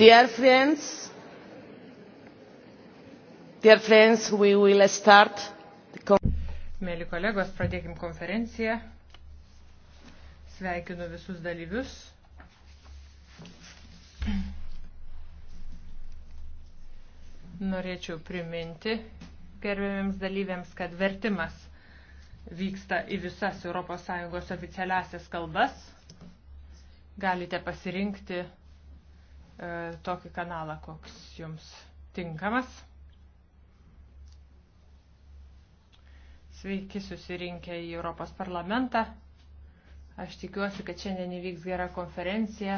Dear friends, dear friends, we will start. The... Mėly kolegos, pradėkim konferenciją. Sveikinu visus dalyvius. Norėčiau priminti gerbėmiams dalyviams, kad vertimas vyksta į visas ES oficialiasias kalbas. Galite pasirinkti E, tokį kanalą, koks jums tinkamas. Sveiki susirinkę į Europos parlamentą. Aš tikiuosi, kad šiandien įvyks gera konferencija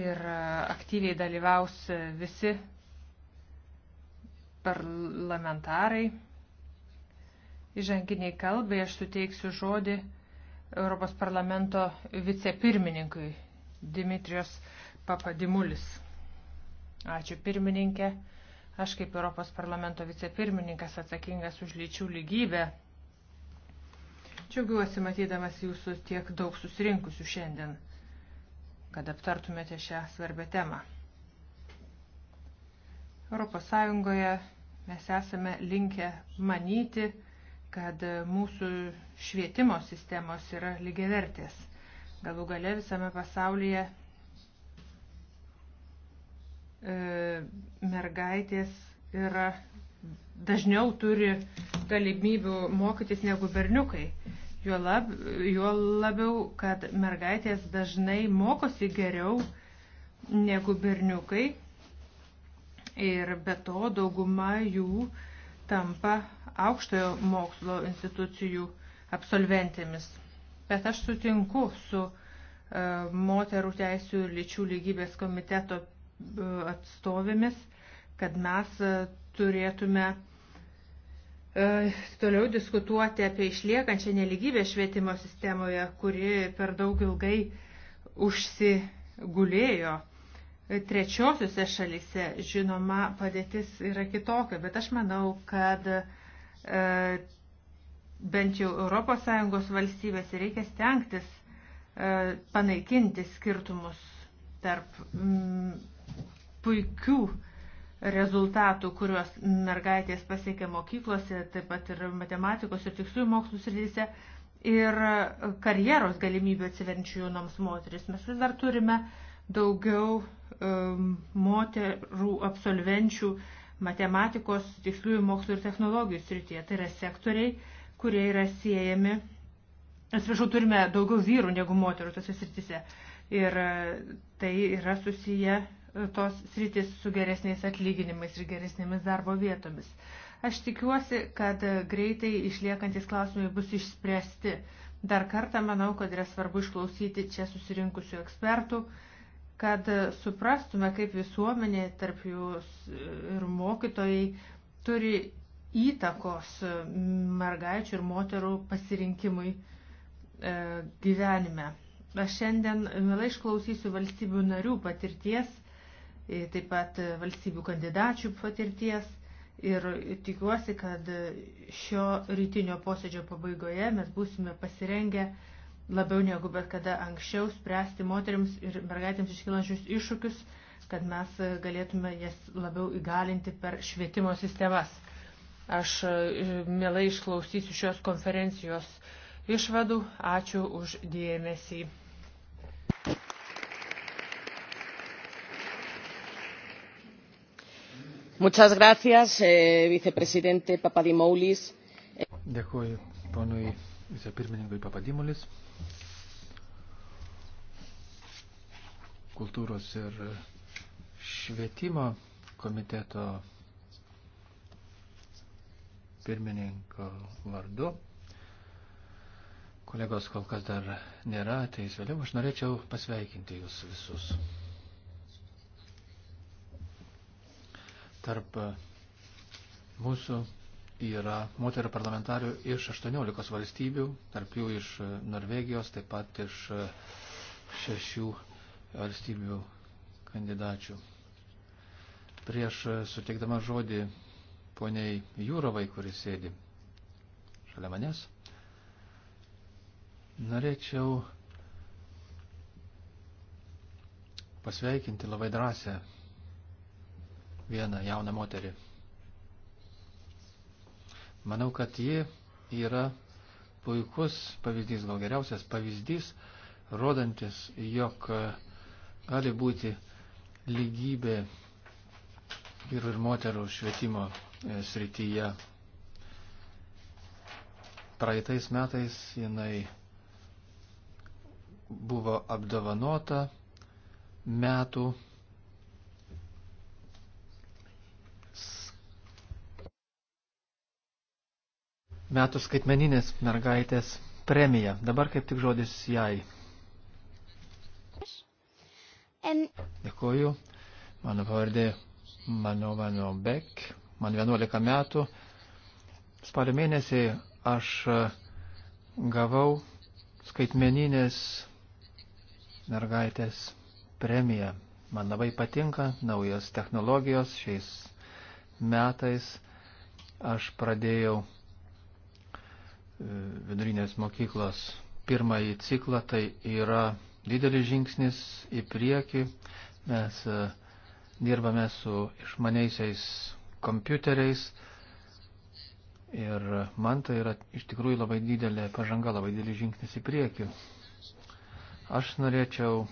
ir e, aktyviai dalyvaus e, visi parlamentarai. Įžanginiai kalbai aš suteiksiu žodį Europos parlamento vicepirmininkui Dimitrios Papadimulis. Ačiū pirmininkė. Aš kaip Europos parlamento vicepirmininkas atsakingas už lyčių lygybę. Džiaugiuosi matydamas jūsų tiek daug susirinkusių šiandien, kad aptartumėte šią svarbę temą. Europos Sąjungoje mes esame linkę manyti, kad mūsų švietimo sistemos yra lygiavertės. Galų gale visame pasaulyje E, mergaitės yra dažniau turi galimybių mokytis negu berniukai. Juo, lab, juo labiau, kad mergaitės dažnai mokosi geriau negu berniukai ir be to dauguma jų tampa aukštojo mokslo institucijų absolventėmis. Bet aš sutinku su e, moterų teisų ir lyčių lygybės komiteto atstovėmis, kad mes e, turėtume e, toliau diskutuoti apie išliekančią neligybę švietimo sistemoje, kuri per daug ilgai užsigulėjo. Trečiosiuose šalise, žinoma, padėtis yra kitokia, bet aš manau, kad e, bent jau ES valstybės reikia stengtis e, panaikinti skirtumus tarp mm, puikių rezultatų, kuriuos mergaitės pasiekė mokyklose, taip pat ir matematikos ir tiksliųjų mokslų srityse, ir karjeros galimybių atsivenčių jaunoms moteris. Mes vis dar turime daugiau um, moterų absolvenčių matematikos, tiksliųjų mokslų ir technologijų srityje. Tai yra sektoriai, kurie yra siejami. Atsiprašau, turime daugiau vyrų negu moterų tose srityse. Ir uh, tai yra susiję tos sritis su geresniais atlyginimais ir geresnėmis darbo vietomis. Aš tikiuosi, kad greitai išliekantis klausimai bus išspręsti. Dar kartą manau, kad yra svarbu išklausyti čia susirinkusių ekspertų, kad suprastume, kaip visuomenė tarp jūs ir mokytojai turi įtakos mergaičių ir moterų pasirinkimui e, gyvenime. Aš šiandien mielai išklausysiu valstybių narių patirties E, taip pat e, valstybių kandidačių patirties. Ir tikiuosi, kad šio rytinio posėdžio pabaigoje mes būsime pasirengę labiau negu bet kada anksčiau spręsti moteriams ir mergaitėms iškilančius iššūkius, kad mes galėtume jas labiau įgalinti per švietimo sistemas. Aš e, mielai išklausysiu šios konferencijos išvadų. Ačiū už dėmesį. Muchas gracias, eh, viceprezidente Papadimoulis. Dėkuoju ponui vicepirmininkui Papadimulis. Kultūros ir švietimo komiteto pirmininko vardu. Kolegos kol kas dar nėra, tai vėliau aš norėčiau pasveikinti jūs visus. Tarp mūsų yra moterų parlamentarių iš 18 valstybių, tarp jų iš Norvegijos, taip pat iš šešių valstybių kandidačių. Prieš suteikdama žodį poniai Jūrovai, kuris sėdi šalia manęs, norėčiau pasveikinti labai drąsią vieną jauną moterį. Manau, kad ji yra puikus pavyzdys, gal geriausias pavyzdys, rodantis, jog e, gali būti lygybė vyrų ir moterų švietimo e, srityje. Praeitais metais jinai buvo apdovanota metų metų skaitmeninės mergaitės premiją. Dabar kaip tik žodis jai. Dėkuoju. Mano pavardė Mano Mano Bek. Man 11 metų. Spalio mėnesį aš e, gavau skaitmeninės mergaitės premiją. Man labai patinka naujos technologijos šiais metais. Aš pradėjau vidurinės mokyklos pirmąjį ciklą, tai yra didelis žingsnis į priekį. Mes e, dirbame su išmaniaisiais kompiuteriais ir man tai yra iš tikrųjų labai didelė pažanga, labai didelis žingsnis į priekį. Aš norėčiau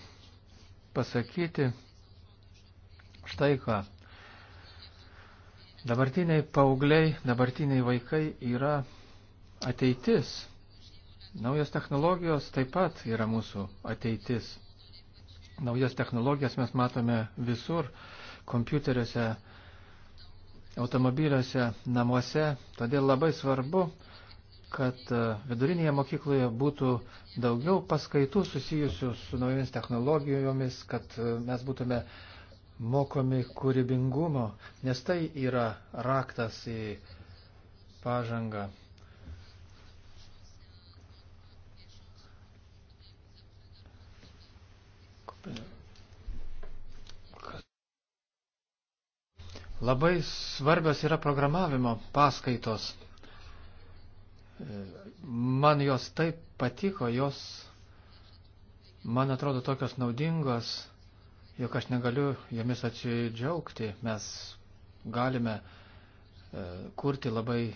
pasakyti štai ką. Dabartiniai paaugliai, dabartiniai vaikai yra ateitis. Naujos technologijos taip pat yra mūsų ateitis. Naujas technologijas mes matome visur - kompiuteriuose, automobiliuose, namuose. Todėl labai svarbu, kad e, vidurinėje mokykloje būtų daugiau paskaitų susijusių su naujomis technologijomis, kad e, mes būtume mokomi kūrybingumo, nes tai yra raktas į pažangą Labai svarbios yra programavimo paskaitos. Man jos taip patiko, jos, man atrodo, tokios naudingos, jog aš negaliu jomis atsidžiaugti. Mes galime e, kurti labai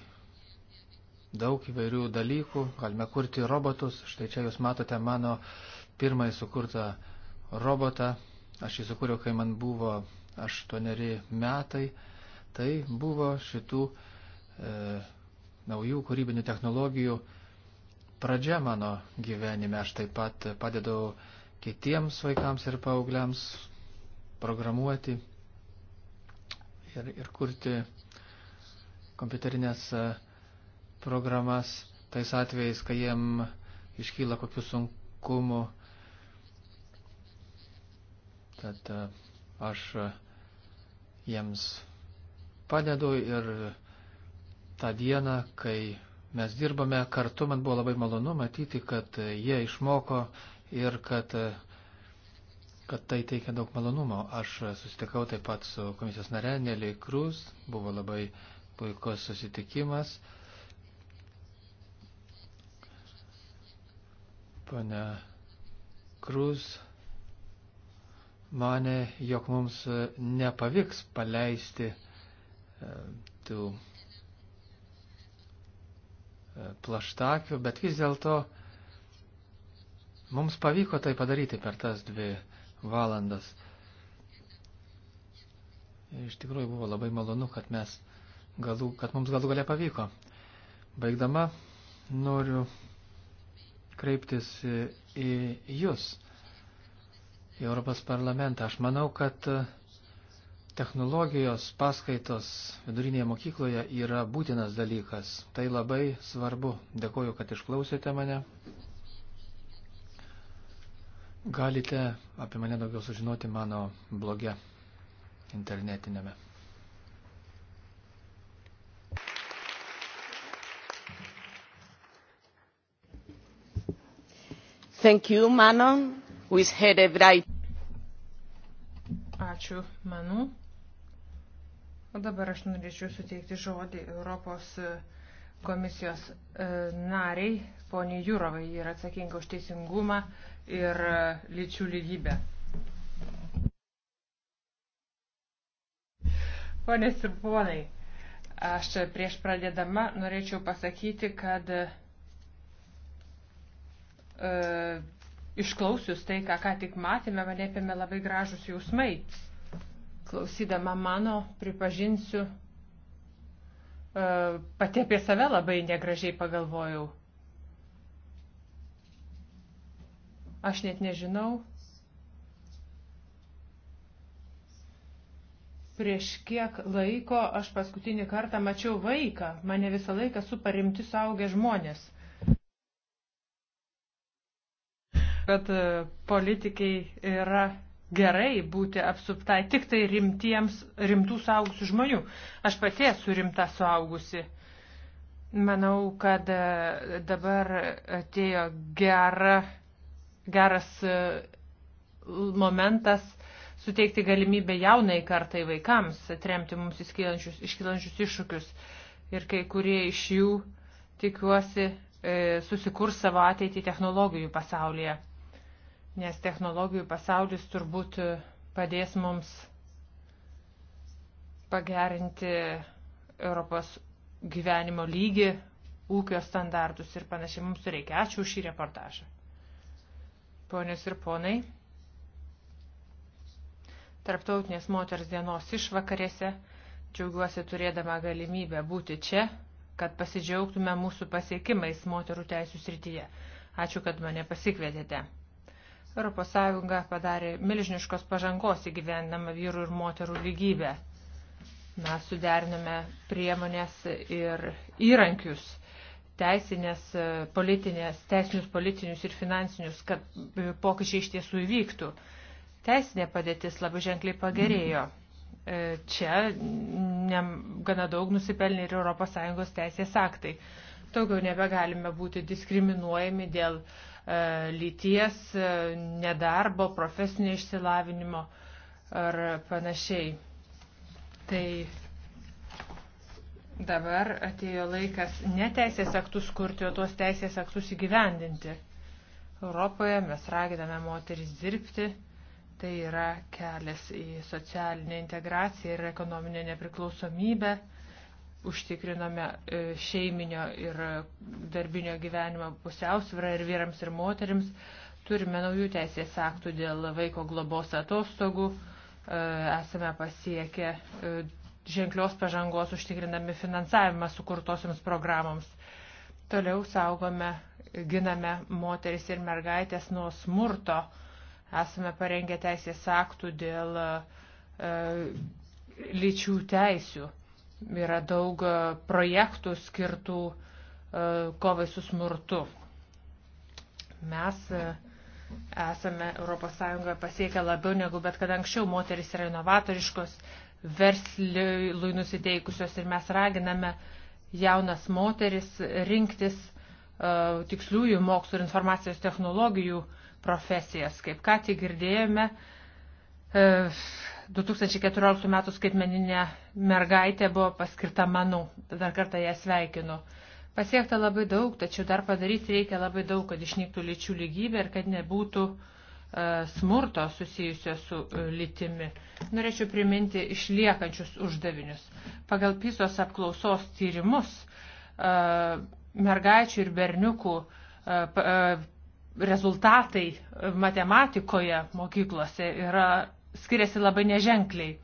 daug įvairių dalykų, galime kurti robotus. Štai čia jūs matote mano pirmąjį sukurtą robotą. Aš jį sukūriau, kai man buvo aštuoneri metai, tai buvo šitų e, naujų kūrybinių technologijų pradžia mano gyvenime. Aš taip pat padėdavau kitiems vaikams ir paaugliams programuoti ir, ir kurti kompiuterinės e, programas tais atvejais, kai jiem iškyla kokių sunkumų. Tad e, aš e, jiems padedu ir tą dieną, kai mes dirbame kartu, man buvo labai malonu matyti, kad jie išmoko ir kad, kad tai teikia daug malonumo. Aš susitikau taip pat su komisijos nare Nelė Krūs, buvo labai puikus susitikimas. Pane Krūs mane, jog mums e, nepavyks paleisti e, tų e, plaštakių, bet vis dėlto mums pavyko tai padaryti per tas dvi valandas. Iš tikrųjų buvo labai malonu, kad, mes galų, kad mums galų galia pavyko. Baigdama noriu kreiptis į Jūs į Europos parlamentą. Aš manau, kad e, technologijos paskaitos vidurinėje mokykloje yra būtinas dalykas. Tai labai svarbu. Dėkoju, kad išklausėte mane. Galite apie mane daugiau sužinoti mano bloge internetinėme. thank you manon who is head of right. Ačiū, Manu. O dabar aš norėčiau suteikti žodį Europos e, komisijos e, nariai, poniai Jūrovai, yra atsakinga už teisingumą ir e, lyčių lygybę. Ponės ir ponai, aš prieš pradėdama norėčiau pasakyti, kad e, išklausius tai, ką ką tik matėme, mane apėmė labai gražus jausmai klausydama mano, pripažinsiu, e, pati apie save labai negražiai pagalvojau. Aš net nežinau. Prieš kiek laiko aš paskutinį kartą mačiau vaiką, mane visą laiką suparimti suaugę žmonės. Kad e, politikai yra gerai būti apsuptai tik tai rimtiems, rimtų suaugusių žmonių. Aš pati esu rimta suaugusi. Manau, kad e, dabar atėjo gera, geras e, momentas suteikti galimybę jaunai kartai vaikams atremti mums iškylančius iššūkius. Ir kai kurie iš jų, tikiuosi, e, susikurs savo ateitį technologijų pasaulyje nes technologijų pasaulis turbūt padės mums pagerinti Europos gyvenimo lygį, ūkio standartus ir panašiai mums reikia. Ačiū už šį reportažą. Ponios ir ponai, Tarptautinės moters dienos išvakarėse džiaugiuosi turėdama galimybę būti čia, kad pasidžiaugtume mūsų pasiekimais moterų teisų srityje. Ačiū, kad mane pasikvietėte. ES padarė milžiniškos pažangos įgyvendamą vyrų ir moterų lygybę. Mes suderiname priemonės ir įrankius teisinės, e, politinės, teisinius, politinius ir finansinius, kad e, pokyčiai iš tiesų įvyktų. Teisinė padėtis labai ženkliai pagerėjo. E, čia ne, gana daug nusipelnė ir ES teisės aktai. Daugiau nebegalime būti diskriminuojami dėl uh, E, lyties, e, nedarbo, profesinio išsilavinimo ar panašiai. Tai dabar atėjo laikas ne teisės aktus kurti, o tuos teisės aktus įgyvendinti. Europoje mes raginame moteris dirbti, tai yra kelias į socialinę integraciją ir ekonominę nepriklausomybę užtikriname e, šeiminio ir darbinio gyvenimo pusiausvyrą ir vyrams ir moterims. Turime naujų teisės aktų dėl vaiko globos atostogų. E, esame pasiekę e, ženklios pažangos užtikrindami finansavimą sukurtosiams programoms. Toliau saugome, giname moteris ir mergaitės nuo smurto. Esame parengę teisės aktų dėl e, lyčių teisių. Yra daug e, projektų skirtų e, kovai su smurtu. Mes e, esame ES pasiekę labiau negu bet kada anksčiau. Moteris yra inovatoriškos, versliui nusiteikusios ir mes raginame jaunas moteris rinktis uh, tiksliųjų mokslo ir informacijos technologijų profesijas. Kaip ką tik girdėjome, uh, 2014 m. skaitmeninė mergaitė buvo paskirta manų. Dar kartą ją sveikinu. Pasiekta labai daug, tačiau dar padaryti reikia labai daug, kad išnyktų lyčių lygybė ir kad nebūtų e, smurto susijusio su e, lytimi. Norėčiau priminti išliekančius uždavinius. Pagal pisos apklausos tyrimus e, mergaičių ir berniukų rezultatai matematikoje mokyklose yra skiriasi labai neženkliai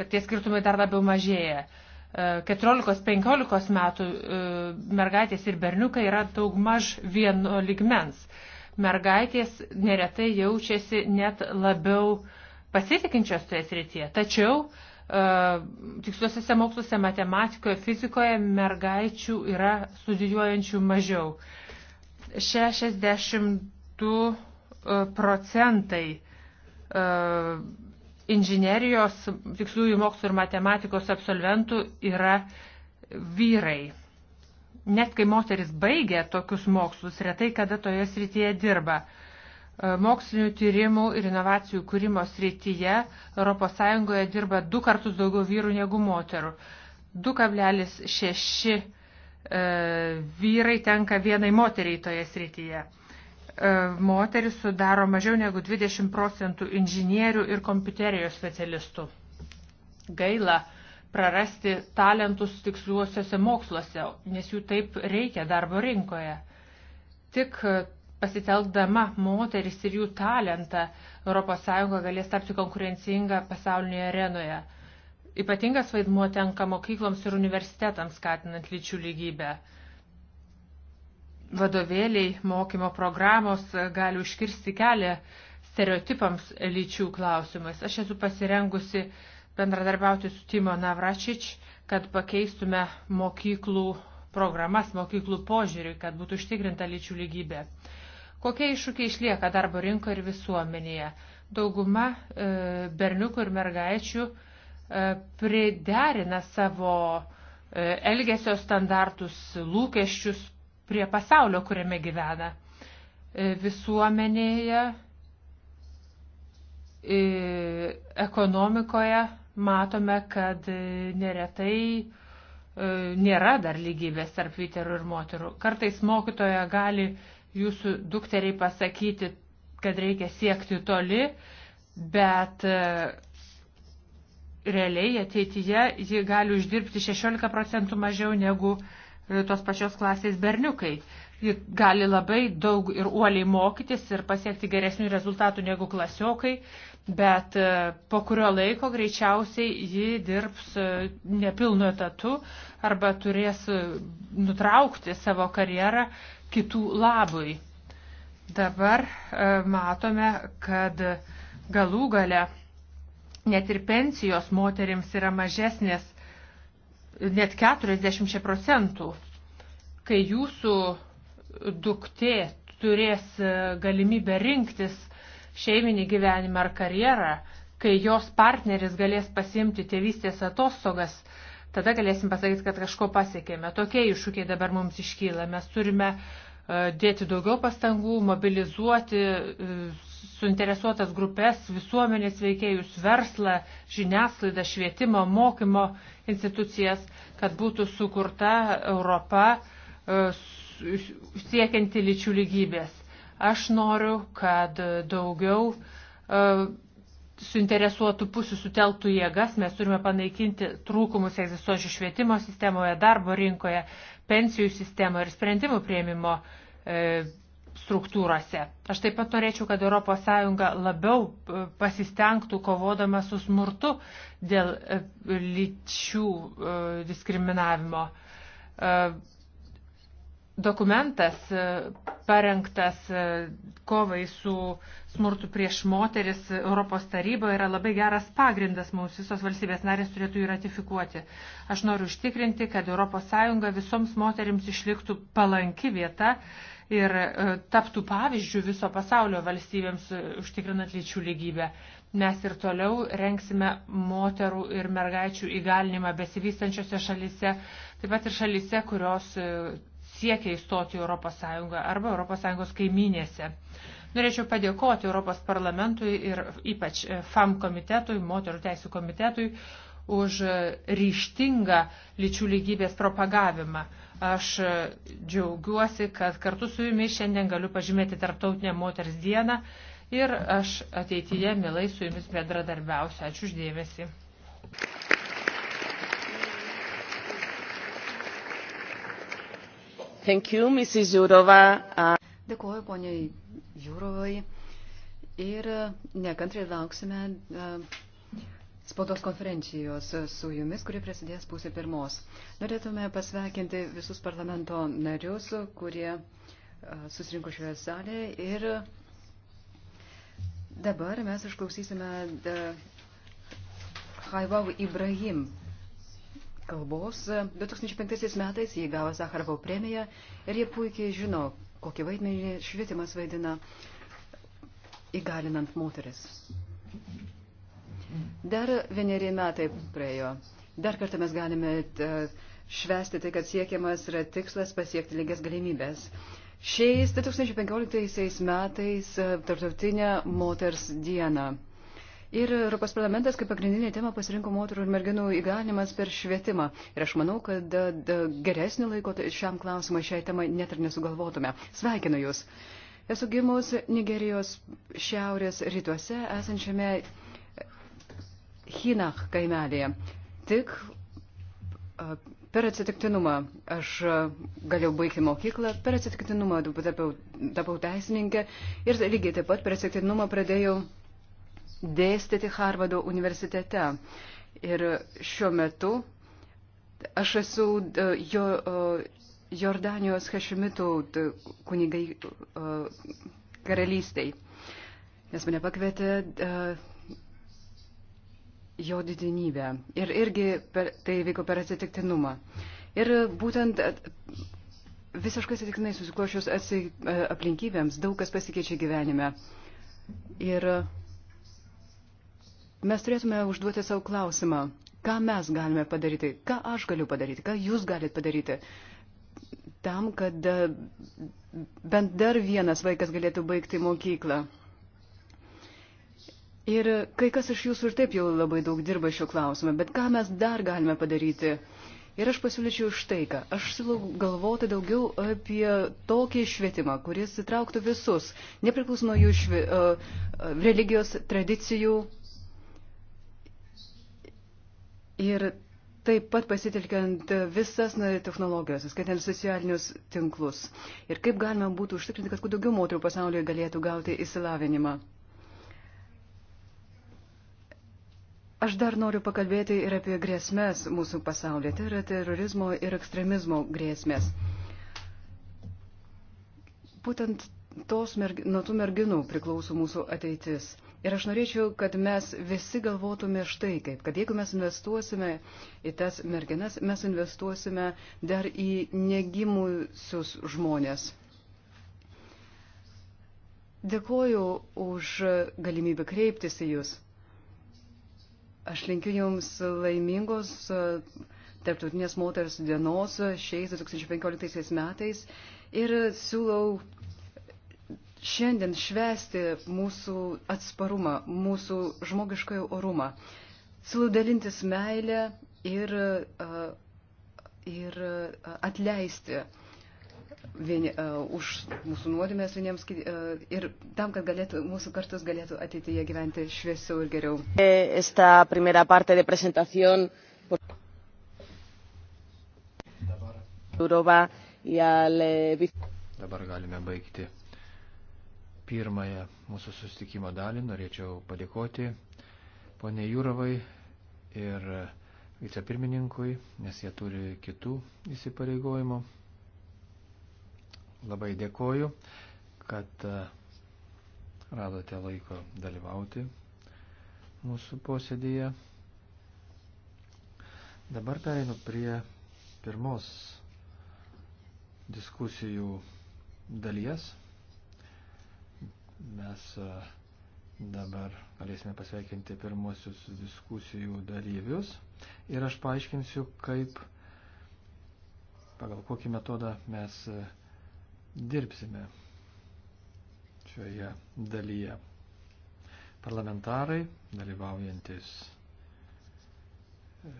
ir tie skirtumai dar labiau mažėja. 14-15 metų e, mergaitės ir berniukai yra daug maž vieno ligmens. Mergaitės neretai jaučiasi net labiau pasitikinčios toje srityje. Tačiau e, tiksliuosiuose moksluose, matematikoje, fizikoje mergaičių yra studijuojančių mažiau. 62 e, procentai inžinerijos, tiksliųjų mokslo ir matematikos absolventų yra vyrai. Net kai moteris baigia tokius mokslus, retai kada toje srityje dirba. E, mokslinių tyrimų ir inovacijų kūrimo srityje ES dirba du kartus daugiau vyrų negu moterų. 2,6 e, vyrai tenka vienai moteriai toje srityje. E, moteris sudaro mažiau negu 20 procentų inžinierių ir kompiuterijos specialistų. Gaila prarasti talentus tiksliuosiuose moksluose, nes jų taip reikia darbo rinkoje. Tik pasitelkdama moteris ir jų talentą ES galės tapti konkurencinga pasaulinėje arenoje. Ypatingas vaidmuo tenka mokykloms ir universitetams skatinant lyčių lygybę vadovėliai, mokymo programos gali užkirsti kelią stereotipams lyčių klausimais. Aš esu pasirengusi bendradarbiauti su Timo Navračič, kad pakeistume mokyklų programas, mokyklų požiūrį, kad būtų užtikrinta lyčių lygybė. Kokie iššūkiai išlieka darbo rinkoje ir visuomenėje? Dauguma e, berniukų ir mergaičių e, priderina savo e, elgesio standartus, lūkesčius prie pasaulio, kuriame gyvena. E, visuomenėje, e, ekonomikoje matome, kad e, neretai nėra dar lygybės tarp vyterų ir moterų. Kartais mokytoja gali jūsų dukteriai pasakyti, kad reikia siekti toli, bet realiai ateityje ji gali uždirbti 16 procentų mažiau negu uh, E, tos pačios klasės berniukai. Ji gali labai daug ir uoliai mokytis ir pasiekti geresnių rezultatų negu klasiokai, bet e, po kurio laiko greičiausiai ji dirbs e, nepilnu etatu arba turės nutraukti savo karjerą kitų labui. Dabar matome, kad galų gale net ir pensijos moterims yra mažesnės net 40 procentų, kai jūsų duktė turės e, galimybę rinktis šeiminį gyvenimą ar karjerą, kai jos partneris galės pasiimti tėvystės atostogas, tada galėsim pasakyti, kad kažko pasiekėme. Tokie iššūkiai dabar mums iškyla. Mes turime e, dėti daugiau pastangų, mobilizuoti e, suinteresuotas grupės, visuomenės veikėjus, verslą, žiniasklaidą, švietimo, mokymo institucijas, kad būtų sukurta Europa e, siekianti lyčių lygybės. Aš noriu, kad daugiau e, suinteresuotų pusių sutelktų jėgas, mes turime panaikinti trūkumus egzistuojančių švietimo sistemoje, darbo rinkoje, pensijų sistemoje ir sprendimų prieimimo e, struktūrose. Aš taip pat norėčiau, kad ES labiau e, pasistengtų kovodama su smurtu dėl e, lyčių e, diskriminavimo. Dokumentas parengtas kovai su smurtu prieš moteris Europos taryboje yra labai geras pagrindas mums. Visos valstybės narės turėtų jį ratifikuoti. Aš noriu užtikrinti, kad ES visoms moterims išliktų palanki vieta uh, ir e, taptų pavyzdžių viso pasaulio valstybėms e, užtikrinant lyčių lygybę. Mes ir toliau renksime moterų ir mergaičių įgalinimą besivystančiose šalise, taip pat ir šalise, kurios e, siekia įstoti Europos Sąjungą arba Europos Sąjungos kaiminėse. Norėčiau padėkoti Europos parlamentui ir ypač FAM komitetui, moterų teisų komitetui, už ryštingą lyčių lygybės propagavimą. Aš džiaugiuosi, kad kartu su jumis šiandien galiu pažymėti Tarptautinę moters dieną ir aš ateityje milai su jumis bendradarbiausiu. Ačiū uždėmesi. Thank you, Mrs. Jūrova. Dėkuoju, poniai Jūrovai. Ir nekantrai lauksime. Uh, spaudos konferencijos su jumis, kuri prasidės pusė pirmos. Norėtume pasveikinti visus parlamento narius, kurie susirinko šioje salėje ir dabar mes išklausysime Haivav Ibrahim kalbos. 2005 metais jį gavo Sakharovo premiją ir jie puikiai žino, kokį vaidmenį švietimas vaidina įgalinant moteris. Thank you. Dar vieneri metai praėjo. Dar kartą mes galime e, švesti tai, kad siekiamas yra tikslas pasiekti lygias galimybės. Šiais 2015 metais e, tarptautinė moters diena. Ir Europos parlamentas kaip pagrindinė tema pasirinko moterų ir merginų įgalinimas per švietimą. Ir aš manau, kad da, e, da, geresnį laiko šiam klausimui, šiai temai net ir nesugalvotume. Sveikinu Jūs. Esu gimus Nigerijos šiaurės rytuose esančiame Hinach kaimelėje. Tik per atsitiktinumą aš galėjau baigti mokyklą, per atsitiktinumą tapau, tapau teisininkė ir lygiai taip pat per atsitiktinumą pradėjau dėstyti Harvado universitete. Ir šiuo metu aš esu jo, Jordanijos Hešimitų kunigai karalystėj, nes mane pakvietė jo didinybę. Ir irgi per, tai vyko per atsitiktinumą. Ir būtent e, visiškai atsitiktinai susiklošius e, aplinkybėms daug kas pasikeičia gyvenime. Ir mes turėtume užduoti savo klausimą, ką mes galime padaryti, ką aš galiu padaryti, ką jūs galite padaryti, tam, kad e, bent dar vienas vaikas galėtų baigti mokyklą. Ir kai kas iš jūsų ir taip jau labai daug dirba šiuo klausimu, bet ką mes dar galime padaryti? Ir aš pasiūlyčiau štai ką. Aš siūlau galvoti daugiau apie tokį švietimą, kuris įtrauktų visus, nepriklausomai nuo jų švi, uh, religijos, tradicijų. Ir taip pat pasitelkiant visas na, technologijas, skaitant socialinius tinklus. Ir kaip galima būtų užtikrinti, kad kuo daugiau moterų pasaulyje galėtų gauti įsilavinimą. Aš dar noriu pakalbėti ir apie grėsmės mūsų pasaulyje. Tai yra terorizmo ir ekstremizmo grėsmės. Būtent tos merg... nuo tų merginų priklauso mūsų ateitis. Ir aš norėčiau, kad mes visi galvotume štai kaip, kad jeigu mes investuosime į tas merginas, mes investuosime dar į negimusius žmonės. Dėkoju už galimybę kreiptis į Jūs. Aš linkiu Jums laimingos e, Tarptautinės moters dienos šiais 2015 metais ir siūlau šiandien švesti mūsų atsparumą, mūsų žmogišką orumą. Siūlau dalintis meilę ir, e, ir e, atleisti vieni, uh, už mūsų nuodėmės vieniems uh, ir tam, kad galėtų, mūsų kartus galėtų ateityje gyventi šviesiau ir geriau. E, esta primera parte de presentación por Europa y al eh, Dabar galime baigti pirmąją mūsų sustikimo dalį. Norėčiau padėkoti ponė Jūrovai ir vicepirmininkui, nes jie turi kitų įsipareigojimų labai dėkoju, kad e, radote laiko dalyvauti mūsų posėdėje. Dabar pereinu prie pirmos diskusijų dalies. Mes e, dabar galėsime pasveikinti pirmosius diskusijų dalyvius ir aš paaiškinsiu, kaip pagal kokį metodą mes e, dirbsime šioje dalyje. Parlamentarai, dalyvaujantis e,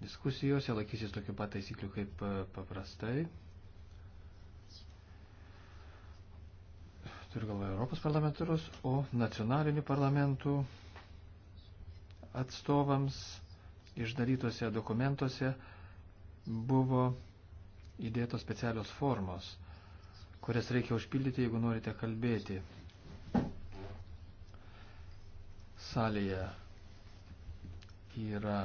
diskusijose, laikysis tokių pat taisyklių kaip e, paprastai. Turiu galvoje Europos parlamentarus, o nacionalinių parlamentų atstovams išdalytose dokumentuose buvo įdėtos specialios formos kurias reikia užpildyti, jeigu norite kalbėti salėje yra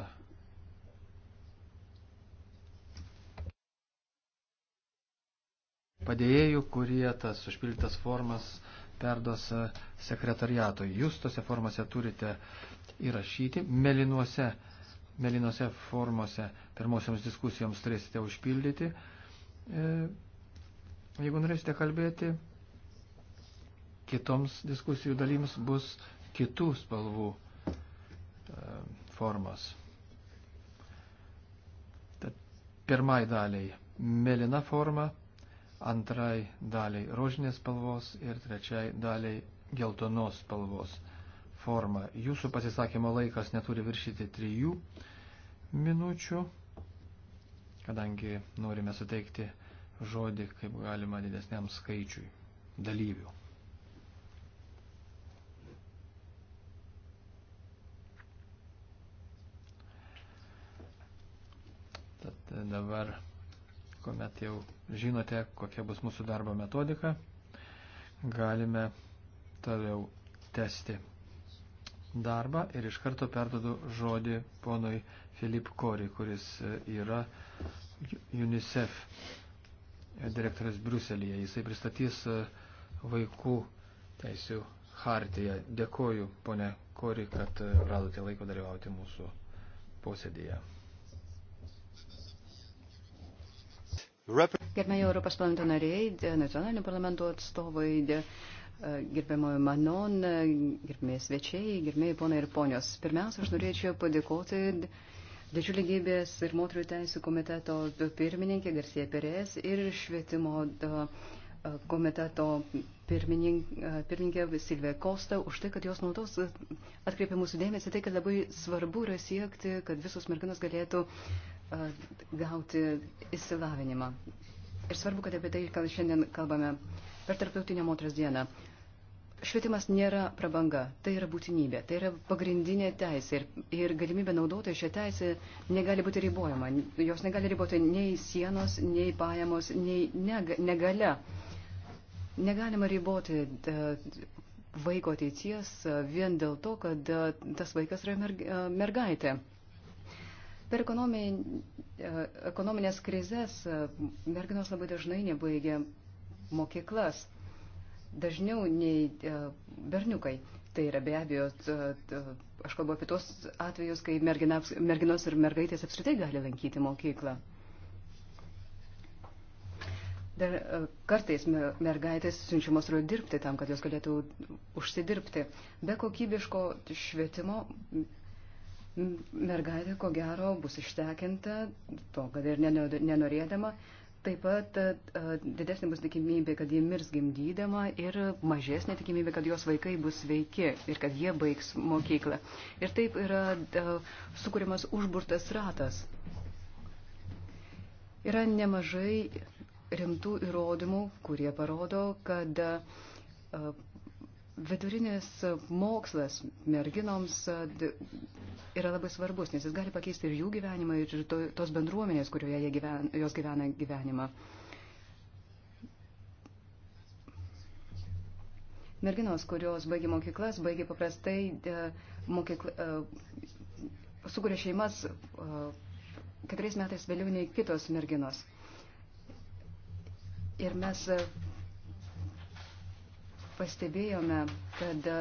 padėjėjų, kurie tas užpildytas formas perduos sekretariatui. Jūs tose formose turite įrašyti, melinuose, melinuose formose pirmosioms diskusijoms turėsite užpildyti. E, Jeigu norėsite kalbėti, kitoms diskusijų dalyms bus kitų spalvų e, formos. Tad pirmai daliai melina forma, antrai daliai rožinės spalvos ir trečiai daliai geltonos spalvos forma. Jūsų pasisakymo laikas neturi viršyti trijų minučių, kadangi norime suteikti žodį kaip galima didesniam skaičiui dalyvių. Tad dabar, kuomet jau žinote, kokia bus mūsų darbo metodika, galime toliau tęsti darbą ir iš karto perdodu žodį ponui Filip Kori, kuris yra UNICEF direktorius Bruselėje. Jisai pristatys e, vaikų teisų hartiją. Dėkoju, ponė Kori, kad e, radote laiko dalyvauti mūsų posėdėje. Gerbėjai Europos parlamento nariai, nacionalinių parlamentų atstovai, e, gerbiamoji Manon, gerbėjai svečiai, gerbėjai ponai ir ponios. Pirmiausia, aš norėčiau padėkoti Dėčių lygybės ir moterų teisų komiteto pirmininkė Garcija Perės ir švietimo komiteto pirmininkė Silvija Kosta už tai, kad jos naudos atkreipė mūsų dėmesį, tai, kad labai svarbu yra siekti, kad visos merginos galėtų gauti įsilavinimą. Ir svarbu, kad apie tai šiandien kalbame per Tarptautinę moters dieną švietimas nėra prabanga, tai yra būtinybė, tai yra pagrindinė teisė ir, ir galimybė naudoti šią teisę negali būti ribojama, jos negali riboti nei sienos, nei pajamos, nei negale. Negalima riboti vaiko ateities vien dėl to, kad tas vaikas yra mergaitė. Per ekonominės krizės merginos labai dažnai nebaigia mokyklas dažniau nei e, berniukai. Tai yra be abejo, aš kalbu apie tos atvejus, kai merginos ir mergaitės apskritai gali lankyti mokyklą. Dar e, kartais mergaitės siunčiamos yra dirbti tam, kad jos galėtų užsidirbti. Be kokybiško švietimo mergaitė, ko gero, bus ištekinta, to, kad ir nenorėdama, Taip pat e, didesnė bus tikimybė, kad ji mirs gimdydama ir mažesnė tikimybė, kad jos vaikai bus sveiki ir kad jie baigs mokyklą. Ir taip yra e, sukūrimas užburtas ratas. Yra nemažai rimtų įrodymų, kurie parodo, kad e, Vidurinės mokslas merginoms yra labai svarbus, nes jis gali pakeisti ir jų gyvenimą, ir tos bendruomenės, kurioje gyven, jos gyvena gyvenimą. Merginos, kurios baigia mokyklas, baigia paprastai mokykla, sukuria šeimas keturiais metais vėliau nei kitos merginos. Ir mes pastebėjome, kad e,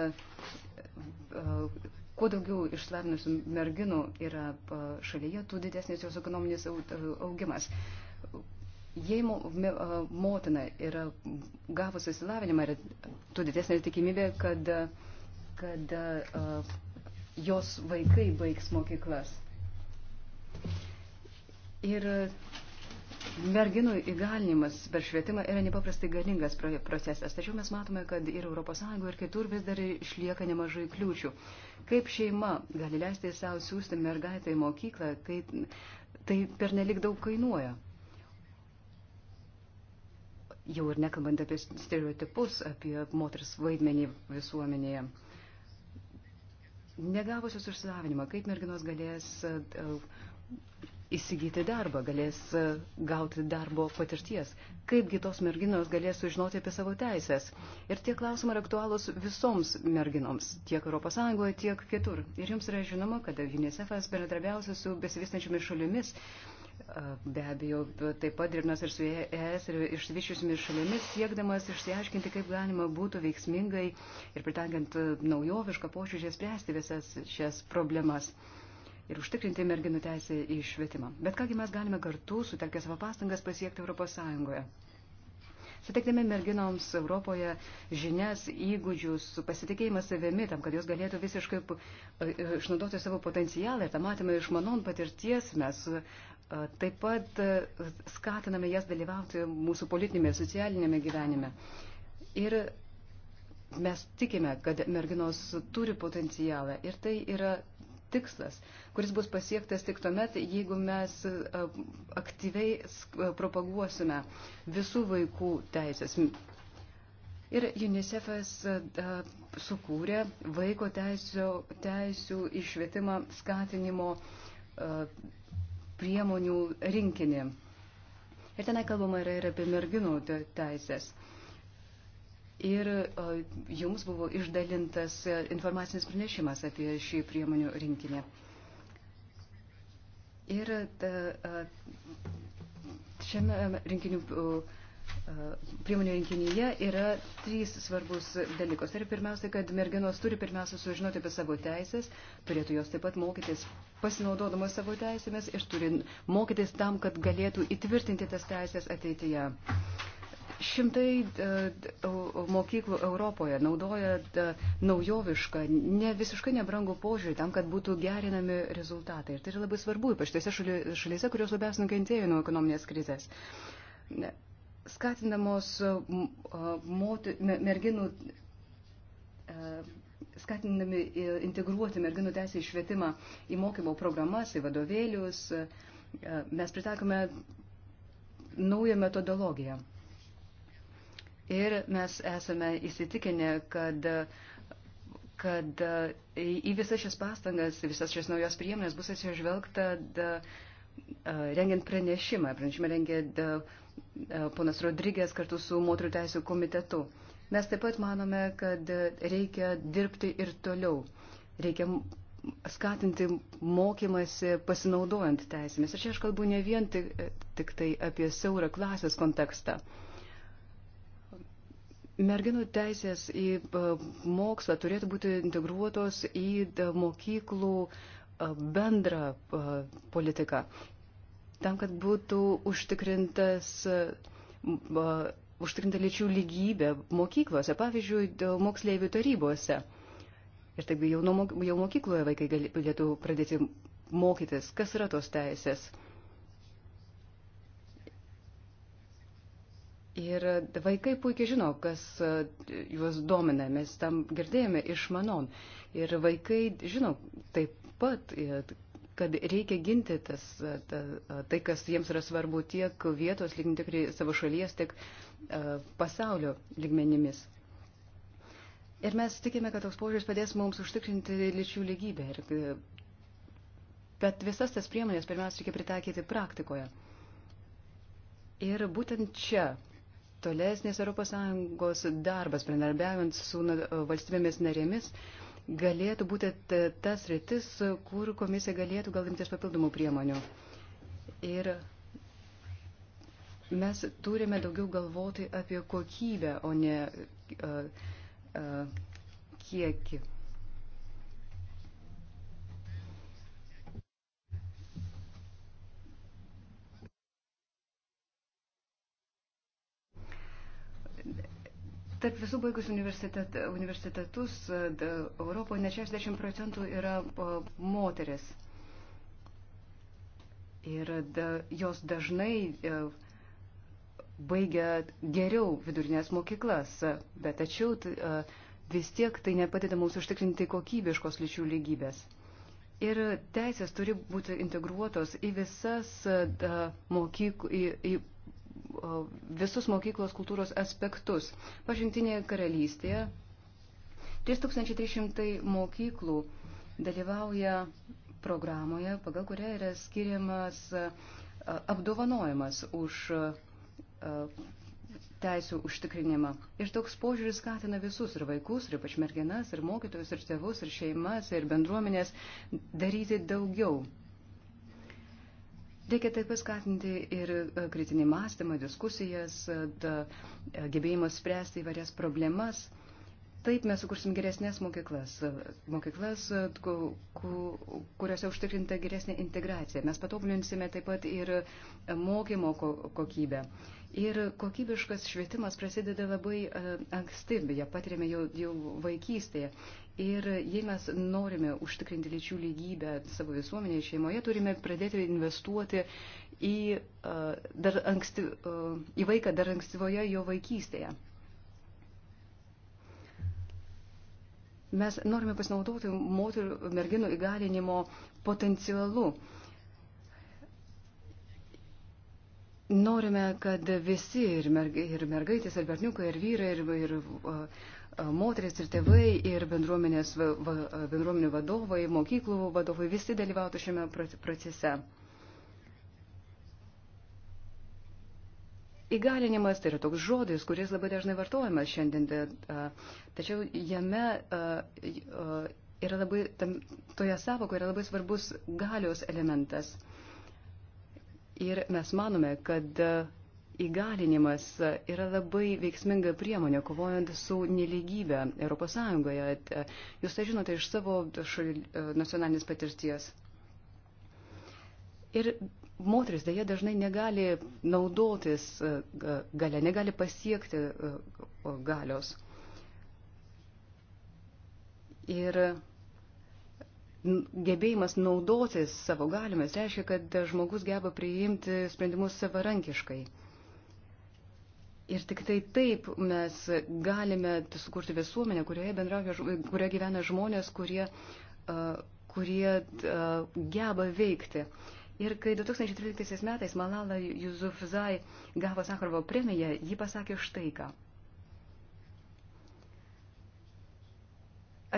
kuo daugiau išslavinusių merginų yra e, šalyje, tuo didesnis jos ekonominis e, augimas. Jei motina yra gavusi įsilavinimą, tuo didesnė tikimybė, kad, kad jos vaikai baigs mokyklas. Ir Merginų įgalinimas per švietimą yra nepaprastai galingas procesas, tačiau mes matome, kad ir ES ir kitur vis dar išlieka nemažai kliūčių. Kaip šeima gali leisti savo siūsti mergaitę į mokyklą, kai tai, tai per nelik daug kainuoja? Jau ir nekalbant apie stereotipus, apie moters vaidmenį visuomenėje. Negavusios išsilavinimą, kaip merginos galės įsigyti darbą, galės e, gauti darbo patirties, kaipgi tos merginos galės sužinoti apie savo teisės. Ir tie klausimai yra aktualūs visoms merginoms, tiek ES, tiek kitur. Ir jums yra žinoma, kad UNICEF'as bendradarbiausia su besivystančiomis šalimis, e, be abejo, taip pat dirbnas ir su ES ir išsivyščiusiamis šalimis, siekdamas išsiaiškinti, kaip galima būtų veiksmingai ir pritaikant naujovišką požiūrį spręsti visas šias problemas ir užtikrinti merginų teisę į švietimą. Bet kągi mes galime kartu sutelkę savo pastangas pasiekti Europos Sąjungoje. Suteikdami merginoms Europoje žinias, įgūdžius, pasitikėjimą savimi, tam, kad jos galėtų visiškai e, e, išnaudoti savo potencialą ir tą matymą iš manon patirties, mes e, taip pat skatiname jas dalyvauti mūsų politinėme ir socialinėme gyvenime. Ir mes tikime, kad merginos turi potencialą ir tai yra tikslas, kuris bus pasiektas tik tuomet, jeigu mes aktyviai propaguosime visų vaikų teisės. Ir UNICEF'as sukūrė vaiko teisų, teisų išvietimą skatinimo priemonių rinkinį. Ir tenai kalbama yra ir apie merginų teisės ir jums buvo išdalintas informacinis pranešimas apie šį priemonių rinkinį. Ir ta, šiame rinkinių, priemonių rinkinyje yra trys svarbus dalykos. Tai yra pirmiausia, kad merginos turi pirmiausia sužinoti apie savo teisės, turėtų jos taip pat mokytis pasinaudodamas savo teisėmis ir turi mokytis tam, kad galėtų įtvirtinti tas teisės ateityje. Uh, Šimtai e, e, mokyklų Europoje naudoja naujovišką, ne visiškai nebrangų požiūrį tam, kad būtų gerinami rezultatai. Ir tai yra labai svarbu, ypač tose šalyse, kurios labiausiai nukentėjo nuo ekonominės krizės. Skatinamos moti, merginų, e, skatinami integruoti merginų teisę į švietimą, į mokymo programas, į vadovėlius, mes pritaikome naują metodologiją. Ir mes esame įsitikinę, kad kad į visas šias pastangas, visas šias naujos priemonės bus atsižvelgta rengiant pranešimą. Pranešimą rengė ponas Rodrygės kartu su moterų teisų komitetu. Mes taip pat manome, kad reikia dirbti ir toliau. Reikia skatinti mokymasi pasinaudojant teisėmis. Ir čia aš kalbu ne vien tik, tik tai apie siaurą klasės kontekstą. Uh, Merginų teisės į e, mokslą turėtų būti integruotos į e, mokyklų e, bendrą politiką, tam, kad būtų užtikrintas, užtikrinta lyčių lygybė mokyklose, pavyzdžiui, moksleivių tarybose. Ir taip jau, nuo, jau mokykloje vaikai galėtų pradėti mokytis, kas yra tos teisės. Ir vaikai puikiai žino, kas e, juos domina, mes tam girdėjome iš manom. Ir vaikai žino taip pat, e, kad reikia ginti tas, e, ta, tai, kas jiems yra svarbu tiek vietos, tiek savo šalies, tiek pasaulio lygmenimis. Ir mes tikime, kad toks požiūris padės mums užtikrinti lyčių lygybę. Ir, bet visas tas priemonės pirmiausia reikia pritaikyti praktikoje. Ir būtent čia tolesnis ES darbas, bendarbiavant su valstybėmis narėmis, galėtų būti tas rytis, kur komisija galėtų gal imtis papildomų priemonių. Ir mes turime daugiau galvoti apie kokybę, o ne uh, uh, kiekį. Tarp visų baigus universitet, universitetus e, Europoje net 60 procentų yra moteris. Ir da, jos dažnai e, baigia geriau vidurinės mokyklas, bet tačiau e, vis tiek tai nepadeda mums užtikrinti kokybiškos lyčių lygybės. Ir teisės turi būti integruotos į visas da, mokyk, į, į visus mokyklos kultūros aspektus. Pažintinėje karalystėje 3300 mokyklų dalyvauja programoje, pagal kurią yra skiriamas apdovanojimas už teisų užtikrinimą. Ir toks požiūris skatina visus ir vaikus, ir ypač merginas, ir mokytojus, ir tėvus, ir šeimas, ir bendruomenės daryti daugiau. Reikia taip paskatinti ir e, kritinį mąstymą, diskusijas, e, e, gebėjimas spręsti įvairias problemas. Taip mes sukursim geresnės mokyklas, mokyklas, kuriuose užtikrinta geresnė integracija. Mes patobulinsime taip pat ir mokymo kokybę. Ir kokybiškas švietimas prasideda labai anksti, beje, patiriame jau, jau vaikystėje. Ir jei mes norime užtikrinti lyčių lygybę savo visuomenėje, šeimoje, turime pradėti investuoti į, uh, anksti, uh, į vaiką dar ankstyvoje jo vaikystėje. Mes norime pasinaudoti moterų merginų įgalinimo potencialu. Norime, kad visi ir, merg ir mergaitės, ir berniukai, ir vyrai, ir, ir uh, moteris ir tėvai ir bendruomenės, bendruomenių vadovai, mokyklų vadovai visi dalyvautų šiame procese. Įgalinimas tai yra toks žodis, kuris labai dažnai vartojamas šiandien, tačiau jame yra labai, tam, toje savokoje yra labai svarbus galios elementas. Ir mes manome, kad įgalinimas yra labai veiksminga priemonė, kovojant su neligybė ES. Jūs tai žinote iš savo šal, nacionalinės patirties. Ir moteris dėja dažnai negali naudotis e, galę, negali pasiekti e, galios. Ir gebėjimas naudotis savo galimis reiškia, kad žmogus geba priimti sprendimus savarankiškai. Ir tik tai taip mes galime sukurti visuomenę, kurioje, bendravia, kurioje gyvena žmonės, kurie, uh, kurie uh, geba veikti. Ir kai 2013 metais Malala Yusufzai gavo Sakarovo premiją, ji pasakė štai ką.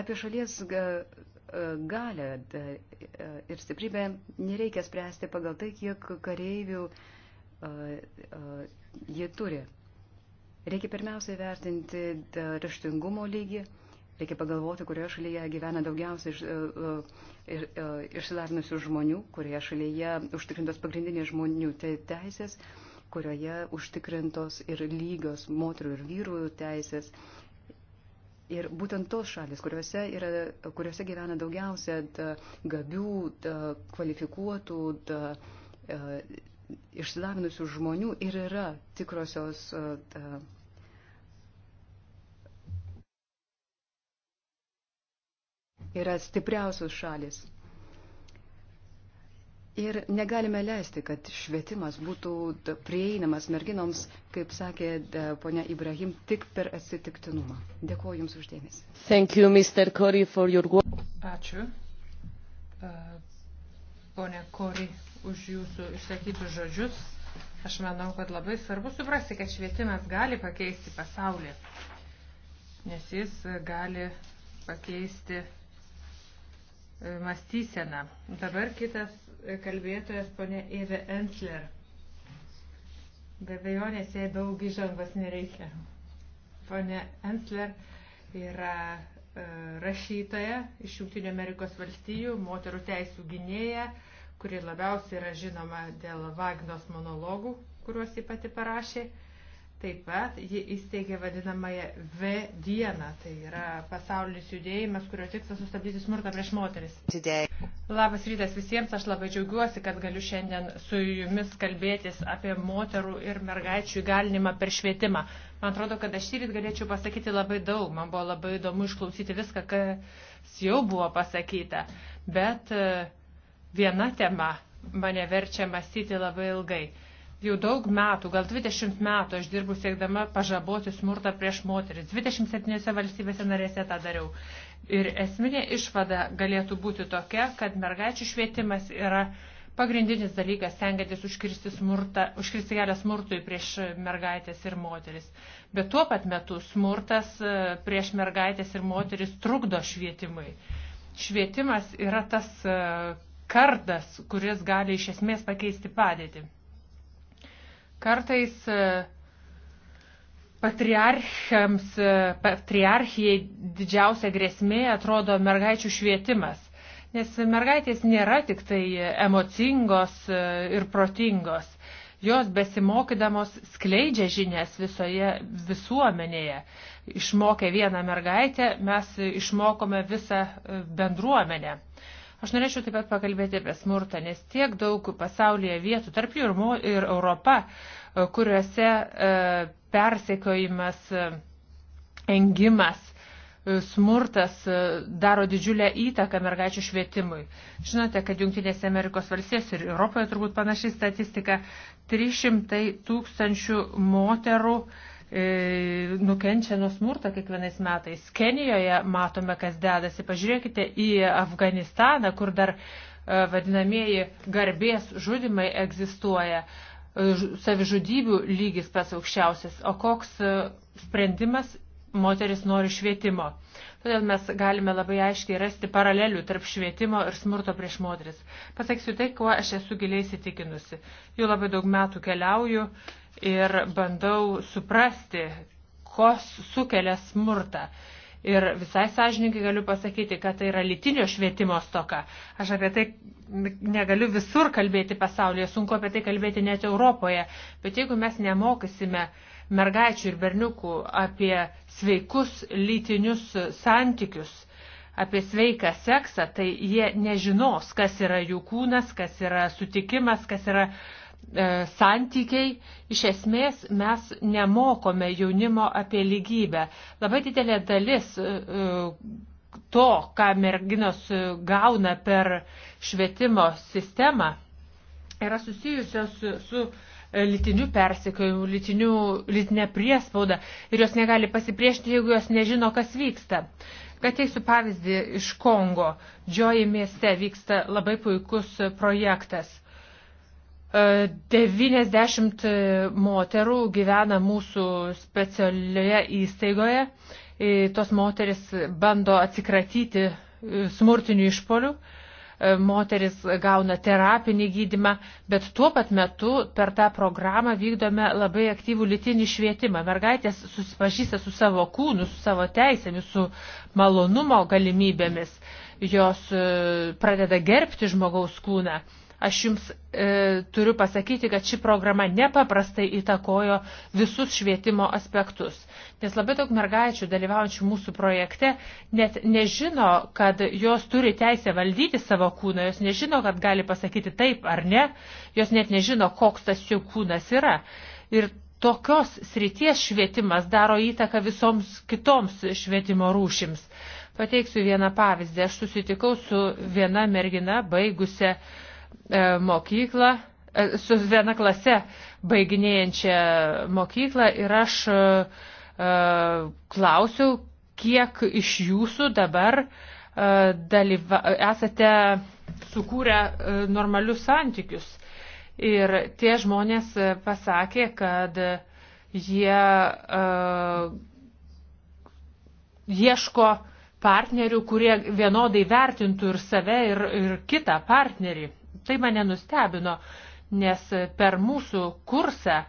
Apie šalies galę ir stiprybę nereikia spręsti pagal tai, kiek kareivių jie turi. Reikia pirmiausiai vertinti e, raštingumo lygį, reikia pagalvoti, kurioje šalyje gyvena daugiausia iš, e, e, iš, išsilavinusių žmonių, kurioje šalyje užtikrintos pagrindinės žmonių teisės, kurioje užtikrintos ir lygios moterų ir vyrų teisės. Ir būtent tos šalis, kuriuose, yra, kuriuose gyvena daugiausia da, gabių, da, kvalifikuotų, da, išsilavinusių žmonių ir yra tikrosios uh, yra stipriausios šalis. Ir negalime leisti, kad švietimas būtų prieinamas merginoms, kaip sakė e, ponia Ibrahim, tik per atsitiktinumą. Dėkuoju Jums uždėmesi. You, your... Ačiū. Uh, ponia Kori, už jūsų išsakytus žodžius. Aš manau, kad labai svarbu suprasti, kad švietimas gali pakeisti pasaulį, nes jis gali pakeisti e, mąstyseną. Dabar kitas e, kalbėtojas, ponė Eve Ensler. Be abejonės, jai daug įžangos nereikia. Pone Ensler yra e, rašytoja iš Junktinio Amerikos valstijų, moterų teisų gynėja, kuri labiausiai yra žinoma dėl Vagnos monologų, kuriuos ji pati parašė. Taip pat ji įsteigė vadinamąją V dieną, tai yra pasaulinis judėjimas, kurio tikslas sustabdyti smurtą prieš moteris. Today. Labas rytas visiems, aš labai džiaugiuosi, kad galiu šiandien su jumis kalbėtis apie moterų ir mergaičių įgalinimą per švietimą. Man atrodo, kad aš šįryt galėčiau pasakyti labai daug, man buvo labai įdomu išklausyti viską, kas jau buvo pasakyta, bet uh, Viena tema mane verčia mąstyti labai ilgai. Jau daug metų, gal 20 metų aš dirbu siekdama pažaboti smurtą prieš moteris. 27 valstybėse narėse tą dariau. Ir esminė išvada galėtų būti tokia, kad mergaičių švietimas yra pagrindinis dalykas, stengiantis užkirsti, smurtą, užkirsti kelią smurtui prieš mergaitės ir moteris. Bet tuo pat metu smurtas e, prieš mergaitės ir moteris trukdo švietimui. Švietimas yra tas e, kardas, kuris gali iš esmės pakeisti padėtį. Kartais e, patriarchams, e, patriarchijai didžiausia grėsmė atrodo mergaičių švietimas, nes mergaitės nėra tik tai emocingos e, ir protingos. Jos besimokydamos skleidžia žinias visoje visuomenėje. Išmokę vieną mergaitę, mes išmokome visą bendruomenę. Aš norėčiau taip pat pakalbėti apie smurtą, nes tiek daug pasaulyje vietų, tarp jų ir, ir Europa, e, kuriuose e, persekiojimas, e, engimas, e, smurtas daro didžiulę įtaką mergaičių švietimui. Žinote, kad Junktinėse Amerikos valstijos ir Europoje turbūt panašiai statistika 300 tūkstančių moterų e, E, nukenčia nuo smurto kiekvienais metais. Kenijoje matome, kas dedasi. Pažiūrėkite į Afganistaną, kur dar e, vadinamieji garbės žudimai egzistuoja. E, savižudybių lygis pas aukščiausias. O koks sprendimas moteris nori švietimo. Todėl mes galime labai aiškiai rasti paralelių tarp švietimo ir smurto prieš moteris. Pasakysiu tai, kuo aš esu giliai įsitikinusi. Jau labai daug metų keliauju ir bandau suprasti, kos sukelia smurtą. Ir visai sąžininkai galiu pasakyti, kad tai yra litinio švietimo stoka. Aš apie tai negaliu visur kalbėti pasaulyje, sunku apie tai kalbėti net Europoje. Bet jeigu mes nemokysime uh, mergaičių ir berniukų apie sveikus lytinius santykius, apie sveiką seksą, tai jie nežinos, kas yra jų kūnas, kas yra sutikimas, kas yra e, santykiai. Iš esmės mes nemokome jaunimo apie lygybę. Labai didelė dalis. E, e to, ką merginos gauna per švietimo sistemą, yra susijusios su, su lytiniu persikėjimu, lytiniu, lytinę priespaudą ir jos negali pasipriešinti, jeigu jos nežino, kas vyksta. Kad teiksiu pavyzdį iš Kongo, Džioji mieste vyksta labai puikus projektas. 90 e, moterų gyvena mūsų specialioje įstaigoje. E, tos moteris bando atsikratyti e, smurtinių išpolių. E, moteris gauna terapinį gydimą, bet tuo pat metu per tą programą vykdome labai aktyvų litinį švietimą. Mergaitės susipažįsta su savo kūnu, su savo teisėmis, su malonumo galimybėmis, jos e, pradeda gerbti žmogaus kūną. Aš jums e, turiu pasakyti, kad ši programa nepaprastai įtakojo visus švietimo aspektus, nes labai daug mergaičių dalyvaujančių mūsų projekte net nežino, kad jos turi teisę valdyti savo kūną, jos nežino, kad gali pasakyti taip ar ne, jos net nežino, koks tas jų kūnas yra. Ir tokios srities švietimas daro įtaką visoms kitoms švietimo rūšims. Pateiksiu vieną pavyzdį. Aš susitikau su viena mergina baigusią E, mokyklą, e, su viena klase baiginėjančią mokyklą ir aš e, klausiau, kiek iš jūsų dabar dalyva, esate sukūrę normalius santykius. Ir tie žmonės pasakė, kad jie uh, ieško partnerių, kurie vienodai vertintų ir save, ir, ir kitą partnerį. Tai mane nustebino, nes per mūsų kursą,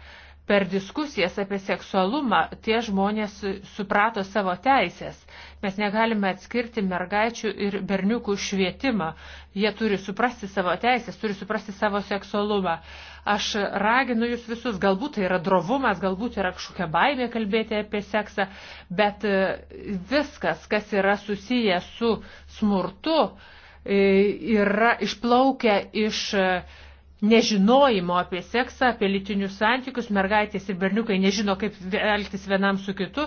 per diskusijas apie seksualumą tie žmonės suprato savo teisės. Mes negalime atskirti mergaičių ir berniukų švietimą. Jie turi suprasti savo teisės, turi suprasti savo seksualumą. Aš raginu jūs visus, galbūt tai yra drovumas, galbūt yra kažkokia baimė kalbėti apie seksą, bet viskas, kas yra susiję su smurtu, uh, E, yra išplaukę iš e, nežinojimo apie seksą, apie lytinius santykius, mergaitės ir berniukai nežino, kaip elgtis vienam su kitu.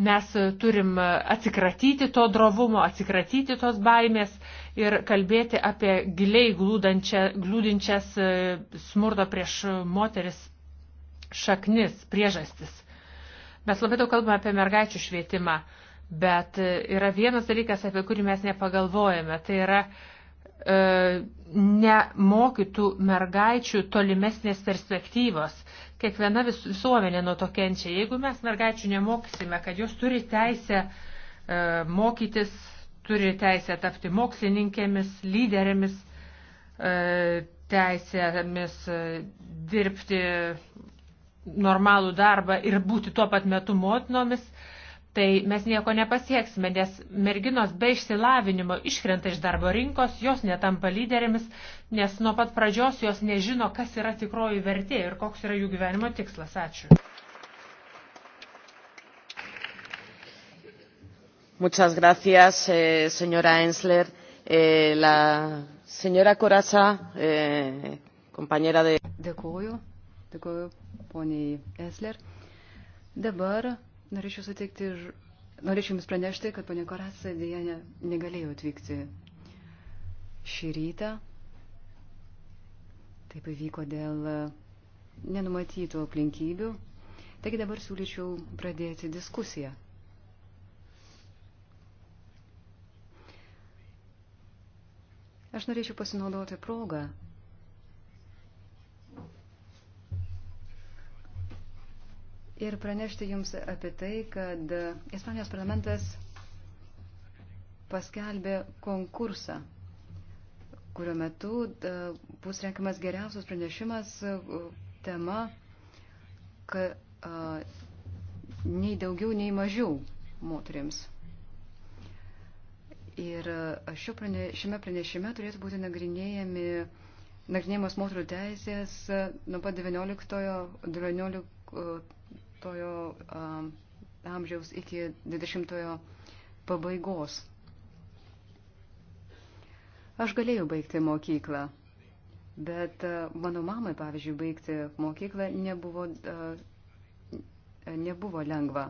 Mes e, turim atsikratyti to drovumo, atsikratyti tos baimės ir kalbėti apie giliai glūdinčias smurto prieš moteris šaknis, priežastis. Mes labai daug kalbame apie mergaičių švietimą. Bet e, yra vienas dalykas, apie kurį mes nepagalvojame, tai yra e, nemokytų mergaičių tolimesnės perspektyvos. Kiekviena vis, visuomenė nuo to kenčia. Jeigu mes mergaičių nemoksime, kad jos turi teisę e, mokytis, turi teisę tapti mokslininkėmis, lyderėmis, e, teisėmis e, dirbti normalų darbą ir būti tuo pat metu motinomis, e, tai mes nieko nepasieksime, nes merginos be išsilavinimo iškrenta iš darbo rinkos, jos netampa lyderėmis, nes nuo pat pradžios jos nežino, kas yra tikroji vertė ir koks yra jų gyvenimo tikslas. Ačiū. Muchas gracias, eh, señora Ensler. Eh, la señora Coraza, eh, compañera de. Dėkuoju, dėkuoju poniai Esler. Dabar Norėčiau sutikti ir norėčiau Jums pranešti, kad ponė Korasa dėja negalėjo atvykti šį rytą. Taip įvyko dėl nenumatytų aplinkybių. Taigi dabar siūlyčiau pradėti diskusiją. Aš norėčiau pasinaudoti progą ir pranešti Jums apie tai, kad Ispanijos parlamentas paskelbė konkursą, kurio metu bus renkamas geriausias pranešimas tema, kad nei daugiau, nei mažiau moteriams. Ir prane, šiame pranešime turėtų būti nagrinėjami, nagrinėjamos moterų teisės nuo pat 19, 19 amžiaus iki 20-ojo pabaigos. Aš galėjau baigti mokyklą, bet mano mamai, pavyzdžiui, baigti mokyklą nebuvo, nebuvo lengva.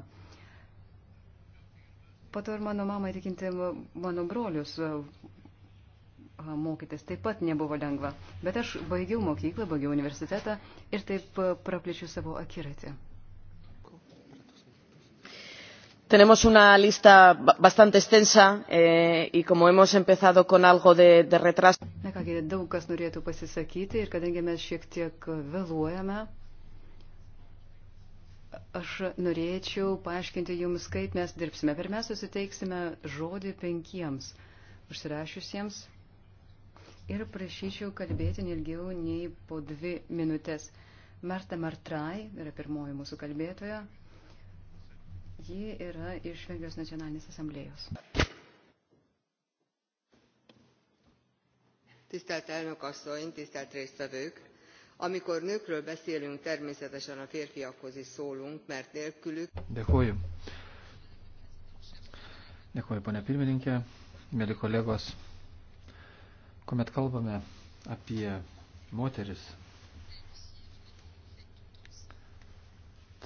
Po to ir mano mamai tikinti mano brolius mokytis taip pat nebuvo lengva. Bet aš baigiau mokyklą, baigiau universitetą ir taip praplečiu savo akiratį tenemos una lista bastante extensa eh, y como hemos empezado con algo de, de retraso. Na kągi, daug kas norėtų pasisakyti ir kadangi mes šiek tiek vėluojame, aš norėčiau paaiškinti jums, kaip mes dirbsime. Pirmiausia, suteiksime žodį penkiems užsirašiusiems ir prašyčiau kalbėti nelgiau nei po dvi minutės. Marta Martrai yra pirmoji mūsų kalbėtoja. Ji yra iš Vengrijos nacionalinės asamblėjos. Tisztelt elnök asszony, tisztelt résztvevők! Amikor nőkről beszélünk, természetesen a férfiakhoz is szólunk, mert nélkülük... Dėkuoju. Dėkuoju, ponia pirmininkė, mėly kolegos. Kuomet kalbame apie moteris,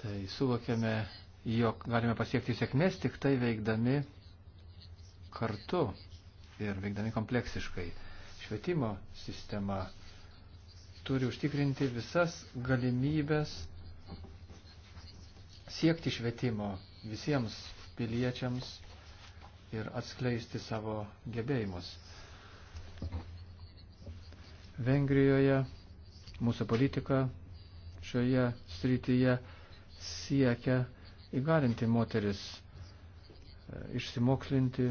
tai suvokiame jog galime pasiekti sėkmės tik tai veikdami kartu ir veikdami kompleksiškai. Švietimo sistema turi užtikrinti visas galimybės siekti švietimo visiems piliečiams ir atskleisti savo gebėjimus. Vengrijoje mūsų politika šioje srityje siekia įgalinti moteris e, išsimokslinti,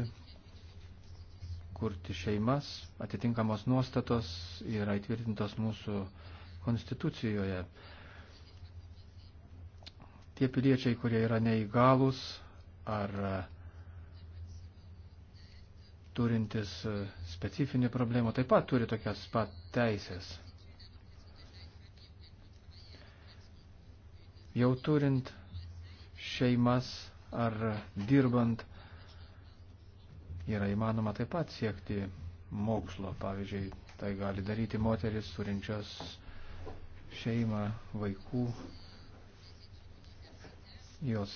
kurti šeimas, atitinkamos nuostatos yra įtvirtintos mūsų konstitucijoje. Tie piliečiai, kurie yra neįgalus ar e, turintis e, specifinį problemą, taip pat turi tokias pat teisės. Jau turint šeimas ar dirbant yra įmanoma taip pat siekti mokslo. Pavyzdžiui, tai gali daryti moteris turinčios šeimą, vaikų. Jos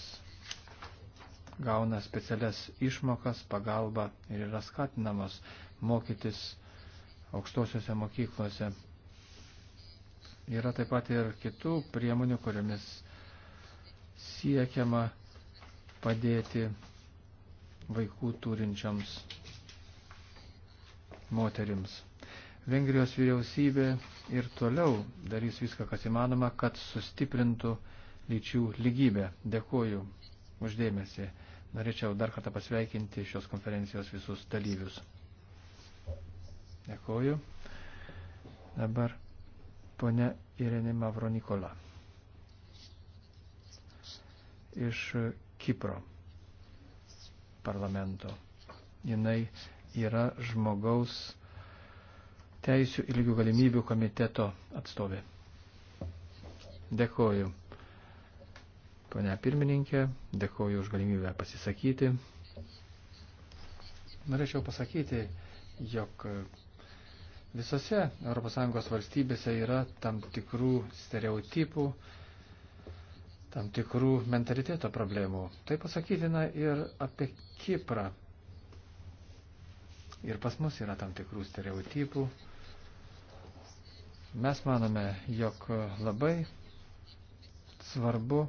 gauna specialias išmokas, pagalbą ir yra skatinamas mokytis aukštosiuose mokyklose. Yra taip pat ir kitų priemonių, kuriamis siekiama padėti vaikų turinčiams moterims. Vengrijos vyriausybė ir toliau darys viską, kas įmanoma, kad sustiprintų lyčių lygybę. Dėkuoju uždėmesi. Norėčiau dar kartą pasveikinti šios konferencijos visus dalyvius. Dėkuoju. Dabar ponia Irene Mavronikola iš Kipro parlamento. Jinai yra žmogaus teisų ir lygių galimybių komiteto atstovė. Dėkoju, ponia pirmininkė, dėkoju už galimybę pasisakyti. Norėčiau pasakyti, jog visose ES valstybėse yra tam tikrų stereotipų, tam tikrų mentaliteto problemų. Tai pasakytina ir apie Kiprą. Ir pas mus yra tam tikrų stereotipų. Mes manome, jog labai svarbu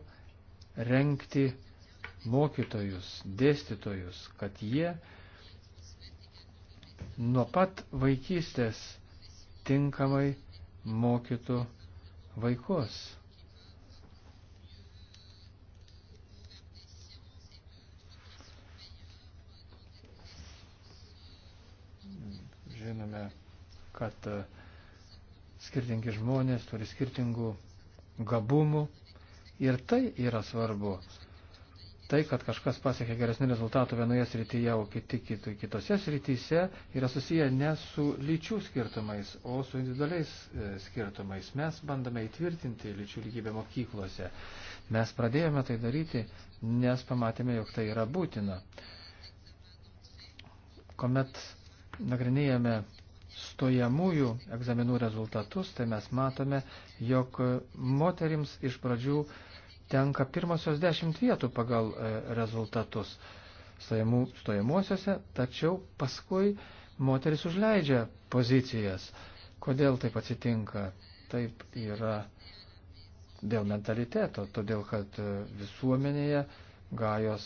renkti mokytojus, dėstytojus, kad jie nuo pat vaikystės tinkamai mokytų vaikus. Žinome, kad e, skirtingi žmonės turi skirtingų gabumų ir tai yra svarbu. Tai, kad kažkas pasiekia geresnių rezultatų vienoje srityje, o kiti kitose srityse, yra susiję ne su lyčių skirtumais, o su individualiais e, skirtumais. Mes bandome įtvirtinti lyčių lygybę mokyklose. Mes pradėjome tai daryti, nes pamatėme, jog tai yra būtina. Komet nagrinėjame stojamųjų egzaminų rezultatus, tai mes matome, jog moterims iš pradžių tenka pirmosios dešimt vietų pagal e, rezultatus stojamų, stojamuosiuose, tačiau paskui moteris užleidžia pozicijas. Kodėl taip atsitinka? Taip yra dėl mentaliteto, todėl kad e, visuomenėje gajos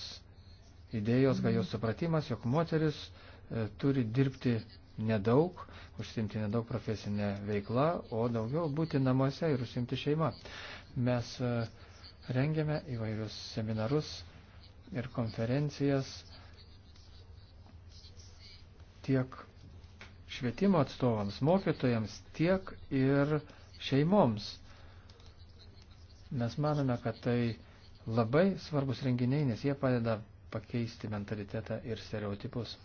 idėjos, gajos supratimas, jog moteris uh, E, turi dirbti nedaug, užsimti nedaug profesinę veiklą, o daugiau būti namuose ir užsimti šeimą. Mes e, rengiame įvairius seminarus ir konferencijas tiek švietimo atstovams, mokytojams, tiek ir šeimoms. Mes manome, kad tai labai svarbus renginiai, nes jie padeda pakeisti mentalitetą ir stereotipus.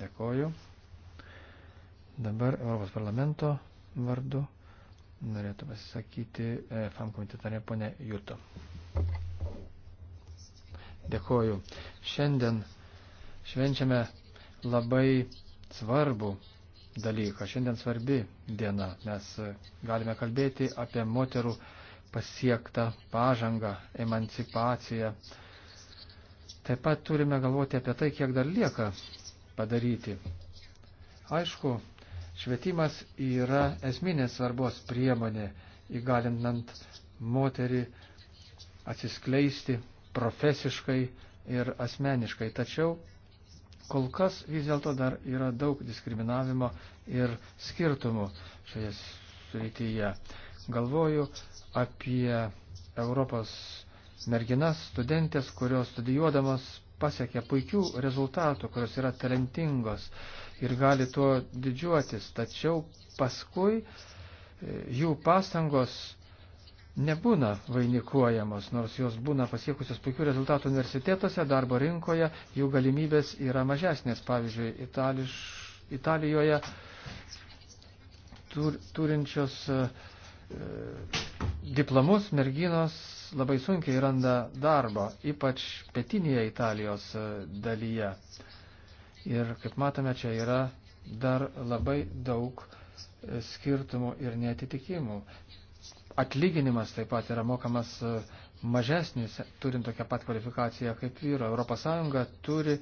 Dėkoju. Dabar Europos parlamento vardu norėtų pasisakyti e, FAM komitetarė ponė Juto. Dėkoju. Šiandien švenčiame labai svarbų dalyką. Šiandien svarbi diena. Mes galime kalbėti apie moterų pasiektą pažangą, emancipaciją. Taip pat turime galvoti apie tai, kiek dar lieka padaryti. Aišku, švietimas yra esminės svarbos priemonė įgalinant moterį atsiskleisti profesiškai ir asmeniškai. Tačiau kol kas vis dėlto dar yra daug diskriminavimo ir skirtumų šioje srityje. Galvoju apie Europos merginas, studentės, kurios studijuodamas pasiekė puikių rezultatų, kurios yra talentingos ir gali tuo didžiuotis, tačiau paskui e, jų pastangos nebūna vainikuojamos, nors jos būna pasiekusios puikių rezultatų universitetuose, darbo rinkoje, jų galimybės yra mažesnės. Pavyzdžiui, Itališ, Italijoje tur, turinčios e, e diplomus merginos labai sunkiai randa darbą, ypač pietinėje Italijos e, dalyje. Ir kaip matome, čia yra dar labai daug e, skirtumų ir netitikimų. Atlyginimas taip pat yra mokamas e, mažesnis, turint tokią pat kvalifikaciją kaip vyro. ES turi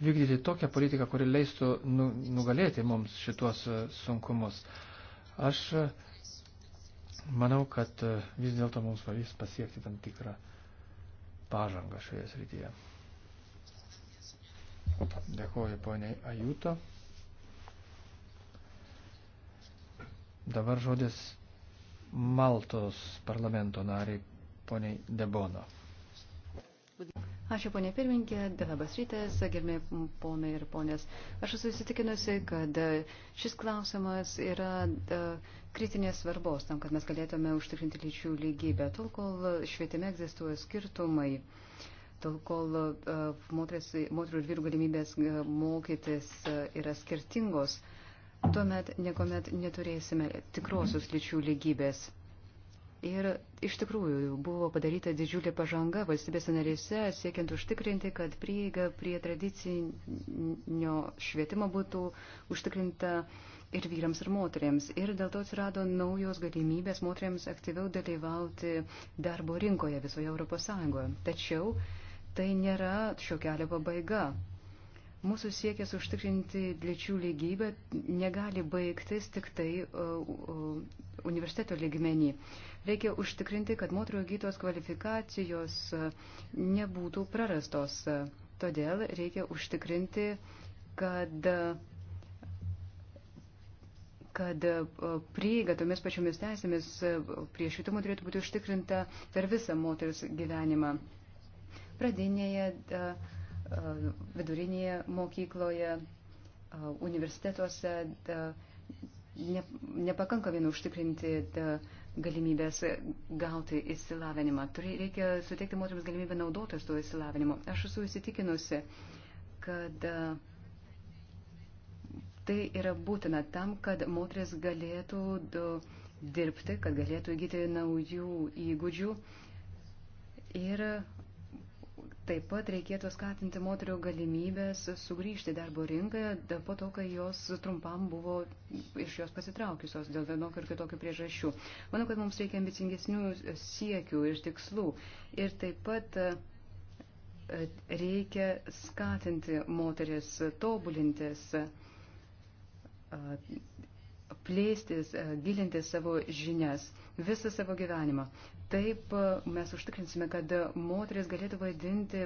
vykdyti tokią politiką, kuri leistų nu, nugalėti mums šitos sunkumus. Aš Manau, kad e, vis dėlto mums pavyks pasiekti tam tikrą pažangą šioje srityje. Dėkuoju poniai Ajuto. Dabar žodis Maltos parlamento nariai poniai Debono. Ačiū, ponė pirmininkė, labas rytas, gerbė ponai ir ponės. Aš esu įsitikinusi, kad šis klausimas yra kritinės svarbos tam, kad mes galėtume užtikrinti lyčių lygybę, tol kol švietime egzistuoja skirtumai. Tol kol moteris, moterų ir vyrų galimybės mokytis yra skirtingos, tuomet niekuomet neturėsime tikrosios lyčių lygybės. Ir iš tikrųjų buvo padaryta didžiulė pažanga valstybės narėse, siekiant užtikrinti, kad prieiga prie tradicinio švietimo būtų užtikrinta ir vyrams, ir moteriams. Ir dėl to atsirado naujos galimybės moteriams aktyviau dalyvauti darbo rinkoje visoje Europos Sąjungoje. Tačiau tai nėra šio kelio pabaiga. Mūsų siekės užtikrinti lyčių lygybę negali baigtis tik tai e, e, universiteto lygmenį. Reikia užtikrinti, kad moterų gytos kvalifikacijos e, nebūtų prarastos. Todėl reikia užtikrinti, kad kad prieiga tomis pačiomis teisėmis prie švietimo turėtų būti užtikrinta per visą moters gyvenimą. Pradinėje uh, vidurinėje mokykloje, universitetuose ne, nepakanka vien užtikrinti galimybės gauti įsilavinimą. Turi, reikia suteikti moteriams galimybę naudotis tuo įsilavinimu. Aš esu įsitikinusi, kad tai yra būtina tam, kad moteris galėtų dirbti, kad galėtų įgyti naujų įgūdžių ir Taip pat reikėtų skatinti moterio galimybės sugrįžti darbo rinką po to, kai jos trumpam buvo iš jos pasitraukiusios dėl vienokio ir kitokio priežasčių. Manau, kad mums reikia ambicingesnių siekių ir tikslų. Ir taip pat e, reikia skatinti moteris tobulintis, e, plėstis, e, gilinti savo žinias visą savo gyvenimą. Taip mes užtikrinsime, kad moteris galėtų vaidinti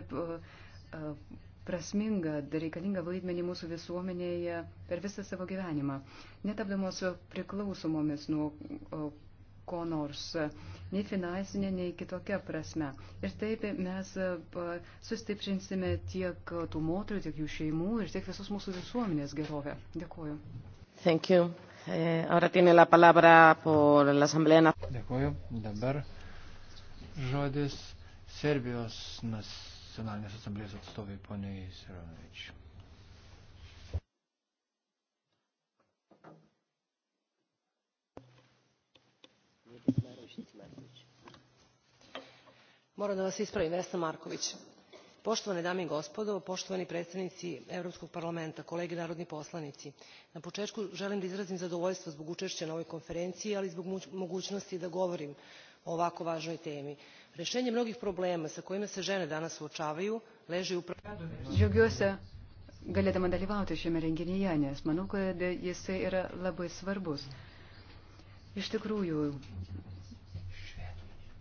prasmingą, reikalingą vaidmenį mūsų visuomenėje per visą savo gyvenimą, netapdamos priklausomomis nuo ko nors, nei finansinė, nei kitokia prasme. Ir taip mes sustiprinsime tiek tų moterų, tiek jų šeimų ir tiek visos mūsų visuomenės gerovę. Dėkuoju. Thank you. Eh, ahora tiene la palabra por la Asamblea Nacional. Dėkuoju. Dabar žodis Serbijos nacionalinės asamblės atstovai poniai Sironovič. Moram da vas ispravim, Vesna Marković. Poštovane dame i gospodo, poštovani predstavnici Evropskog parlamenta, kolege narodni poslanici, na početku želim da izrazim zadovoljstvo zbog učešća na ovoj konferenciji, ali i zbog mogućnosti da govorim o ovako važnoj temi. Rešenje mnogih problema sa kojima se žene danas suočavaju leži upravo... Džiaugiuosi galėdama dalyvauti šiame renginyje, nes manau, kad jisai yra labai svarbus. Iš tikrųjų,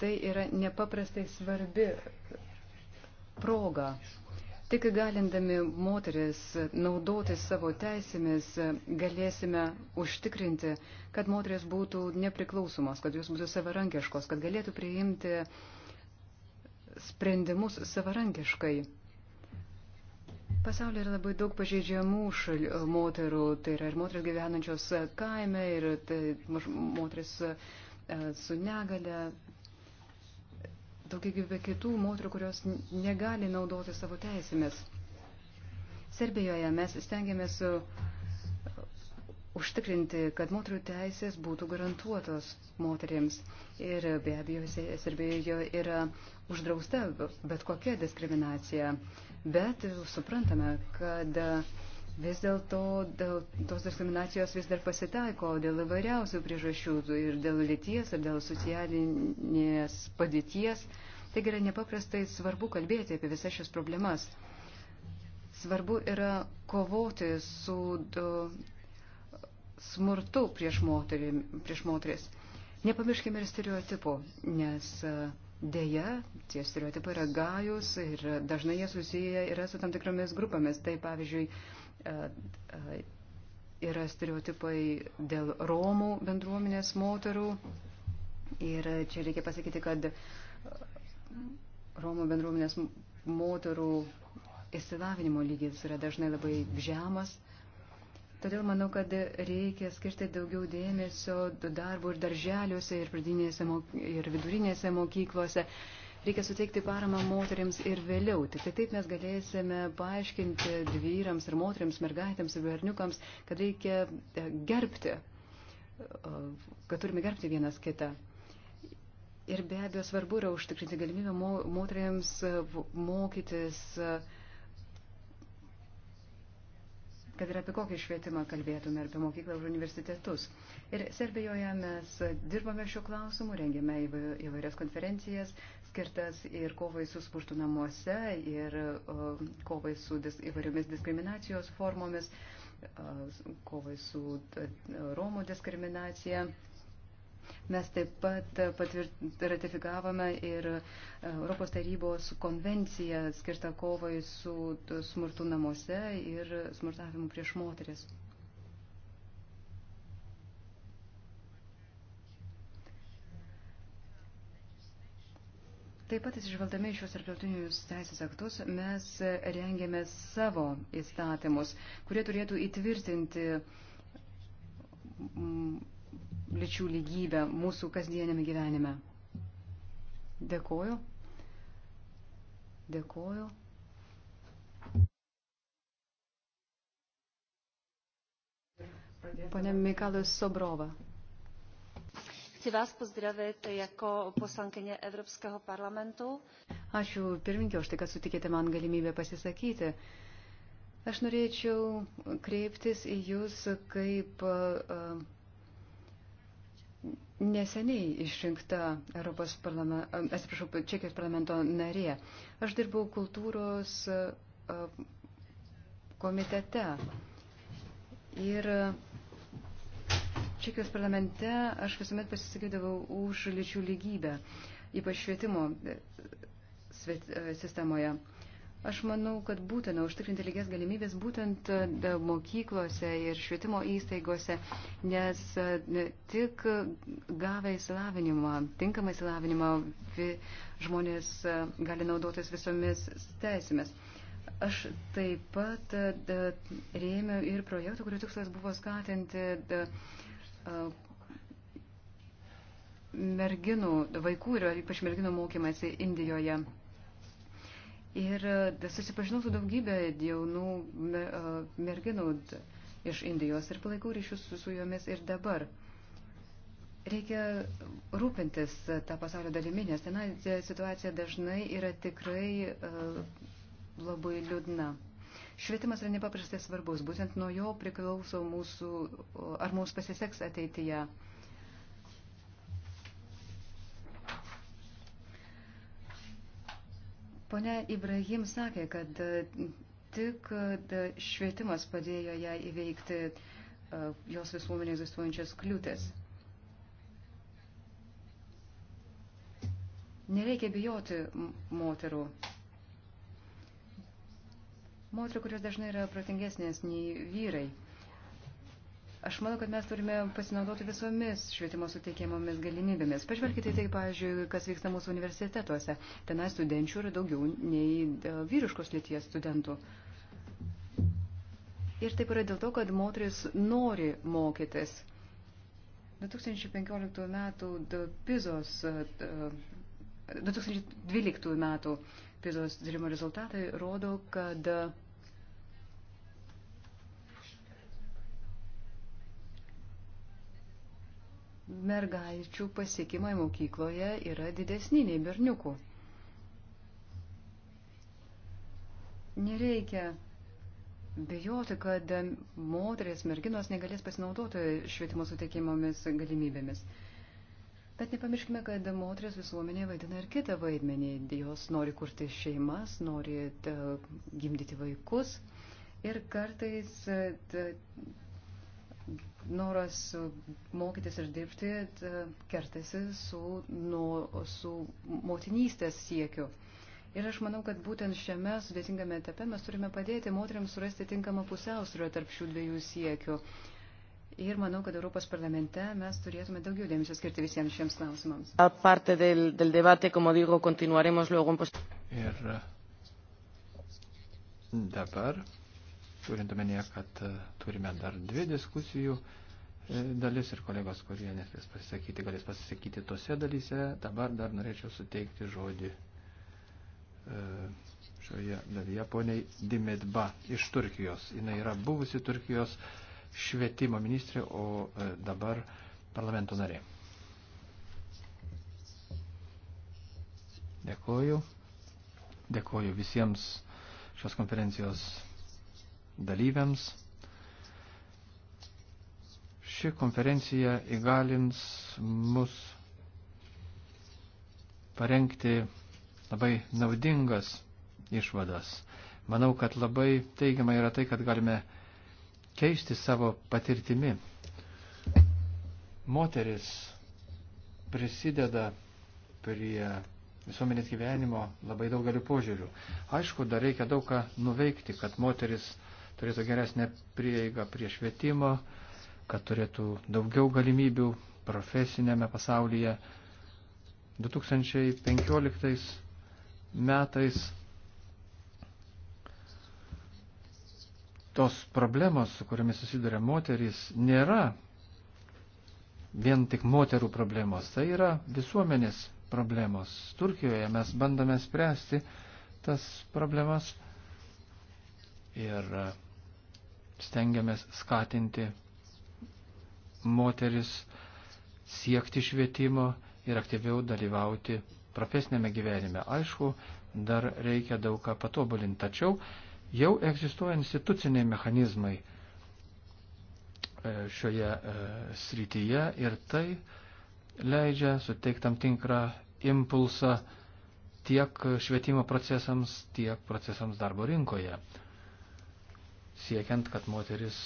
tai yra nepaprastai svarbi proga Tik galindami moteris naudoti savo teisėmis, galėsime užtikrinti, kad moteris būtų nepriklausomos, kad jos būtų savarankiškos, kad galėtų priimti sprendimus savarankiškai. Pasaulyje yra labai daug pažeidžiamų šal, moterų, tai yra ir moteris gyvenančios kaime, ir tai, moteris e, su negale, tokia kaip kitų moterų, kurios negali naudoti savo teisėmis. Serbijoje mes stengiamės e, užtikrinti, kad moterų teisės būtų garantuotos moterims. Ir be abejo, Serbijoje yra uždrausta bet kokia diskriminacija. Bet e, suprantame, kad uh, Vis dėlto tos diskriminacijos vis dar pasitaiko dėl įvairiausių priežasčių ir dėl lyties, ir dėl socialinės padėties. Taigi yra nepaprastai svarbu kalbėti apie visas šias problemas. Svarbu yra kovoti su smurtu prieš, moterį, prieš moteris. Nepamirškime ir stereotipų, nes Deja, tie stereotipai yra gajus ir dažnai jie susiję yra su tam tikromis grupėmis. Tai pavyzdžiui, E, e, yra stereotipai dėl Romų bendruomenės moterų. Ir e, čia reikia pasakyti, kad Romų bendruomenės moterų įsilavinimo lygis yra dažnai labai žemas. Todėl manau, kad reikia skirti daugiau dėmesio darbų ir darželiuose, ir pradinėse, ir vidurinėse mokyklose, Reikia suteikti paramą moteriams ir vėliau. Tik tai taip mes galėsime paaiškinti vyrams ir moteriams, mergaitėms ir berniukams, kad reikia e, gerbti, e, kad turime gerbti vienas kitą. Ir be abejo svarbu yra užtikrinti galimybę moteriams e, mokytis, kad ir apie kokį švietimą kalbėtume, ar apie mokyklą ar universitetus. Ir Serbijoje mes dirbame šiuo klausimu, rengėme įvairias konferencijas, skirtas ir kovai su spurtu namuose, ir kovai su dis, įvairiomis diskriminacijos formomis, kovai su e, Romų diskriminacija. Mes taip pat patvirt, ratifikavome ir e, Europos tarybos konvenciją skirtą kovai su smurtu namuose ir smurtavimu prieš moteris. Taip pat išvaldami šios tarptautinius teisės aktus mes rengėme savo įstatymus, kurie turėtų įtvirtinti mm, lyčių lygybę mūsų kasdienėme gyvenime. Dėkoju. Dėkoju. Pone Mikalas Sobrova. Chci vás pozdravit jako poslankyně Evropského parlamentu. Ačiū pirmininkė už tai, kad sutikėte man galimybę pasisakyti. Aš norėčiau kreiptis į Jūs kaip e, neseniai išrinkta Europos parlamento, e, atsiprašau, Čekijos parlamento narė. Aš dirbau kultūros e, komitete. Ir Čekijos parlamente aš visuomet pasisakydavau už lyčių lygybę, ypač švietimo e, e, sistemoje. Aš manau, kad būtina užtikrinti lygias galimybės būtent e, mokyklose ir švietimo įstaigose, nes tik gavę įsilavinimą, tinkamą įsilavinimą, žmonės gali naudotis visomis teisėmis. Aš taip pat rėmiau ir projektą, kurio tikslas buvo skatinti. Da, merginų, vaikų ir ypač merginų mokymasi Indijoje. Ir e, susipažinau su daugybė jaunų e, merginų iš Indijos ir palaikau ryšius su, su jomis ir dabar. Reikia rūpintis e, tą pasaulio dalimi, nes ten situacija dažnai yra tikrai labai liūdna. Švietimas yra nepaprastai svarbus, būtent nuo jo priklauso mūsų, ar mums pasiseks ateityje. Pone Ibrahim sakė, kad e, tik e, švietimas padėjo ją įveikti e, jos visuomenė egzistuojančias kliūtis. Nereikia bijoti moterų moterų, kurios dažnai yra protingesnės nei vyrai. Aš manau, kad mes turime pasinaudoti visomis švietimo suteikiamomis galimybėmis. Pažvelkite tai, pavyzdžiui, kas vyksta mūsų universitetuose. Tenai studenčių yra daugiau nei e, vyriškos lyties studentų. Ir taip yra dėl to, kad moteris nori mokytis. 2015 metų Pizos, 2012 metų Pizos tyrimo rezultatai rodo, kad mergaičių pasiekimai mokykloje yra didesni nei berniukų. Nereikia bijoti, kad moteris, merginos negalės pasinaudoti švietimo suteikimomis galimybėmis. Bet nepamirškime, kad moteris visuomenėje vaidina ir kitą vaidmenį. Jos nori kurti šeimas, nori e, gimdyti vaikus ir kartais e, noras e, mokytis ir dirbti kertasi su, nu, su motinystės siekiu. Ir aš manau, kad būtent šiame sudėtingame etape mes turime padėti moteriams surasti tinkamą pusiausvyrą tarp šių dviejų siekių. Ir manau, kad Europos parlamente mes turėtume daugiau dėmesio skirti visiems šiems klausimams. Aparte del, del debate, como digo, continuaremos luego. Ir e, dabar turint omenyje, kad e, turime dar dvi diskusijų e, dalis ir kolegos, kurie nespės pasisakyti, galės pasisakyti tose dalyse. Dabar dar norėčiau suteikti žodį e, šioje dalyje poniai Dimedba iš Turkijos. Jis yra buvusi Turkijos švietimo ministrė, o dabar parlamento narė. Dėkoju. Dėkoju visiems šios konferencijos dalyviams. Ši konferencija įgalins mus parengti labai naudingas išvadas. Manau, kad labai teigiama yra tai, kad galime keisti savo patirtimi. Moteris prisideda prie visuomenės gyvenimo labai daugeliu požiūrių. Aišku, dar reikia daug ką nuveikti, kad moteris turėtų geresnę prieigą prie švietimo, kad turėtų daugiau galimybių profesinėme pasaulyje. 2015 metais tos problemos, su kuriamis susiduria moterys, nėra vien tik moterų problemos, tai yra visuomenės problemos. Turkijoje mes bandome spręsti tas problemas ir stengiamės skatinti moteris siekti švietimo ir aktyviau dalyvauti profesinėme gyvenime. Aišku, dar reikia daug ką patobulinti, tačiau jau egzistuoja instituciniai mechanizmai e, šioje e, srityje ir tai leidžia suteikti tam tinkrą impulsą tiek švietimo procesams, tiek procesams darbo rinkoje siekiant, kad moteris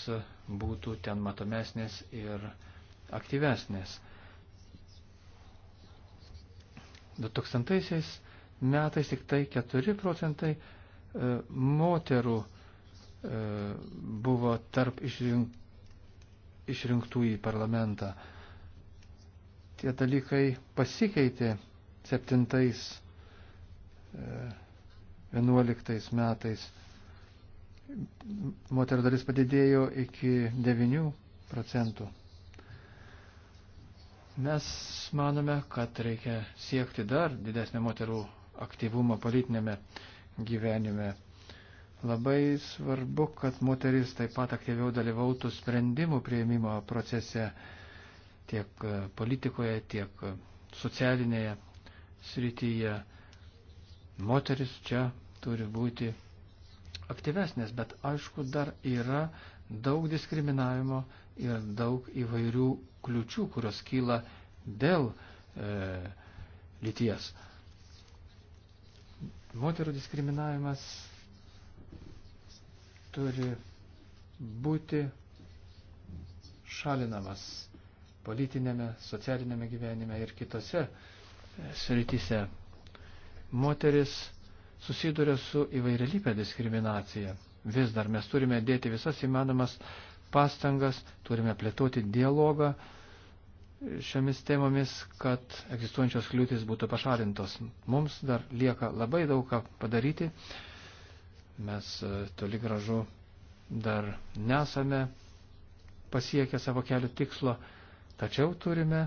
būtų ten matomesnės ir aktyvesnės. 2000 metais tik tai 4 procentai e, moterų e, buvo tarp išrinktų į parlamentą. Tie dalykai pasikeitė 7-11 e, metais moterų dalis padidėjo iki 9 procentų. Mes manome, kad reikia siekti dar didesnį moterų aktyvumą politinėme gyvenime. Labai svarbu, kad moteris taip pat aktyviau dalyvautų sprendimų prieimimo procese tiek e, politikoje, tiek e, socialinėje srityje. Moteris čia turi būti aktyvesnės, bet aišku, dar yra daug diskriminavimo ir daug įvairių kliučių, kurios kyla dėl e, lyties. Moterų diskriminavimas turi būti šalinamas politinėme, socialinėme gyvenime ir kitose e, srityse. Moteris susiduria su įvairialypė diskriminacija. Vis dar mes turime dėti visas įmanomas pastangas, turime plėtoti dialogą šiomis temomis, kad egzistuojančios kliūtis būtų pašalintos. Mums dar lieka labai daug ką padaryti. Mes e, toli gražu dar nesame pasiekę savo kelių tikslo, tačiau turime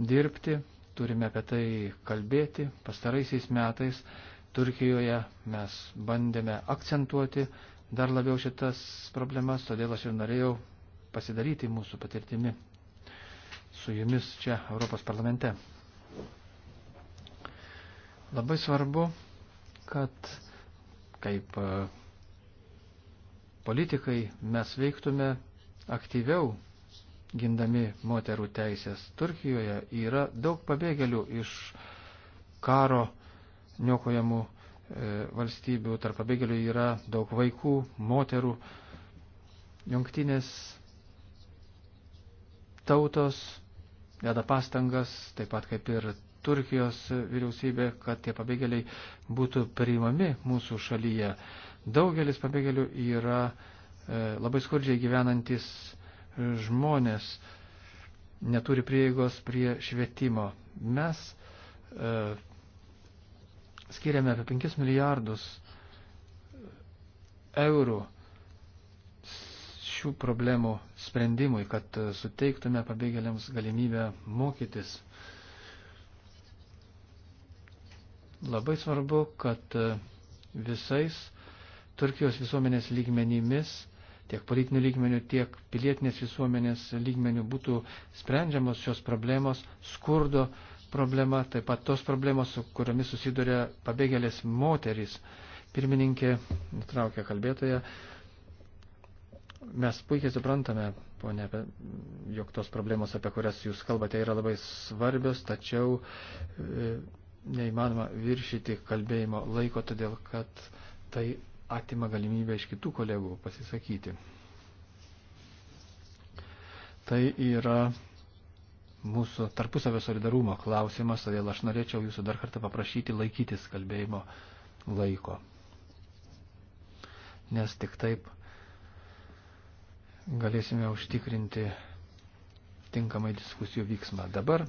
dirbti, turime apie tai kalbėti. Pastaraisiais metais Turkijoje mes bandėme akcentuoti dar labiau šitas problemas, todėl aš ir norėjau pasidaryti mūsų patirtimi su jumis čia Europos parlamente. Labai svarbu, kad kaip e, politikai mes veiktume aktyviau gindami moterų teisės. Turkijoje yra daug pabėgėlių iš karo niokojamų e, valstybių, tarp pabėgėlių yra daug vaikų, moterų. Jungtinės tautos deda pastangas, taip pat kaip ir Turkijos vyriausybė, kad tie pabėgėliai būtų priimami mūsų šalyje. Daugelis pabėgėlių yra e, labai skurdžiai gyvenantis žmonės, neturi prieigos prie švietimo. Mes e, skiriame apie 5 milijardus eurų šių problemų sprendimui, kad suteiktume pabėgėliams galimybę mokytis. Labai svarbu, kad visais Turkijos visuomenės lygmenimis, tiek politinių lygmenių, tiek pilietinės visuomenės lygmenių būtų sprendžiamos šios problemos skurdo problema, taip pat tos problemos, su kuriomis susiduria pabėgėlės moterys. Pirmininkė, nutraukė kalbėtoje, mes puikiai suprantame, ponė, jog tos problemos, apie kurias jūs kalbate, yra labai svarbios, tačiau e, neįmanoma viršyti kalbėjimo laiko, todėl kad tai atima galimybę iš kitų kolegų pasisakyti. Tai yra mūsų tarpusavio solidarumo klausimas, todėl aš norėčiau jūsų dar kartą paprašyti laikytis kalbėjimo laiko. Nes tik taip galėsime užtikrinti tinkamai diskusijų vyksmą. Dabar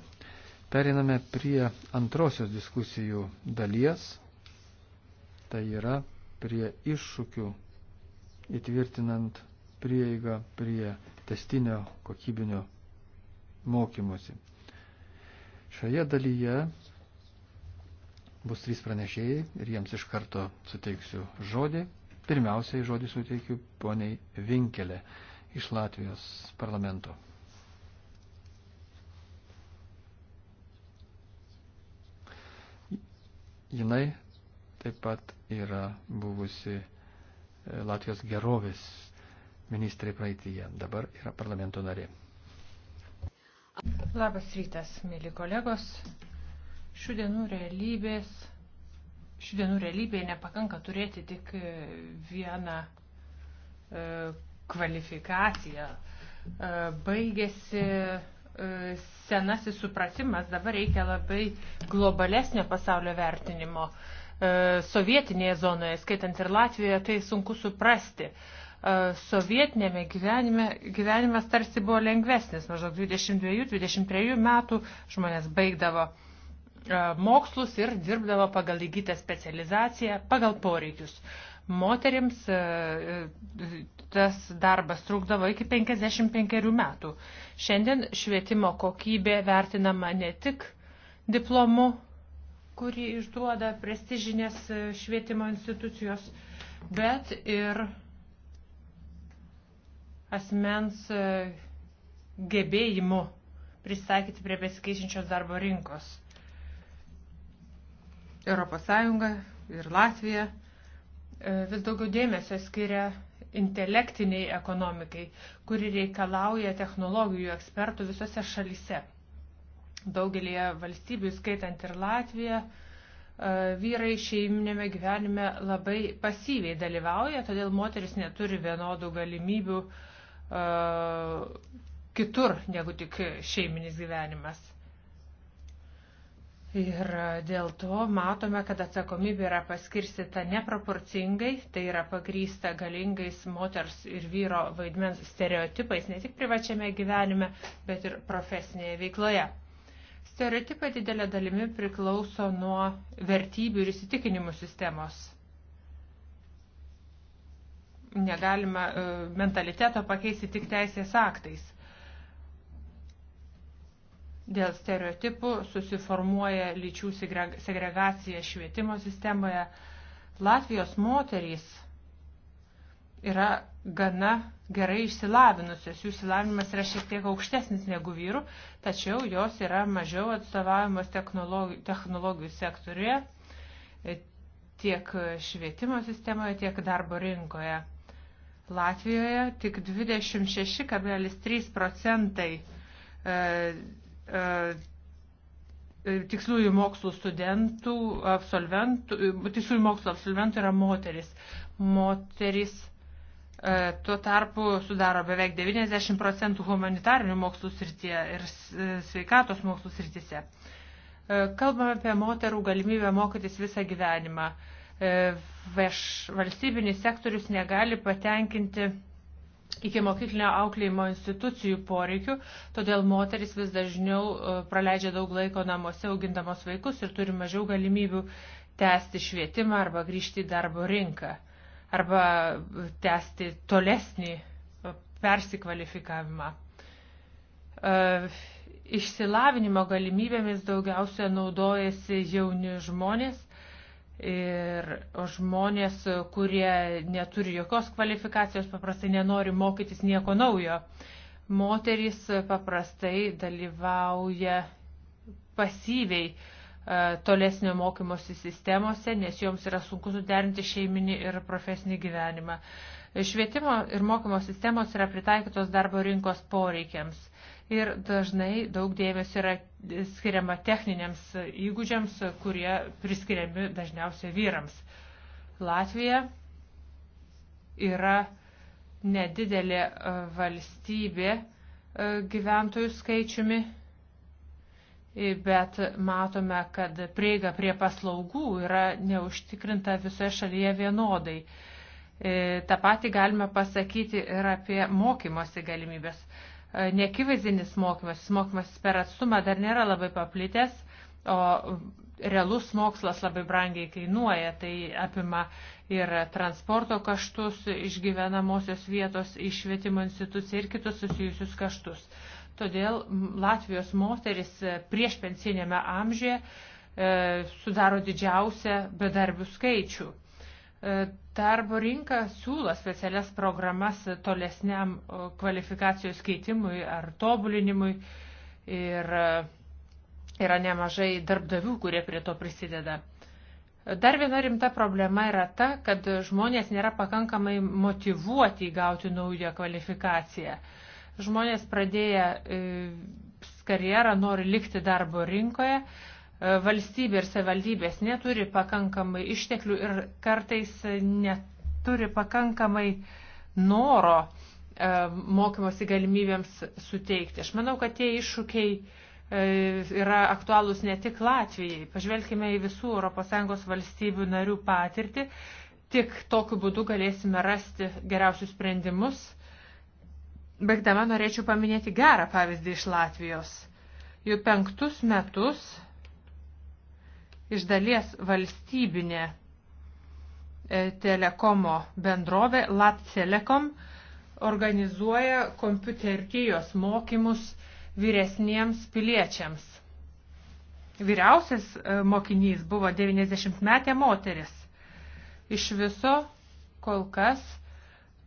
periname prie antrosios diskusijų dalies, tai yra prie iššūkių įtvirtinant prieigą prie testinio kokybinio mokymusi. Šioje dalyje bus trys pranešėjai ir jiems iš karto suteiksiu žodį. Pirmiausiai žodį suteikiu poniai Vinkelė iš Latvijos parlamento. Jinai taip pat yra buvusi e, Latvijos gerovės ministrė praeitįje, dabar yra parlamento narė. Labas rytas, mėly kolegos. Šių dienų realybės, šių dienų realybėje nepakanka turėti tik e, vieną e, kvalifikaciją. E, baigėsi e, senasis supratimas, dabar reikia labai globalesnio pasaulio vertinimo. E, sovietinėje zonoje, skaitant ir Latvijoje, tai sunku suprasti. E, E, sovietinėme gyvenime gyvenimas tarsi buvo lengvesnis. Maždaug 22-23 metų žmonės baigdavo e, mokslus ir dirbdavo pagal įgytą specializaciją, pagal poreikius. Moterims e, tas darbas trukdavo iki 55 metų. Šiandien švietimo kokybė vertinama ne tik diplomu, kurį išduoda prestižinės švietimo institucijos, bet ir asmens e, gebėjimu pristaikyti prie besikeičiančios darbo rinkos. ES ir Latvija e, vis daugiau dėmesio skiria intelektiniai ekonomikai, kuri reikalauja technologijų ekspertų visose šalise. Daugelėje valstybių, skaitant ir Latviją, e, vyrai šeiminėme gyvenime labai pasyviai dalyvauja, todėl moteris neturi vienodų galimybių uh, E, kitur negu tik šeiminis gyvenimas. Ir dėl to matome, kad atsakomybė yra paskirstyta neproporcingai, tai yra pagrysta galingais moters ir vyro vaidmens stereotipais ne tik privačiame gyvenime, bet ir profesinėje veikloje. Stereotipai didelė dalimi priklauso nuo vertybių ir įsitikinimų sistemos negalima e, mentaliteto pakeisti tik teisės aktais. Dėl stereotipų susiformuoja lyčių segregacija švietimo sistemoje. Latvijos moterys yra gana gerai išsilavinusios. Jų išsilavinimas yra šiek tiek aukštesnis negu vyrų, tačiau jos yra mažiau atstovavimas technologijų, technologijų sektoriuje, e, tiek švietimo sistemoje, tiek darbo rinkoje. Latvijoje tik 26,3 procentai e, e, e, tiksliųjų mokslų studentų, absolventų, tiksliųjų mokslų absolventų yra moteris. Moteris e, tuo tarpu sudaro beveik 90 procentų humanitarinių mokslų srityje ir e, sveikatos mokslų srityse. E, kalbame apie moterų galimybę mokytis visą gyvenimą. E, E, valstybinis sektorius negali patenkinti iki mokyklinio auklėjimo institucijų poreikių, todėl moteris vis dažniau e, praleidžia daug laiko namuose augindamos vaikus ir turi mažiau galimybių tęsti švietimą arba grįžti į darbo rinką arba tęsti tolesnį e, persikvalifikavimą. Išsilavinimo galimybėmis daugiausia naudojasi jauni žmonės, Ir žmonės, kurie neturi jokios kvalifikacijos, paprastai nenori mokytis nieko naujo. Moterys paprastai dalyvauja pasyviai e, tolesnio mokymosi sistemose, nes joms yra sunku suderinti šeiminį ir profesinį gyvenimą. Švietimo ir mokymo sistemos yra pritaikytos darbo rinkos poreikiams ir dažnai daug dėmesio yra skiriama techniniams įgūdžiams, kurie priskiriami dažniausiai vyrams. Latvija yra nedidelė e, valstybė e, gyventojų skaičiumi, bet matome, kad prieiga prie paslaugų yra neužtikrinta visoje šalyje vienodai. E, Ta pati galime pasakyti ir apie mokymosi galimybės. E, Nekivizinis mokymas, mokymas per atstumą dar nėra labai paplitęs, o realus mokslas labai brangiai kainuoja, tai apima ir transporto kaštus iš gyvenamosios vietos, išvietimo instituciją ir kitus susijusius kaštus. Todėl Latvijos moteris e, prieš pensinėme amžiuje e, sudaro didžiausią bedarbių skaičių. E, darbo rinka siūlo specialias programas tolesniam e, kvalifikacijos keitimui ar tobulinimui ir e, yra nemažai darbdavių, kurie prie to prisideda. Dar viena rimta problema yra ta, kad žmonės nėra pakankamai motivuoti įgauti naują kvalifikaciją. Žmonės pradėję karjerą nori likti darbo rinkoje, valstybė ir savivaldybės neturi pakankamai išteklių ir kartais neturi pakankamai noro e, mokymosi galimybėms suteikti. Aš manau, kad tie iššūkiai e, yra aktualūs ne tik Latvijai. Pažvelkime į visų ES valstybių narių patirtį. Tik tokiu būdu galėsime rasti geriausius sprendimus. Baigdama norėčiau paminėti gerą pavyzdį iš Latvijos. Jau penktus metus iš dalies valstybinė e, telekomo bendrovė LatSelekom organizuoja kompiuterijos mokymus vyresniems piliečiams. Vyriausias e, mokinys buvo 90-metė moteris. Iš viso kol kas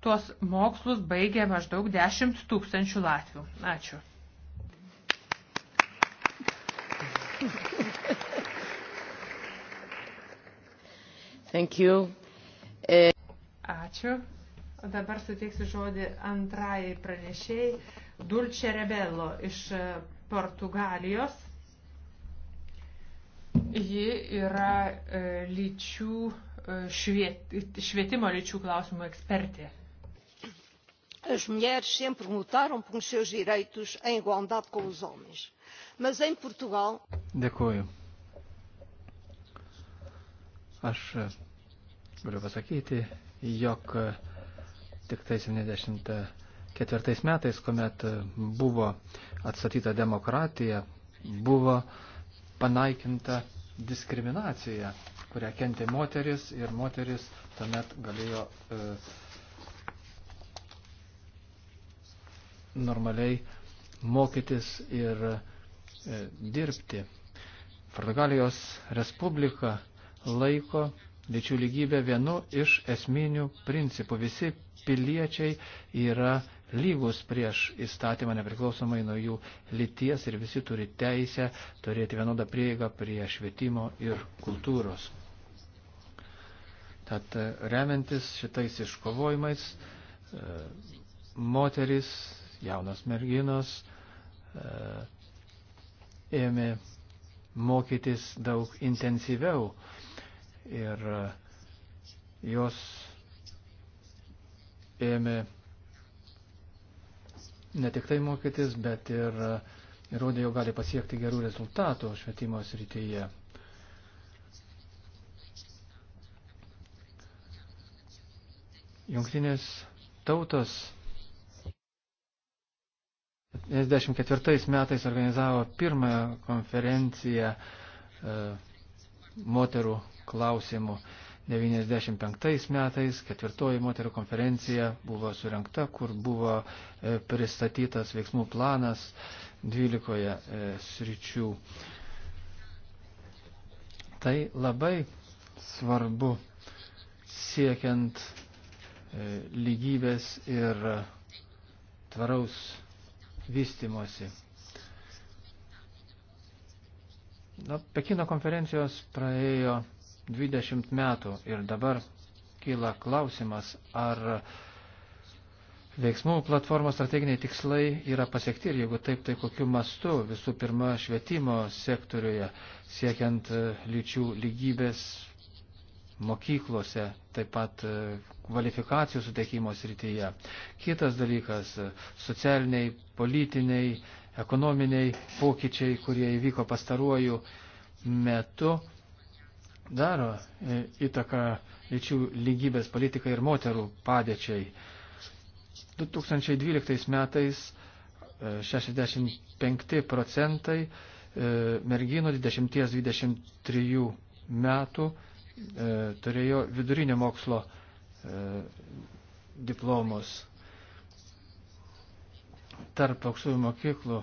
tuos mokslus baigė maždaug 10 tūkstančių Latvių. Ačiū. Thank you. Thank you. E... Ačiū. O dabar suteiksiu žodį antrajai pranešėjai Dulce Rebello iš e, Portugalijos. Ji yra e, lyčių, e, šviet, švietimo lyčių klausimų ekspertė. As mulheres sempre lutaram pelos seus direitos em igualdade com os homens. Mas em Portugal. Dėkuoju. Aš Galiu pasakyti, jog tik tai 74 metais, kuomet buvo atstatyta demokratija, buvo panaikinta diskriminacija, kurią kentė moteris ir moteris tuomet galėjo e, normaliai mokytis ir e, dirbti. Portugalijos Respublika laiko lyčių lygybę vienu iš esminių principų. Visi piliečiai yra lygus prieš įstatymą nepriklausomai nuo jų lyties ir visi turi teisę turėti vienodą prieigą prie švietimo ir kultūros. Tad e, remiantis šitais iškovojimais, e, moteris, jaunos merginos e, ėmė mokytis daug intensyviau ir e, jos ėmė ne tik tai mokytis, bet ir e, įrodė, jau gali pasiekti gerų rezultatų švietimo srityje. Jungtinės tautos 1994 metais organizavo pirmąją konferenciją e, moterų klausimų. 1995 metais ketvirtoji moterų konferencija buvo surinkta, kur buvo e, pristatytas veiksmų planas 12 e, sričių. Tai labai svarbu siekiant e, lygybės ir tvaraus vystimosi. Na, Pekino konferencijos praėjo 20 metų ir dabar kyla klausimas, ar veiksmų platformos strateginiai tikslai yra pasiekti ir jeigu taip, tai kokiu mastu visų pirma švietimo sektoriuje siekiant e, lyčių lygybės mokyklose, taip pat e, kvalifikacijų suteikimo srityje. Kitas dalykas - socialiniai, politiniai, ekonominiai pokyčiai, kurie įvyko pastaruoju metu daro e, įtaką lyčių lygybės politikai ir moterų padėčiai. 2012 metais 65 e, procentai e, merginų 10-23 metų turėjo vidurinio mokslo diplomus. Tarp aukštųjų mokyklų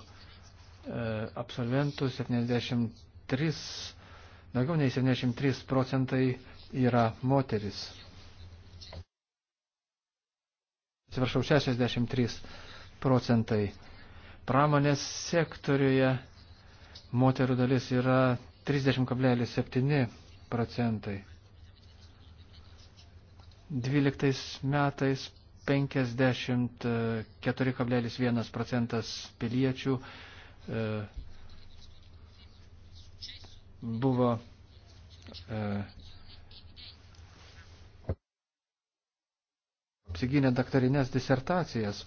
absolventų 73 Daugiau nei 73 procentai yra moteris. Atsiprašau, 63 procentai. Pramonės sektoriuje moterų dalis yra 30,7 procentai. 12 metais 54,1 procentas piliečių e, buvo e, apsigynę daktarinės disertacijas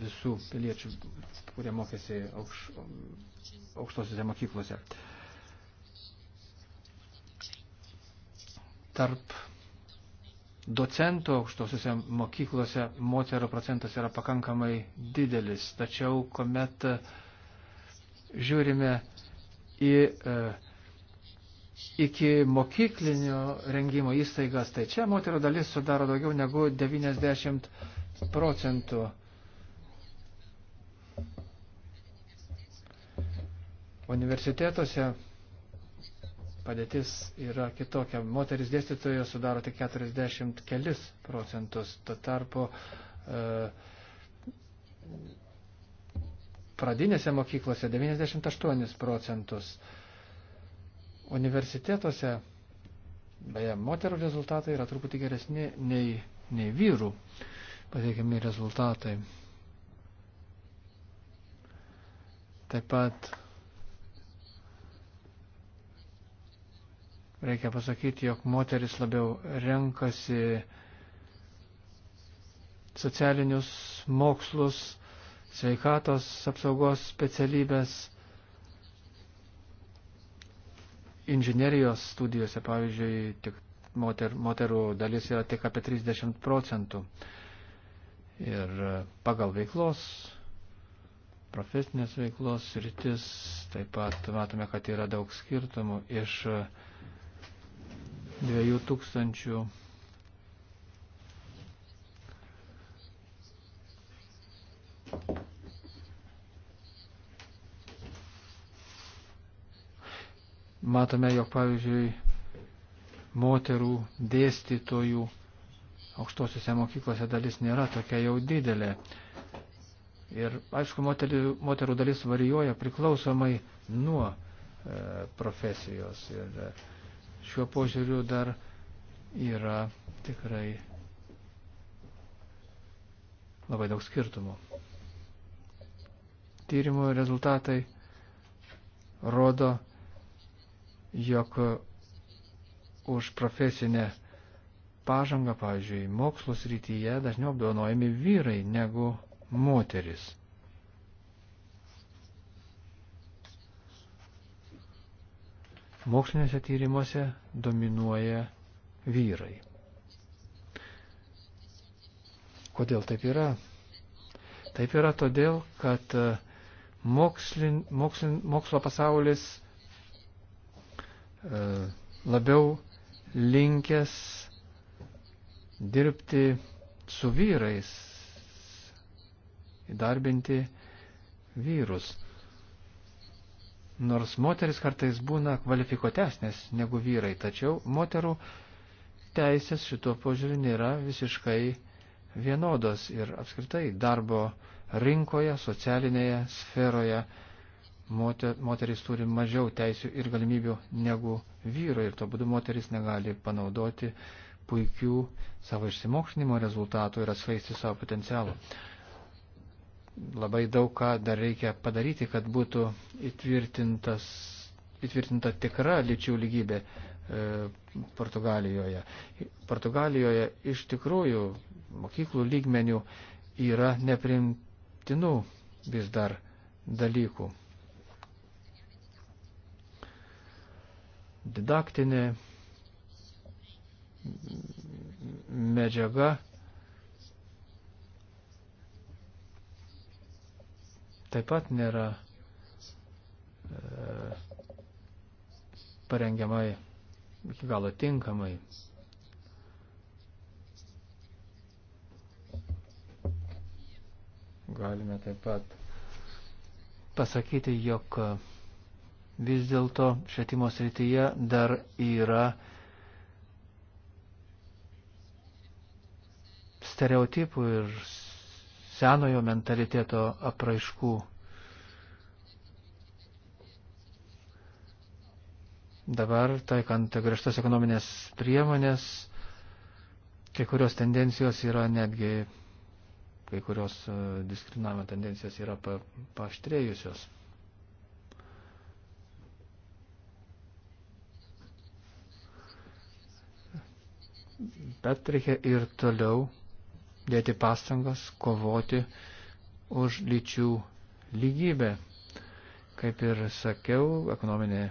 visų piliečių, kurie mokėsi aukš, aukštosiuose mokyklose. Tarp docentų aukštosiuose mokyklose moterų procentas yra pakankamai didelis, tačiau kuomet uh, žiūrime į e, iki mokyklinio rengimo įstaigas, tai čia moterų dalis sudaro daugiau negu 90 procentų. Universitetuose padėtis yra kitokia. Moteris dėstytojo sudaro tik 40 kelis procentus. Tuo tarpu e, pradinėse mokyklose 98 procentus. Universitetuose, beje, moterų rezultatai yra truputį geresni nei, nei vyrų pateikiami rezultatai. Taip pat reikia pasakyti, jog moteris labiau renkasi socialinius mokslus, sveikatos apsaugos specialybės, inžinerijos studijose, pavyzdžiui, tik moter, moterų dalis yra tik apie 30 procentų. Ir pagal veiklos, profesinės veiklos rytis, taip pat matome, kad yra daug skirtumų iš 2000 matome, jog pavyzdžiui moterų dėstytojų aukštosiuose mokyklose dalis nėra tokia jau didelė. Ir aišku, moterų, moterų dalis varijuoja priklausomai nuo e, profesijos. Ir e, šiuo požiūriu dar yra tikrai labai daug skirtumų. Tyrimų rezultatai rodo, jog už profesinę pažangą, pavyzdžiui, mokslus rytyje dažniau apdovanojami vyrai negu moteris. Moksliniuose tyrimuose dominuoja vyrai. Kodėl taip yra? Taip yra todėl, kad mokslin, mokslin, mokslo pasaulis E, labiau linkęs dirbti su vyrais, įdarbinti vyrus. Nors moteris kartais būna kvalifikuotesnės negu vyrai, tačiau moterų teisės šito požiūrį nėra visiškai vienodos ir apskritai darbo rinkoje, socialinėje sferoje moter, moteris turi mažiau teisių ir galimybių negu vyrai ir to būdu moteris negali panaudoti puikių savo išsimokslinimo rezultatų ir atsvaisti savo potencialą. Labai daug ką dar reikia padaryti, kad būtų įtvirtinta tikra lyčių lygybė e, Portugalijoje. Portugalijoje iš tikrųjų mokyklų lygmenių yra neprimtinų vis dar dalykų. didaktinė medžiaga. Taip pat nėra e, parengiamai iki galo tinkamai. Galime taip pat pasakyti, jog vis dėlto švietimo srityje dar yra stereotipų ir senojo mentaliteto apraiškų. Dabar, taikant griežtas ekonominės priemonės, kai kurios tendencijos yra netgi, kai kurios e, diskriminavimo tendencijos yra pa, paaštrėjusios. bet reikia ir toliau dėti pastangas kovoti už lyčių lygybę. Kaip ir sakiau, ekonominė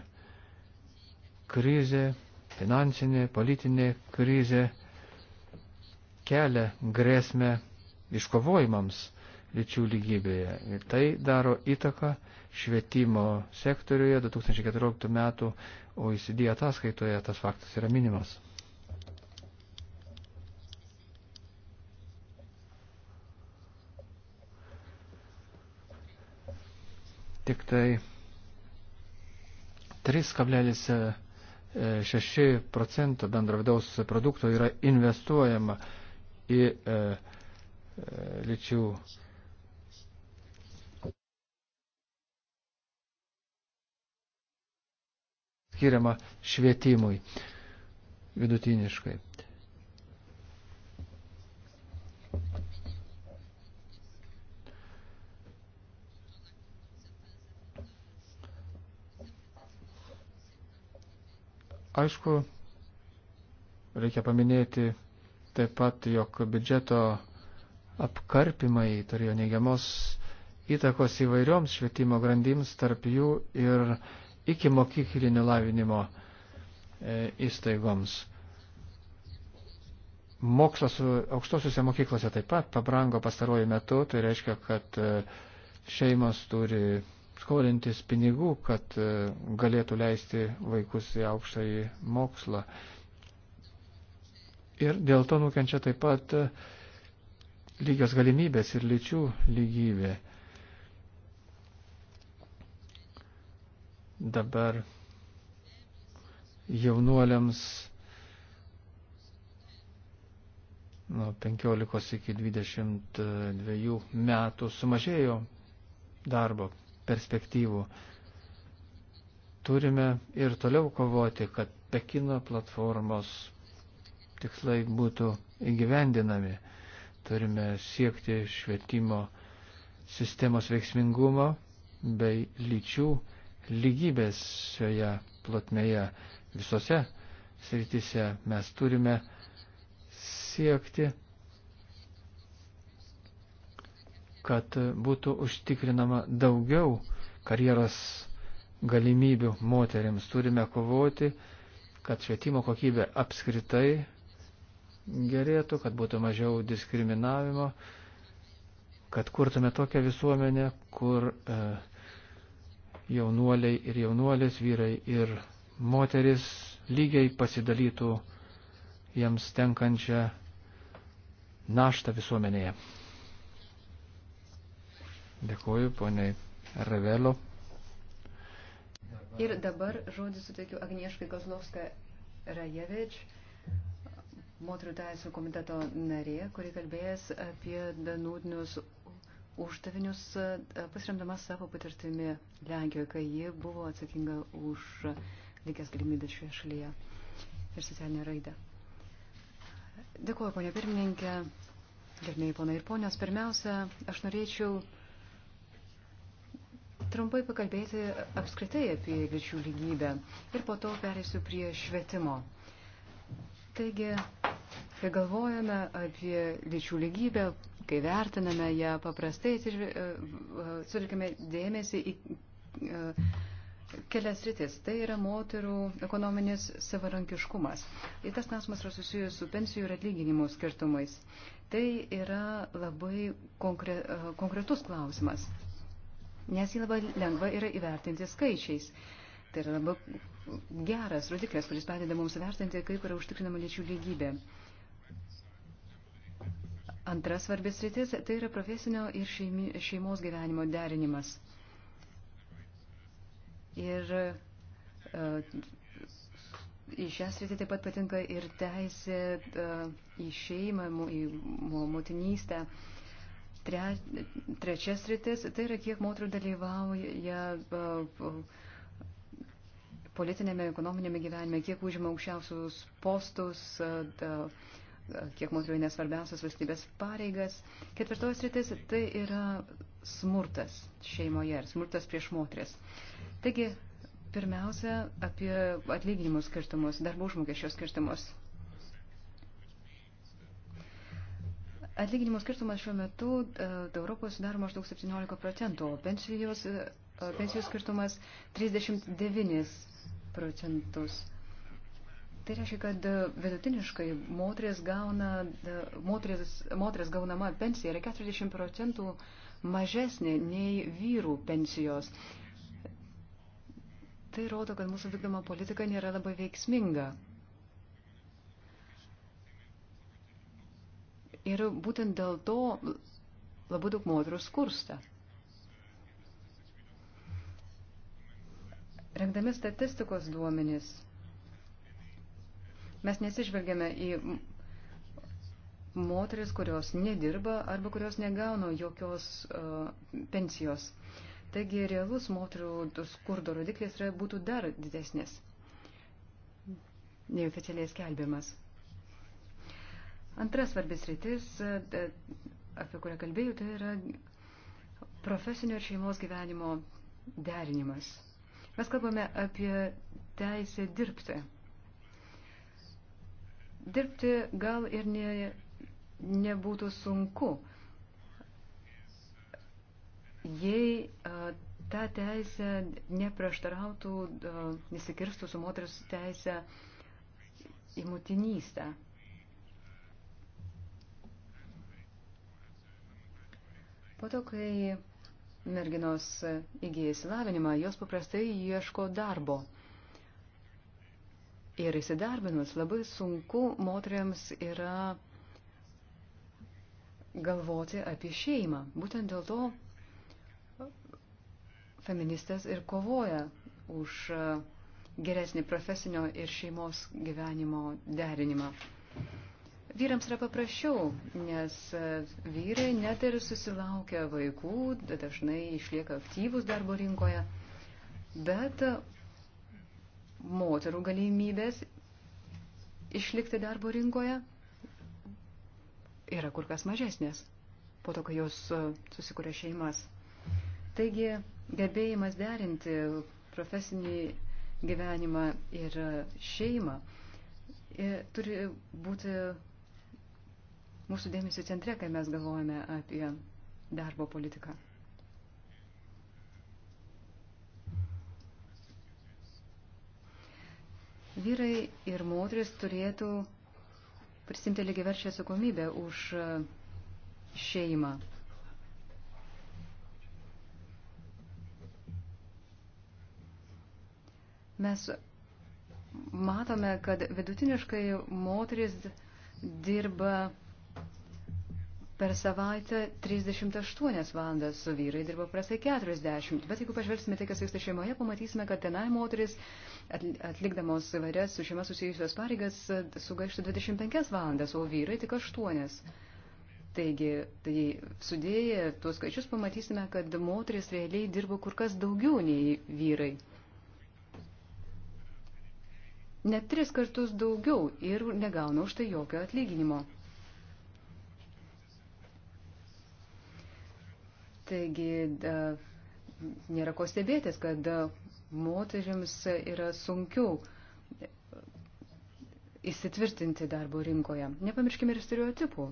krizė, finansinė, politinė krizė kelia grėsmę iškovojimams lyčių lygybėje. Ir tai daro įtaką švietimo sektoriuje 2014 metų OECD ataskaitoje tas faktas yra minimas. tik tai 3,6 procento bendro vidaus produkto yra investuojama į e, e, lyčių skiriama švietimui vidutiniškai. Aišku, reikia paminėti taip pat, jog biudžeto apkarpimai turėjo neigiamos įtakos įvairioms švietimo grandims, tarp jų ir iki mokyklinio lavinimo e, įstaigoms. Mokslas aukštosiuose mokyklose taip pat pabrango pastaruoju metu, tai reiškia, kad e, šeimos turi skolintis pinigų, kad e, galėtų leisti vaikus į aukštąjį mokslą. Ir dėl to nukenčia taip pat e, lygios galimybės ir lyčių lygybė. Dabar jaunuoliams nuo 15 iki 22 metų sumažėjo darbo perspektyvų. Turime ir toliau kovoti, kad Pekino platformos tikslai būtų įgyvendinami. Turime siekti švietimo sistemos veiksmingumo bei lyčių lygybės šioje plotmėje visose srityse. Mes turime siekti kad būtų užtikrinama daugiau karjeros galimybių moteriams. Turime kovoti, kad švietimo kokybė apskritai gerėtų, kad būtų mažiau diskriminavimo, kad kurtume tokią visuomenę, kur e, jaunuoliai ir jaunuolės, vyrai ir moteris lygiai pasidalytų jiems tenkančią naštą visuomenėje. Dėkuoju, poniai Revelo. Ir dabar žodį suteikiu Agnieškai Kozlovskai Rajevič, moterų teisų komiteto narė, kuri kalbėjęs apie danūdinius uždavinius, e, pasiremdama savo patirtimi Lenkijoje, kai ji buvo atsakinga už lygias galimybės šioje šalyje ir socialinę raidą. Dėkuoju, ponia pirmininkė, gerbėjai ponai ir ponios. Pirmiausia, aš norėčiau trumpai pakalbėti apskritai apie lyčių lygybę ir po to perėsiu prie švietimo. Taigi, kai galvojame apie lyčių lygybę, kai vertiname ją paprastai, e, e, sutelkime dėmesį į e, kelias rytis. Tai yra moterų ekonominis savarankiškumas. Ir tas klausimas yra susijęs su pensijų ir atlyginimų skirtumais. Tai yra labai konkre, konkretus klausimas nes jį labai lengva yra įvertinti skaičiais. Tai yra labai geras rodiklis, kuris padeda mums vertinti, kaip yra užtikrinama lyčių lygybė. Antras svarbis rytis tai yra profesinio ir šeimi, šeimos gyvenimo derinimas. Ir uh, į šią sritį taip pat patinka ir teisė uh, į šeimą, į motinystę. Uh, Tre, trečias rytis, tai yra kiek moterų dalyvauja politinėme, ekonominėme gyvenime, kiek užima aukščiausius postus, da, kiek moterų nesvarbiausias valstybės pareigas. Ketvirtojas rytis, tai yra smurtas šeimoje ir smurtas prieš moteris. Taigi, pirmiausia, apie atlyginimų skirtumus, darbo užmokesčio skirtumus. Atlyginimo skirtumas šiuo metu e, Europoje sudaro maždaug 17 procentų, o pensijos, e, pensijų skirtumas 39 procentus. Tai reiškia, kad e, vidutiniškai moteris, gauna, moteris, moteris gaunama pensija yra 40 procentų mažesnė nei vyrų pensijos. Tai rodo, kad mūsų vykdoma politika nėra labai veiksminga. Ir būtent dėl to labai daug moterų skursta. Rengdami statistikos duomenys, mes nesižvelgiame į moteris, kurios nedirba arba kurios negauna jokios uh, pensijos. Taigi realus moterų skurdo rodiklis būtų dar didesnis, neoficialiai skelbiamas. Antras svarbis rytis, e, apie kurią kalbėjau, tai yra profesinio ir šeimos gyvenimo derinimas. Mes kalbame apie teisę dirbti. Dirbti gal ir ne, nebūtų sunku, jei a, e, ta teisė neprieštarautų, e, nesikirstų su moters teisė į motinystę. Po to, kai merginos įgyja įsilavinimą, jos paprastai ieško darbo. Ir įsidarbinus labai sunku moteriams yra galvoti apie šeimą. Būtent dėl to feministės ir kovoja už geresnį profesinio ir šeimos gyvenimo derinimą. Vyrams yra paprasčiau, nes e, vyrai net ir susilaukia vaikų, dažnai išlieka aktyvus darbo rinkoje, bet e, moterų galimybės išlikti darbo rinkoje yra kur kas mažesnės po to, kai jos e, susikūrė šeimas. Taigi, gebėjimas derinti profesinį gyvenimą ir šeimą ir turi būti mūsų dėmesio centre, kai mes galvojame apie darbo politiką. Vyrai ir moteris turėtų prisimti lygiverčią atsakomybę už šeimą. Mes matome, kad vidutiniškai moteris dirba per savaitę 38 valandas su vyrai dirba prastai 40. Bet jeigu pažvelgsime tai, kas vyksta šeimoje, pamatysime, kad tenai moteris atlikdamos įvairias su šeima susijusios pareigas e, sugaišta 25 valandas, o vyrai tik 8. Taigi, tai sudėję tuos skaičius pamatysime, kad moteris realiai dirba kur kas daugiau nei vyrai. Net tris kartus daugiau ir negauna už tai jokio atlyginimo. Taigi da, nėra ko stebėtis, kad da, moteriams yra sunkiau įsitvirtinti darbo rinkoje. Nepamirškime ir stereotipų.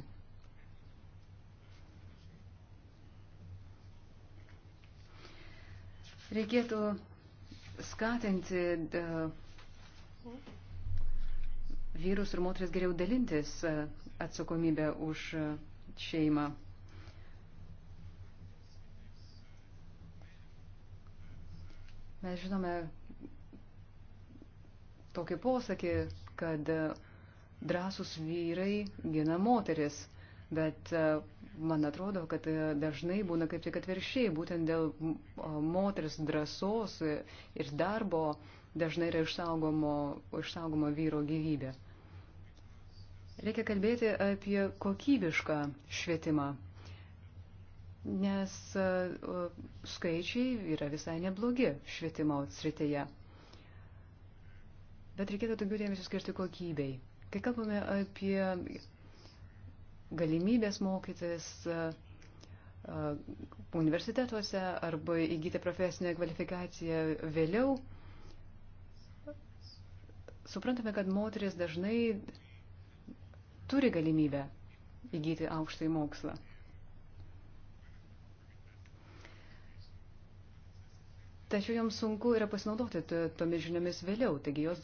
Reikėtų skatinti da, vyrus ir moteris geriau dalintis atsakomybę už šeimą. Mes žinome tokį posakį, kad e, drąsus vyrai gina moteris, bet e, man atrodo, kad e, dažnai būna kaip tik atviršiai, būtent dėl moteris drąsos ir darbo dažnai yra išsaugomo, išsaugomo vyro gyvybė. Reikia kalbėti apie kokybišką švietimą nes e, skaičiai yra visai neblogi švietimo srityje. Bet reikėtų daugiau dėmesio skirti kokybei. Kai kalbame apie galimybės mokytis e, e, universitetuose arba įgyti profesinę kvalifikaciją vėliau, suprantame, kad moteris dažnai turi galimybę įgyti aukštąjį mokslą. Tačiau joms sunku yra pasinaudoti tomis žiniomis vėliau. Taigi jos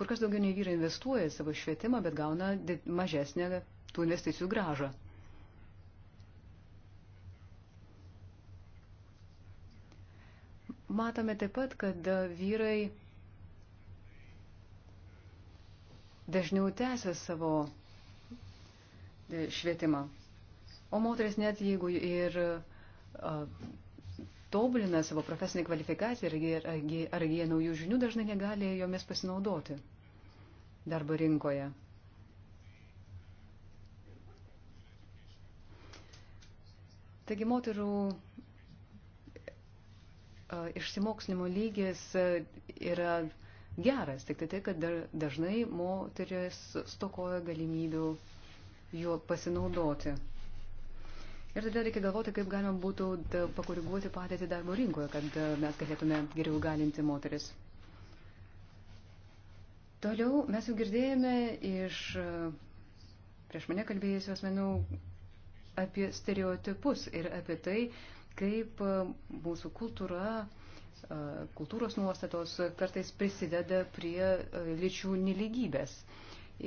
kur kas daugiau nei vyrai investuoja savo švietimą, bet gauna mažesnę tų investicijų gražą. Matome taip pat, kad vyrai dažniau tęsia savo e, švietimą. O moteris net jeigu ir uh, tobulina savo profesinę kvalifikaciją ar įgyja naujų žinių, dažnai negali jomis pasinaudoti darbo rinkoje. Taigi moterų išsimokslinimo lygis yra geras, tik tai tai, kad dažnai moteris stokoja galimybių juo pasinaudoti. Ir tada reikia galvoti, kaip galima būtų pakoriguoti padėtį darbo rinkoje, kad e, mes galėtume geriau galinti moteris. Toliau mes jau girdėjome iš e, prieš mane kalbėjusių asmenų apie stereotipus ir apie tai, kaip e, mūsų kultūra, kultūros nuostatos kartais prisideda prie lyčių neligybės.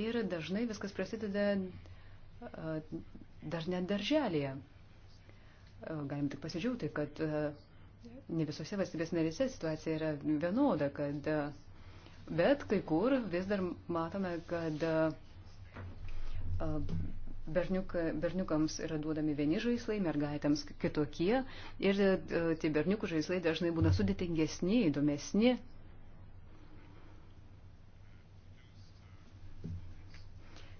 Ir dažnai viskas prasideda dar net darželėje. Galim tik pasidžiaugti, kad e, ne visose valstybės narėse situacija yra vienoda, kad, e, bet kai kur vis dar matome, kad e, berniuk, berniukams yra duodami vieni žaislai, mergaitėms kitokie ir tie berniukų žaislai dažnai būna sudėtingesni, įdomesni.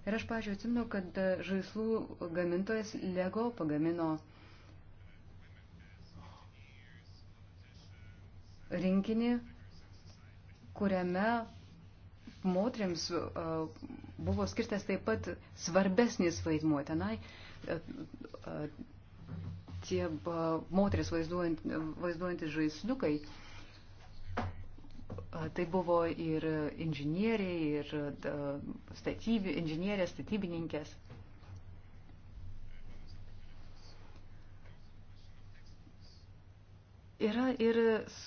Ir aš, pažiūrėjau, atsimenu, kad žaislų gamintojas Lego pagamino uh, rinkinį, kuriame moteriams buvo skirtas taip pat svarbesnis vaidmuo. Tenai tie moteris vaizduojant, vaizduojantis žaisliukai, tai buvo ir inžinieriai, ir statybi, inžinierės, statybininkės. yra ir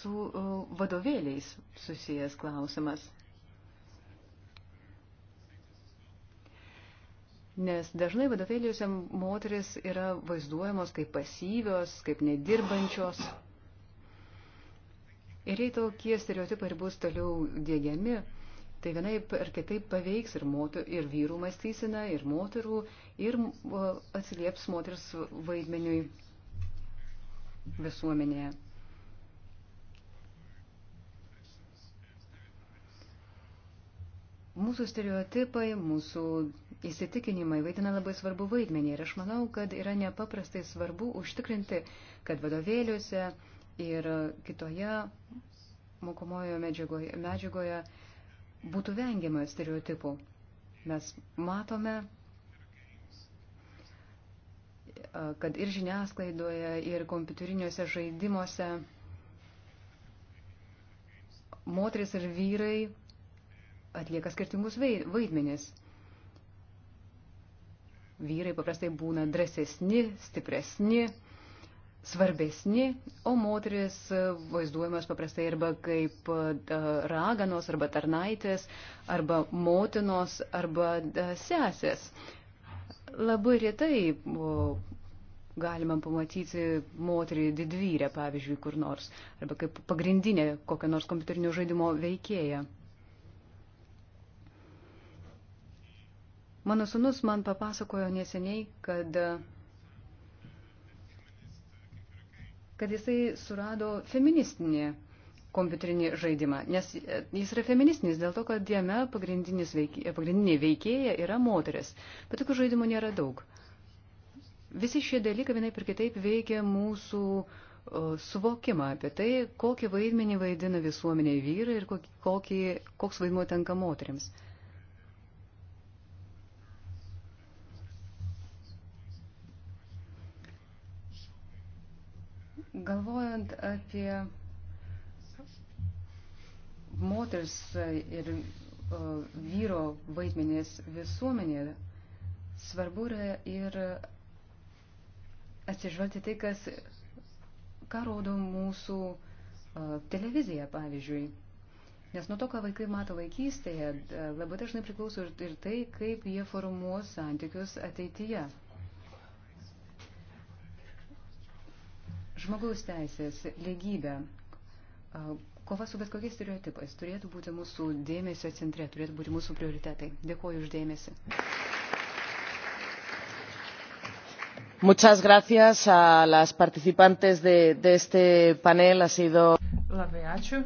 su e, vadovėliais susijęs klausimas. Nes dažnai vadovėliuose moteris yra vaizduojamos kaip pasyvios, kaip nedirbančios. Ir jei tokie stereotipai ir bus toliau dėgiami, tai vienaip ar kitaip paveiks ir, moter, ir vyrų mąstyseną, ir moterų, ir e, atsilieps moters vaidmeniui visuomenėje. Mūsų stereotipai, mūsų įsitikinimai vaidina labai svarbu vaidmenį ir aš manau, kad yra nepaprastai svarbu užtikrinti, kad vadovėliuose ir kitoje mokomojo medžiagoje, medžiagoje būtų vengiama stereotipų. Mes matome, kad ir žiniasklaidoje, ir kompiuteriniuose žaidimuose moteris ir vyrai atlieka skirtingus vaidmenis. Vyrai paprastai būna drąsesni, stipresni, svarbesni, o moteris vaizduojamas paprastai arba kaip raganos, arba tarnaitės, arba motinos, arba sesės. Labai retai galima pamatyti moterį didvyrę, pavyzdžiui, kur nors, arba kaip pagrindinė kokio nors kompiuterinio žaidimo veikėja. Mano sunus man papasakojo neseniai, kad, kad jisai surado feministinį kompiuterinį žaidimą, nes e, jis yra feministinis dėl to, kad jame pagrindinė veikėja yra moteris, bet tokių žaidimų nėra daug. Visi šie dalykai vienai per kitaip veikia mūsų suvokimą apie tai, kokį vaidmenį vaidina visuomeniai vyrai ir kokį, kokį, koks vaidmuo tenka moteriams. Galvojant apie moters ir vyro vaidmenės visuomenėje, svarbu yra ir atsižvelgti tai, kas, ką rodo mūsų televizija, pavyzdžiui. Nes nuo to, ką vaikai mato vaikystėje, labai dažnai priklauso ir, ir tai, kaip jie formuos santykius ateityje. Žmogaus teisės, lygybė, kova su bet kokiais stereotipais turėtų būti mūsų dėmesio centre, turėtų būti mūsų prioritetai. Dėkuoju už dėmesį. Muchas gracias a las participantes de, de este panel. Ha sido. Labai ačiū.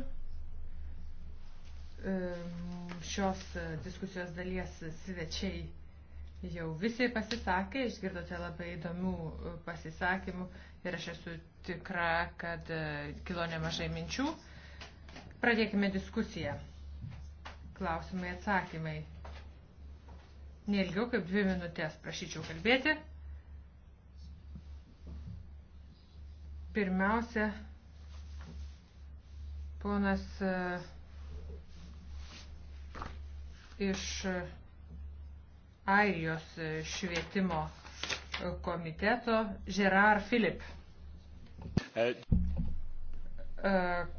Šios diskusijos dalies svečiai Jau visi pasisakė, išgirdote labai įdomių e, pasisakymų ir aš esu tikra, kad e, kilo nemažai minčių. Pradėkime diskusiją. Klausimai, atsakymai. Nelgiau kaip dvi minutės prašyčiau kalbėti. Pirmiausia, ponas e, iš Airijos švietimo komiteto Gerard Filip.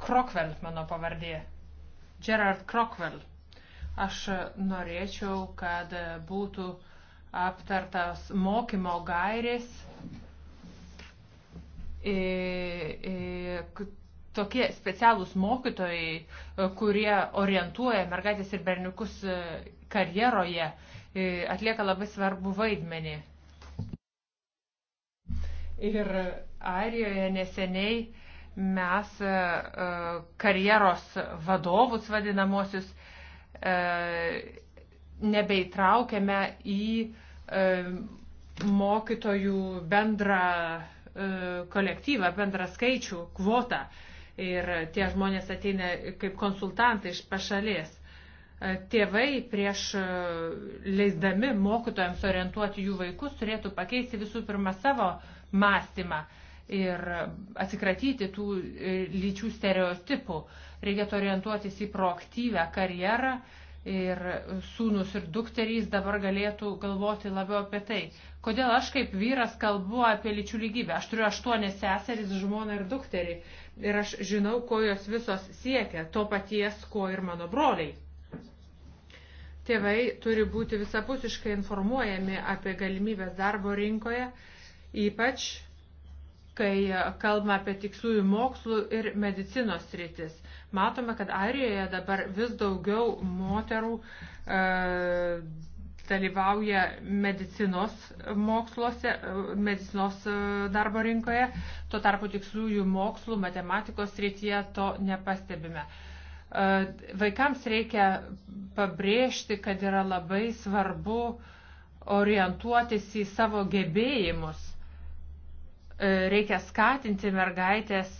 Krokvel e. e, mano pavardė. Gerard Krokvel. Aš norėčiau, kad būtų aptartas mokymo gairės. E, e, tokie specialūs mokytojai, kurie orientuoja mergaitės ir berniukus e, karjeroje, e, E, atlieka labai svarbu vaidmenį. Ir Airijoje neseniai mes e, e, karjeros vadovus vadinamosius nebeįtraukėme į mokytojų bendrą kolektyvą, bendrą skaičių, kvotą. Ir tie žmonės ateina kaip konsultantai iš pašalės tėvai prieš e, leisdami mokytojams orientuoti jų vaikus turėtų pakeisti visų pirma savo mąstymą ir atsikratyti tų e, lyčių stereotipų. Reikėtų orientuotis į proaktyvę karjerą ir sūnus ir dukterys dabar galėtų galvoti labiau apie tai. Kodėl aš kaip vyras kalbu apie lyčių lygybę? Aš turiu aštuonias seseris, žmoną ir dukterį ir aš žinau, ko jos visos siekia, to paties, ko ir mano broliai Tėvai turi būti visapusiškai informuojami apie galimybės darbo rinkoje, ypač kai kalbame apie tiksliųjų mokslų ir medicinos rytis. Matome, kad Airijoje dabar vis daugiau moterų e, dalyvauja medicinos moksluose, e, medicinos e, darbo rinkoje, tuo tarpu tiksliųjų mokslų, matematikos srityje to nepastebime. E, Vaikams reikia pabrėžti, kad yra labai svarbu orientuotis į savo gebėjimus. Reikia skatinti mergaitės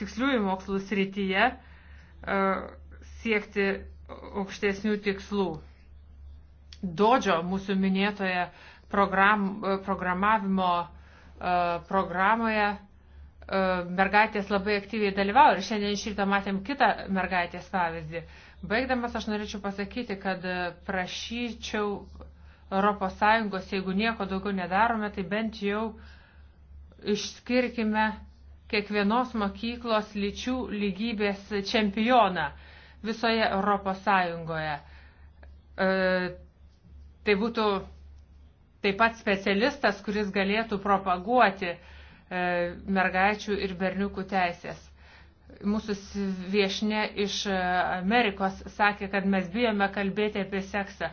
tiksliųjų mokslų srityje siekti aukštesnių tikslų. Dodžio mūsų minėtoje program, programavimo programoje E, mergaitės labai aktyviai dalyvauja ir šiandien iš ryto matėm kitą mergaitės pavyzdį. Baigdamas aš norėčiau pasakyti, kad prašyčiau ES, jeigu nieko daugiau nedarome, tai bent jau išskirkime kiekvienos mokyklos lyčių lygybės čempioną visoje Europos Sąjungoje. E, tai būtų taip pat specialistas, kuris galėtų propaguoti uh, E, mergaičių ir berniukų teisės. Mūsų viešne iš e, Amerikos sakė, kad mes bijome kalbėti apie seksą.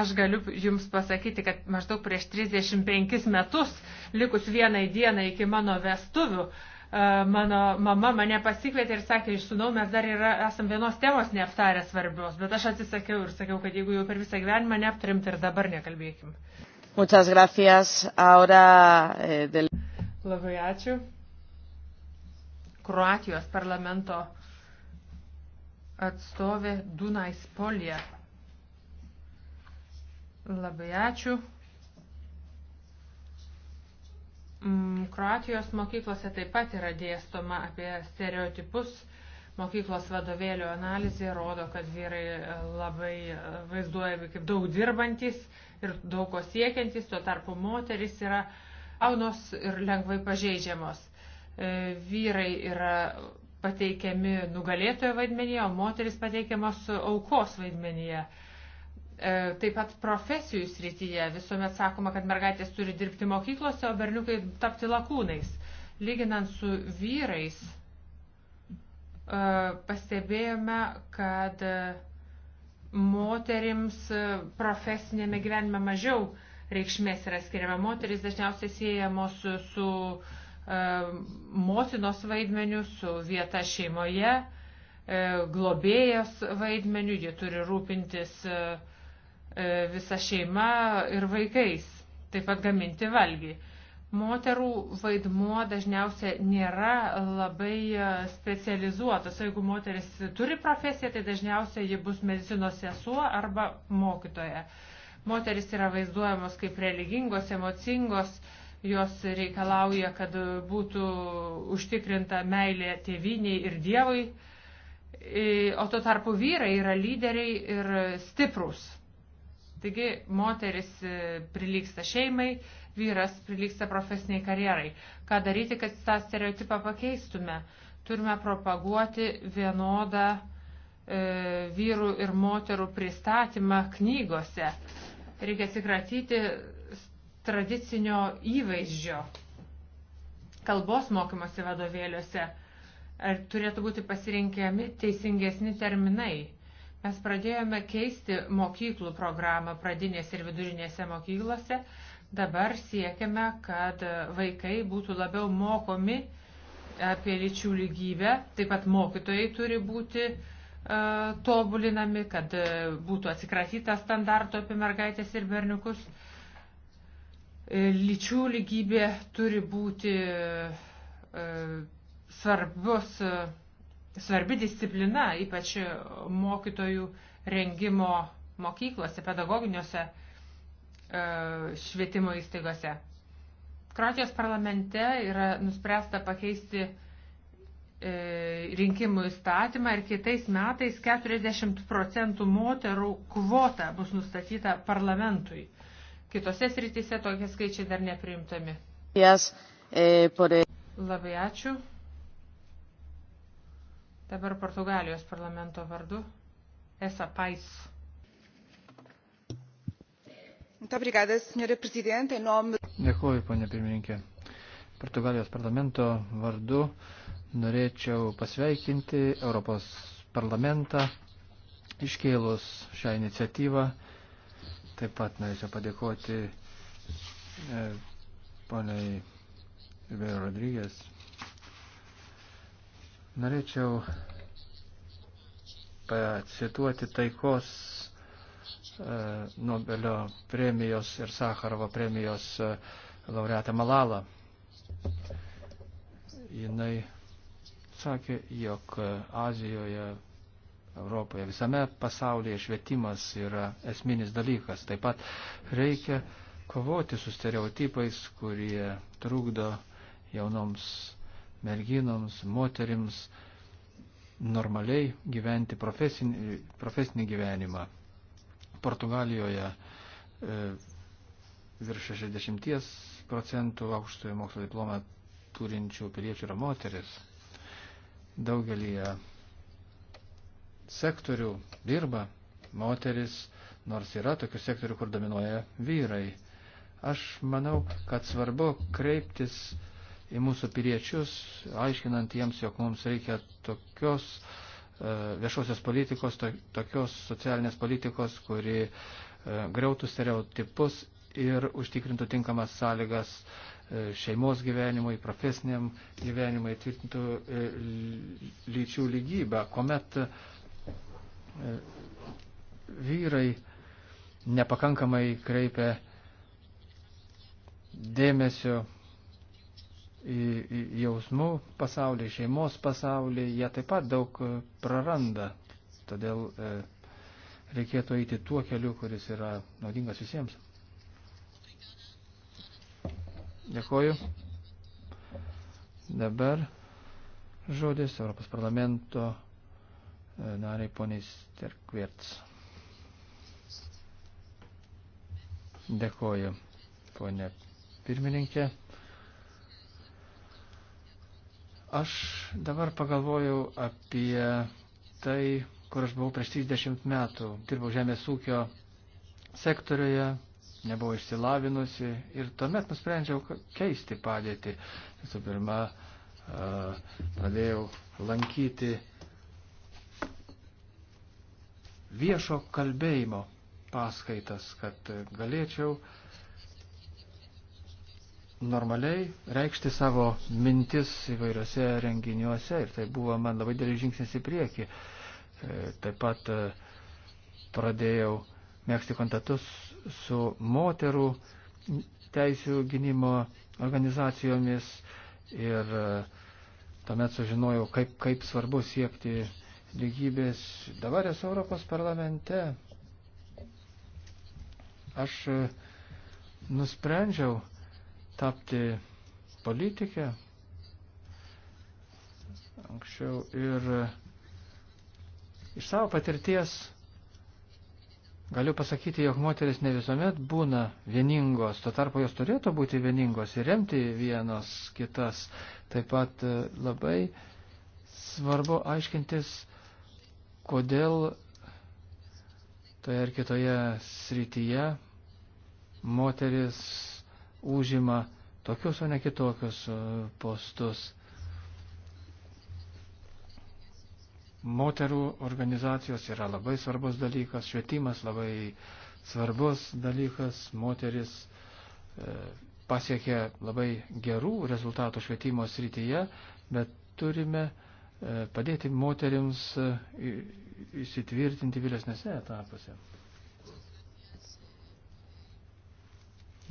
Aš galiu Jums pasakyti, kad maždaug prieš 35 metus, likus vienai dienai iki mano vestuvių, e, mano mama mane pasikvietė ir sakė, išsunau, mes dar yra, esam vienos temos neaptarę svarbios, bet aš atsisakiau ir sakiau, kad jeigu jau per visą gyvenimą neaptarim, tai ir dabar nekalbėkim. Muchas gracias. Ahora, eh, del... Labai ačiū. Kroatijos parlamento atstovė Dunais Polija. Labai ačiū. Mm, Kroatijos mokyklose taip pat yra dėstoma apie stereotipus. Mokyklos vadovėlio analizė rodo, kad vyrai e, labai e, vaizduojami kaip daug dirbantis ir daug ko siekiantis, tuo tarpu moteris yra uh, jaunos ir lengvai pažeidžiamos. E, vyrai yra pateikiami nugalėtojo vaidmenyje, o moteris pateikiamos aukos vaidmenyje. E, taip pat profesijų srityje visuomet sakoma, kad mergaitės turi dirbti mokyklose, o berniukai tapti lakūnais. Lyginant su vyrais, e, pastebėjome, kad moterims profesinėme gyvenime mažiau reikšmės yra skiriama. Moteris dažniausiai siejamos su, su e, motinos vaidmeniu, su vieta šeimoje, e, globėjos vaidmeniu, jie turi rūpintis e, e, visa šeima ir vaikais, taip pat gaminti valgį. Moterų vaidmuo dažniausiai nėra labai e, specializuotas. Jeigu moteris turi profesiją, tai dažniausiai ji bus medicinos sesuo arba mokytoja. E, Moteris yra vaizduojamos kaip religingos, emocingos, jos reikalauja, kad būtų užtikrinta meilė tėviniai ir Dievui, e, o tuo tarpu vyrai yra lyderiai ir stiprus. Taigi moteris e, prilyksta šeimai, vyras prilyksta profesiniai karjerai. Ką daryti, kad tą stereotipą pakeistume? Turime propaguoti vienodą e, vyrų ir moterų pristatymą knygose. Reikia atsikratyti tradicinio įvaizdžio kalbos mokymosi vadovėliuose. Ar turėtų būti pasirinkiami teisingesni terminai? Mes pradėjome keisti mokyklų programą pradinėse ir vidurinėse mokyklose. Dabar siekiame, kad vaikai būtų labiau mokomi apie lyčių lygybę. Taip pat mokytojai turi būti uh, E, tobulinami, kad e, būtų atsikratyta standarto apie mergaitės ir berniukus. E, lyčių lygybė turi būti svarbus, svarbi disciplina, ypač mokytojų rengimo mokyklose, pedagoginiuose švietimo įstaigose. Kroatijos parlamente yra nuspręsta pakeisti E, rinkimų įstatymą ir kitais metais 40 procentų moterų kvota bus nustatyta parlamentui. Kitose srityse tokie skaičiai dar nepriimtami. Yes, eh, por... Labai ačiū. Dabar Portugalijos parlamento vardu Esa Pais. Dėkuoju, ponė pirmininkė. Portugalijos parlamento vardu norėčiau pasveikinti Europos parlamentą iškėlus šią iniciatyvą. Taip pat norėčiau padėkoti e, poniai Vėjo Rodrygės. Norėčiau pacituoti taikos e, Nobelio premijos ir Sakarovo premijos e, laureatą Malalą. Jinai sakė, jog Azijoje, Europoje, visame pasaulyje švietimas yra esminis dalykas. Taip pat reikia kovoti su stereotipais, kurie trukdo jaunoms merginoms, moterims normaliai gyventi profesinį, profesinį gyvenimą. Portugalijoje e, virš 60 procentų aukštojo mokslo diplomą turinčių piliečių yra moteris daugelį sektorių dirba moteris, nors yra tokių sektorių, kur dominuoja vyrai. Aš manau, kad svarbu kreiptis į mūsų piliečius, aiškinant jiems, jog mums reikia tokios e, viešosios politikos, to, tokios socialinės politikos, kuri e, greutų stereotipus ir užtikrintų tinkamas sąlygas E, šeimos gyvenimui, profesiniam gyvenimui, tvirtintų e, lyčių lygybę, kuomet e, vyrai nepakankamai kreipia dėmesio į, į jausmų pasaulį, šeimos pasaulį, jie taip pat daug praranda. Todėl e, reikėtų eiti tuo keliu, kuris yra naudingas visiems. Dėkoju. Dabar žodis Europos parlamento e, nariai poniai Sterkvirts. Dėkoju, ponė pirmininkė. Aš dabar pagalvojau apie tai, kur aš buvau prieš 30 metų. Dirbau žemės ūkio sektoriuje, nebuvo išsilavinusi ir tuomet nusprendžiau keisti padėtį. Visų pirma, pradėjau lankyti viešo kalbėjimo paskaitas, kad galėčiau normaliai reikšti savo mintis įvairiose renginiuose ir tai buvo man labai dėlis žingsnis į priekį. E, taip pat e, pradėjau mėgsti kontaktus su moterų teisų gynimo organizacijomis ir e, tuomet sužinojau, kaip, kaip svarbu siekti lygybės. Dabar esu Europos parlamente. Aš e, nusprendžiau tapti politikę anksčiau ir e, iš savo patirties Galiu pasakyti, jog moteris ne visuomet būna vieningos, tuo tarpu jos turėtų būti vieningos ir remti vienos kitas. Taip pat e, labai svarbu aiškintis, kodėl toje ar kitoje srityje moteris užima tokius, o ne kitokius e, postus. moterų organizacijos yra labai svarbus dalykas, švietimas labai svarbus dalykas, moteris e, pasiekė labai gerų rezultatų švietimo srityje, bet turime e, padėti moteriams e, įsitvirtinti vėlesnėse etapuose.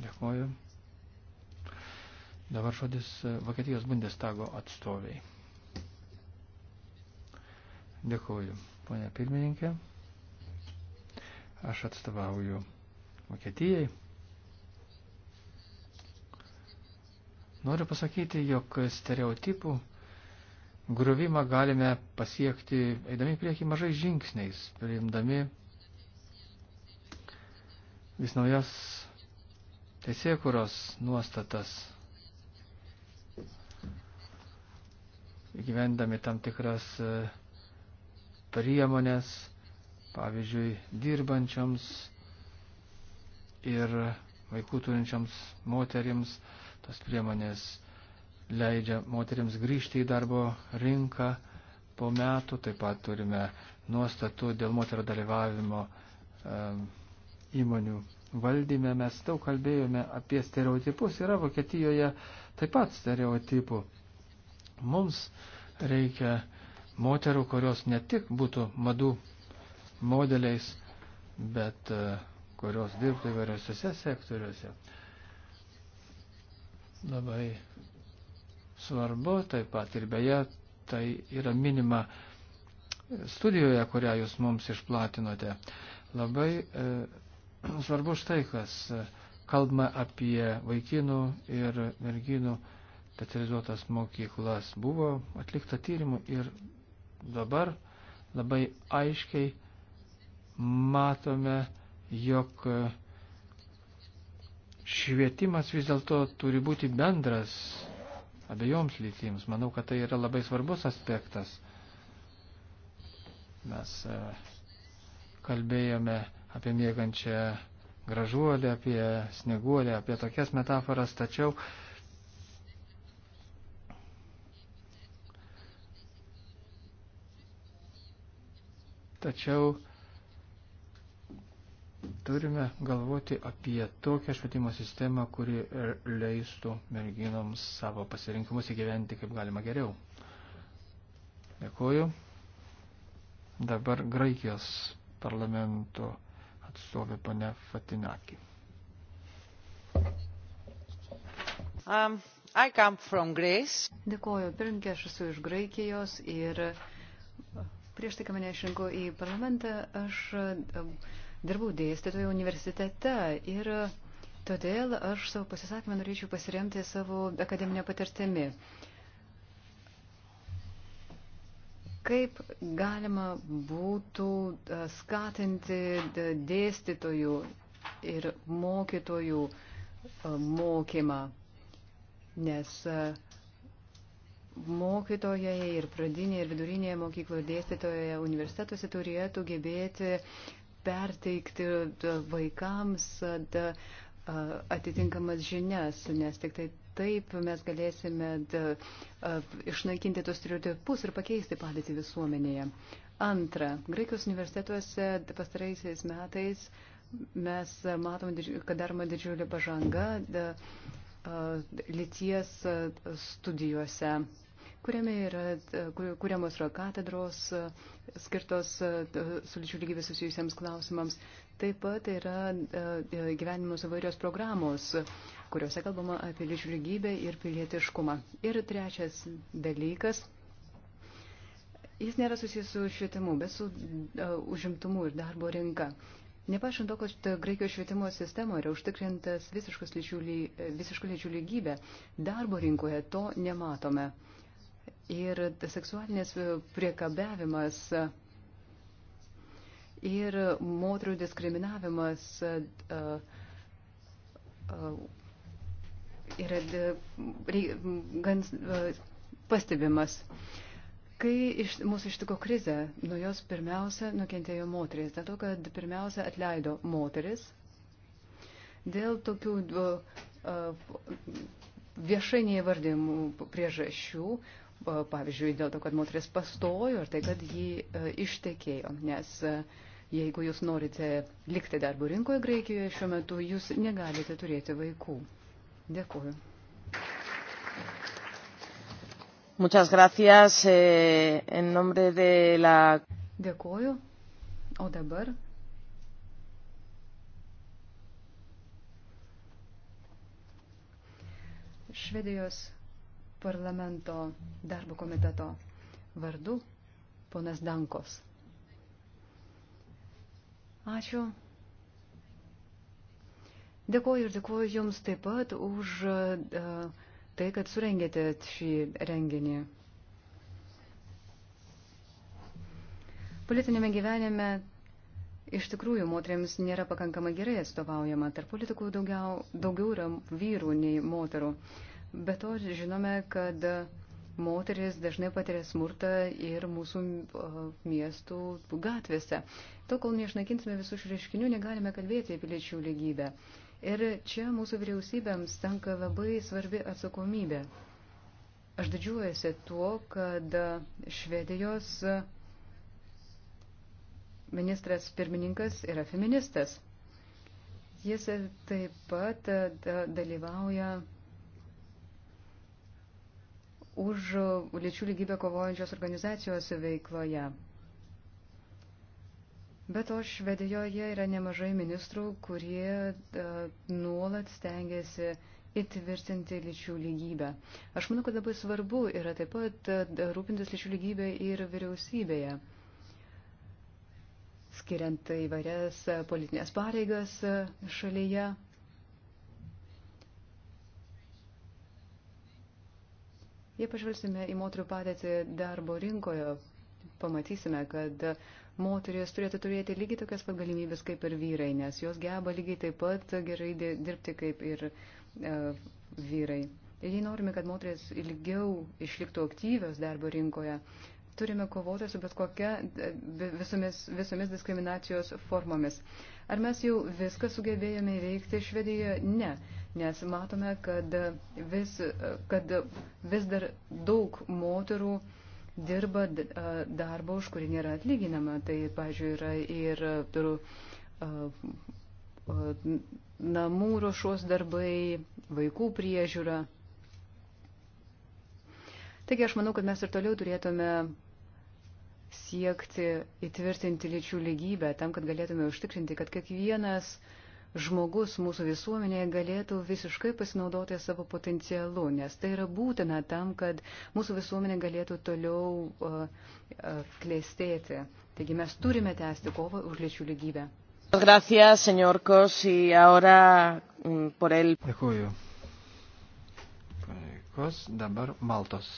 Dėkuoju. Dabar žodis Vokietijos Bundestago atstoviai. Dėkuoju, ponia pirmininkė. Aš atstovauju Vokietijai. Noriu pasakyti, jog stereotipų griovimą galime pasiekti, eidami prieki mažai žingsniais, priimdami vis naujas teisėkuros nuostatas, įgyvendami tam tikras uh, priemonės, pavyzdžiui, dirbančiams ir vaikų turinčiams moteriams. Tas priemonės leidžia moteriams grįžti į darbo rinką po metų. Taip pat turime nuostatų dėl moterio dalyvavimo um, įmonių valdyme. Mes daug kalbėjome apie stereotipus. Yra Vokietijoje taip pat stereotipų. Mums reikia uh, moterų, kurios ne tik būtų madų modeliais, bet e, kurios dirbtų įvairiuose sektoriuose. Labai svarbu taip pat ir beje, tai yra minima studijoje, kurią jūs mums išplatinote. Labai e, svarbu štai, kas e, kalbama apie vaikinų ir merginų specializuotas mokyklas. Buvo atlikta tyrimų ir dabar labai aiškiai matome, jog e, švietimas vis dėlto turi būti bendras abiejoms lytims. Manau, kad tai yra labai svarbus aspektas. Mes e, kalbėjome apie mėgančią gražuolę, apie snieguolę, apie tokias metaforas, tačiau uh, Tačiau turime galvoti apie tokią švietimo sistemą, kuri leistų merginoms savo pasirinkimus įgyventi kaip galima geriau. Dėkuoju. Dabar Graikijos parlamento atstovė pane Fatinaki. Um, Dėkuoju, pirmkė, aš esu iš Graikijos ir Prieš tai, kai mane išrinko į parlamentą, aš e, dirbau dėstytojų universitete ir todėl aš savo pasisakymą norėčiau pasiremti savo akademinę patirtimi. Kaip galima būtų e, skatinti e, dėstytojų ir mokytojų mokymą, nes uh, mokytojai ir pradinėje ir vidurinėje mokykloje dėstytoje universitetuose turėtų gebėti perteikti vaikams atitinkamas žinias, nes tik tai taip mes galėsime da, išnaikinti tos stereotipus ir pakeisti padėtį visuomenėje. Antra, Graikijos universitetuose pastaraisiais metais mes matom, kad daroma didžiulė pažanga da, lyties studijuose kuriame yra kuriamos yra katedros e, skirtos e, su lyčių lygybės susijusiems klausimams. Taip pat yra e, gyvenimus įvairios programos, kuriuose kalbama apie lyčių lygybę ir pilietiškumą. Ir trečias dalykas. Jis nėra susijęs su švietimu, bet su uh, užimtumu ir darbo rinka. Nepašant to, kad Graikijos švietimo sistemoje yra užtikrintas visiškų lyčių lygybė, darbo rinkoje to nematome ir seksualinės priekabiavimas ir moterų diskriminavimas yra gan pastebimas. Kai iš, mūsų ištiko krizė, nuo jos pirmiausia nukentėjo moteris, dėl to, kad pirmiausia atleido moteris dėl tokių uh, viešai neįvardymų priežasčių, pavyzdžiui, dėl to, kad moteris pastojo ir tai, kad ji ištekėjo. Nes jeigu jūs norite likti darbo rinkoje Graikijoje šiuo metu, jūs negalite turėti vaikų. Dėkuoju. Muchas gracias. Eh, en nombre de la. Dėkuoju. O dabar Švedijos parlamento darbo komiteto vardu ponas Dankos. Ačiū. Dėkuoju ir dėkuoju Jums taip pat už e, tai, kad surengėte šį renginį. Politinėme gyvenime iš tikrųjų moteriams nėra pakankamai gerai atstovaujama. Tarp politikų daugiau, daugiau yra vyrų nei moterų. Uh, Be to žinome, kad moteris dažnai patiria smurtą ir mūsų miestų gatvėse. To, kol neišnaikinsime visų šių reiškinių, negalime kalbėti apie piliečių lygybę. Ir čia mūsų vyriausybėms tenka labai svarbi atsakomybė. Aš didžiuojasi tuo, kad Švedijos ministras pirmininkas yra feministas. Jis taip pat dalyvauja už e, lyčių lygybę kovojančios organizacijos veikloje. Bet o Švedijoje yra nemažai ministrų, kurie uh, nuolat stengiasi įtvirtinti lyčių lygybę. Aš manau, kad labai svarbu yra taip pat uh, rūpintis lyčių lygybę ir vyriausybėje, skiriant įvairias politinės pareigas šalyje. Jei pažvelgsime į moterų padėtį darbo rinkoje, pamatysime, kad moteris turėtų turėti lygiai tokias pat galimybės kaip ir vyrai, nes jos geba lygiai taip pat gerai dirbti kaip ir e, vyrai. Ir jei norime, kad moteris ilgiau išliktų aktyvios darbo rinkoje, turime kovoti su bet kokia e, visomis, visomis diskriminacijos formomis. Ar mes jau viską sugebėjome įveikti Švedijoje? Ne nes matome, kad vis, kad vis dar daug moterų dirba darbą, už kurį nėra atlyginama. Tai, pažiūrėjau, yra ir turiu, namų ruošos darbai, vaikų priežiūra. Taigi aš manau, kad mes ir toliau turėtume siekti įtvirtinti lyčių lygybę tam, kad galėtume užtikrinti, kad kiekvienas uh, žmogus mūsų visuomenėje galėtų visiškai pasinaudoti savo potencialu, nes tai yra būtina tam, kad mūsų visuomenė galėtų toliau uh, uh, klėstėti. Taigi mes turime tęsti kovą už lyčių lygybę. Gracias, señor Kos, y ahora mm, por el. Dėkuoju. Pareikos dabar Maltos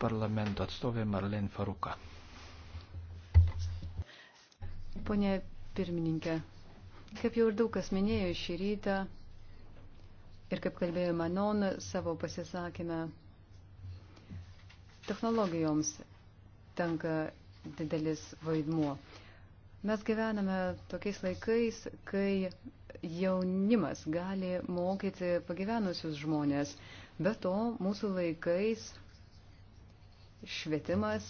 parlamento atstovė Marlen Faruka. Pone pirmininkė, Kaip jau ir daug kas minėjo šį rytą ir kaip kalbėjo Manon savo pasisakymę, technologijoms tenka didelis vaidmuo. Mes gyvename tokiais laikais, kai jaunimas gali mokyti pagyvenusius žmonės. Be to, mūsų laikais švietimas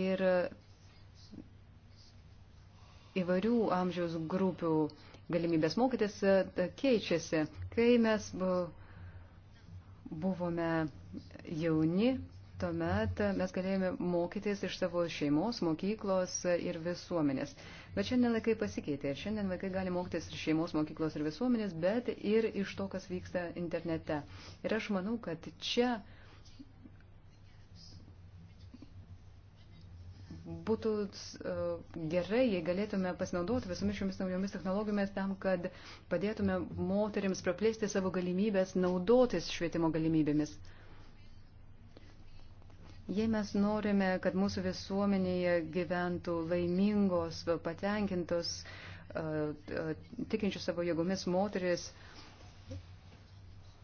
ir įvairių amžiaus grupių galimybės mokytis e, keičiasi. Kai mes buvome jauni, tuomet mes galėjome mokytis iš savo šeimos, mokyklos ir visuomenės. Bet šiandien laikai pasikeitė. Šiandien vaikai gali mokytis iš šeimos, mokyklos ir visuomenės, bet ir iš to, kas vyksta internete. Ir aš manau, kad čia uh, būtų e, gerai, jei galėtume pasinaudoti visomis šiomis naujomis technologijomis tam, kad padėtume moteriams praplėsti savo galimybės naudotis švietimo galimybėmis. Jei mes norime, kad mūsų visuomenėje gyventų laimingos, patenkintos, e, e, tikinčių savo jėgomis moteris,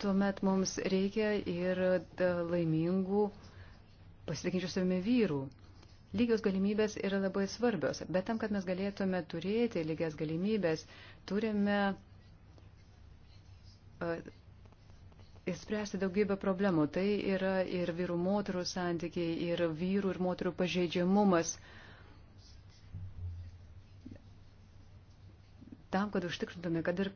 tuomet mums reikia ir laimingų, pasitikinčių savimi vyrų. Lygios galimybės yra labai svarbios, bet tam, kad mes galėtume turėti lygias galimybės, turime įspręsti daugybę problemų. Tai yra ir vyrų moterų santykiai, ir vyrų ir moterų pažeidžiamumas. Tam, kad užtikrintume, kad ir,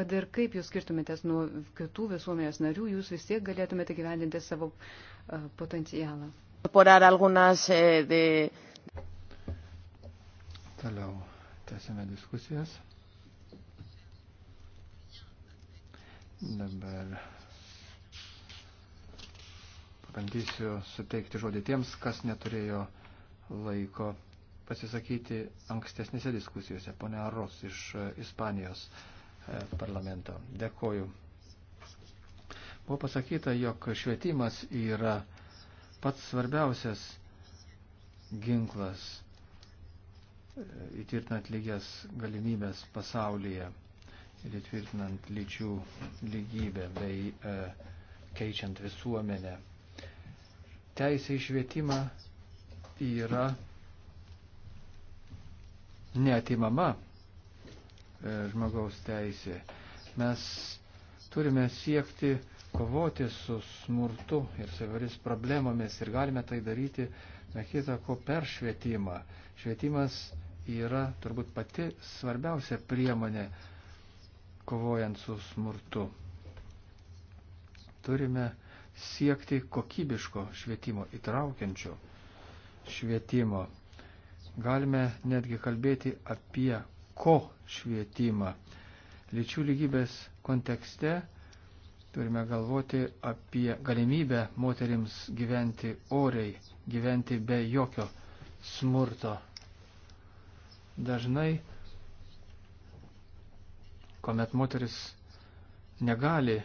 kad ir kaip jūs skirtumėtės nuo kitų visuomenės narių, jūs vis tiek galėtumėte gyvendinti savo potencialą incorporar algunas eh, de. Toliau tęsime diskusijas. Dabar pabandysiu suteikti žodį tiems, kas neturėjo laiko pasisakyti ankstesnėse diskusijose. Pone Aros iš eh, Ispanijos eh, parlamento. Dėkoju. Buvo pasakyta, jog švietimas yra pats svarbiausias ginklas e, įtvirtinant lygias galimybės pasaulyje ir įtvirtinant lyčių lygybę bei e, keičiant visuomenę. Teisė į švietimą yra neatimama e, žmogaus teisė. Mes turime siekti kovoti su smurtu ir su įvairiais problemomis ir galime tai daryti, na, kitą ko per švietimą. Švietimas yra turbūt pati svarbiausia priemonė kovojant su smurtu. Turime siekti kokybiško švietimo, įtraukiančio švietimo. Galime netgi kalbėti apie ko švietimą. Lyčių lygybės kontekste Turime galvoti apie galimybę moterims gyventi oriai, gyventi be jokio smurto. Dažnai, kuomet moteris negali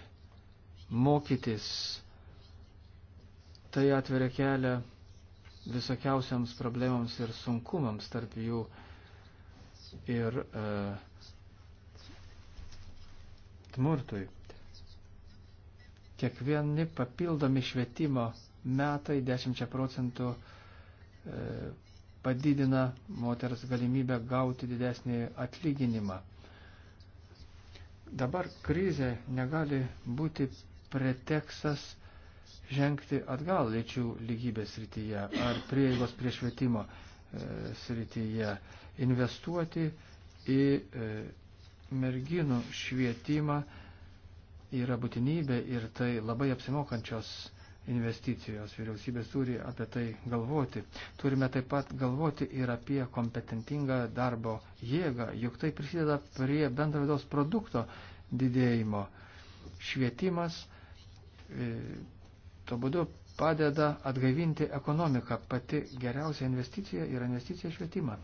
mokytis, tai atveria kelią visokiausiams problemams ir sunkumams tarp jų ir e, smurtui. Kiekvieni papildomi švietimo metai 10 procentų e, padidina moters galimybę gauti didesnį atlyginimą. Dabar krizė negali būti pretekstas žengti atgal lyčių lygybės srityje ar prieigos prie švietimo e, srityje, investuoti į e, merginų švietimą yra būtinybė ir tai labai apsimokančios investicijos. Vyriausybės turi apie tai galvoti. Turime taip pat galvoti ir apie kompetentingą darbo jėgą, juk tai prisideda prie bendro vidaus produkto didėjimo. Švietimas e, to būdu padeda atgaivinti ekonomiką. Pati geriausia investicija yra investicija švietimą.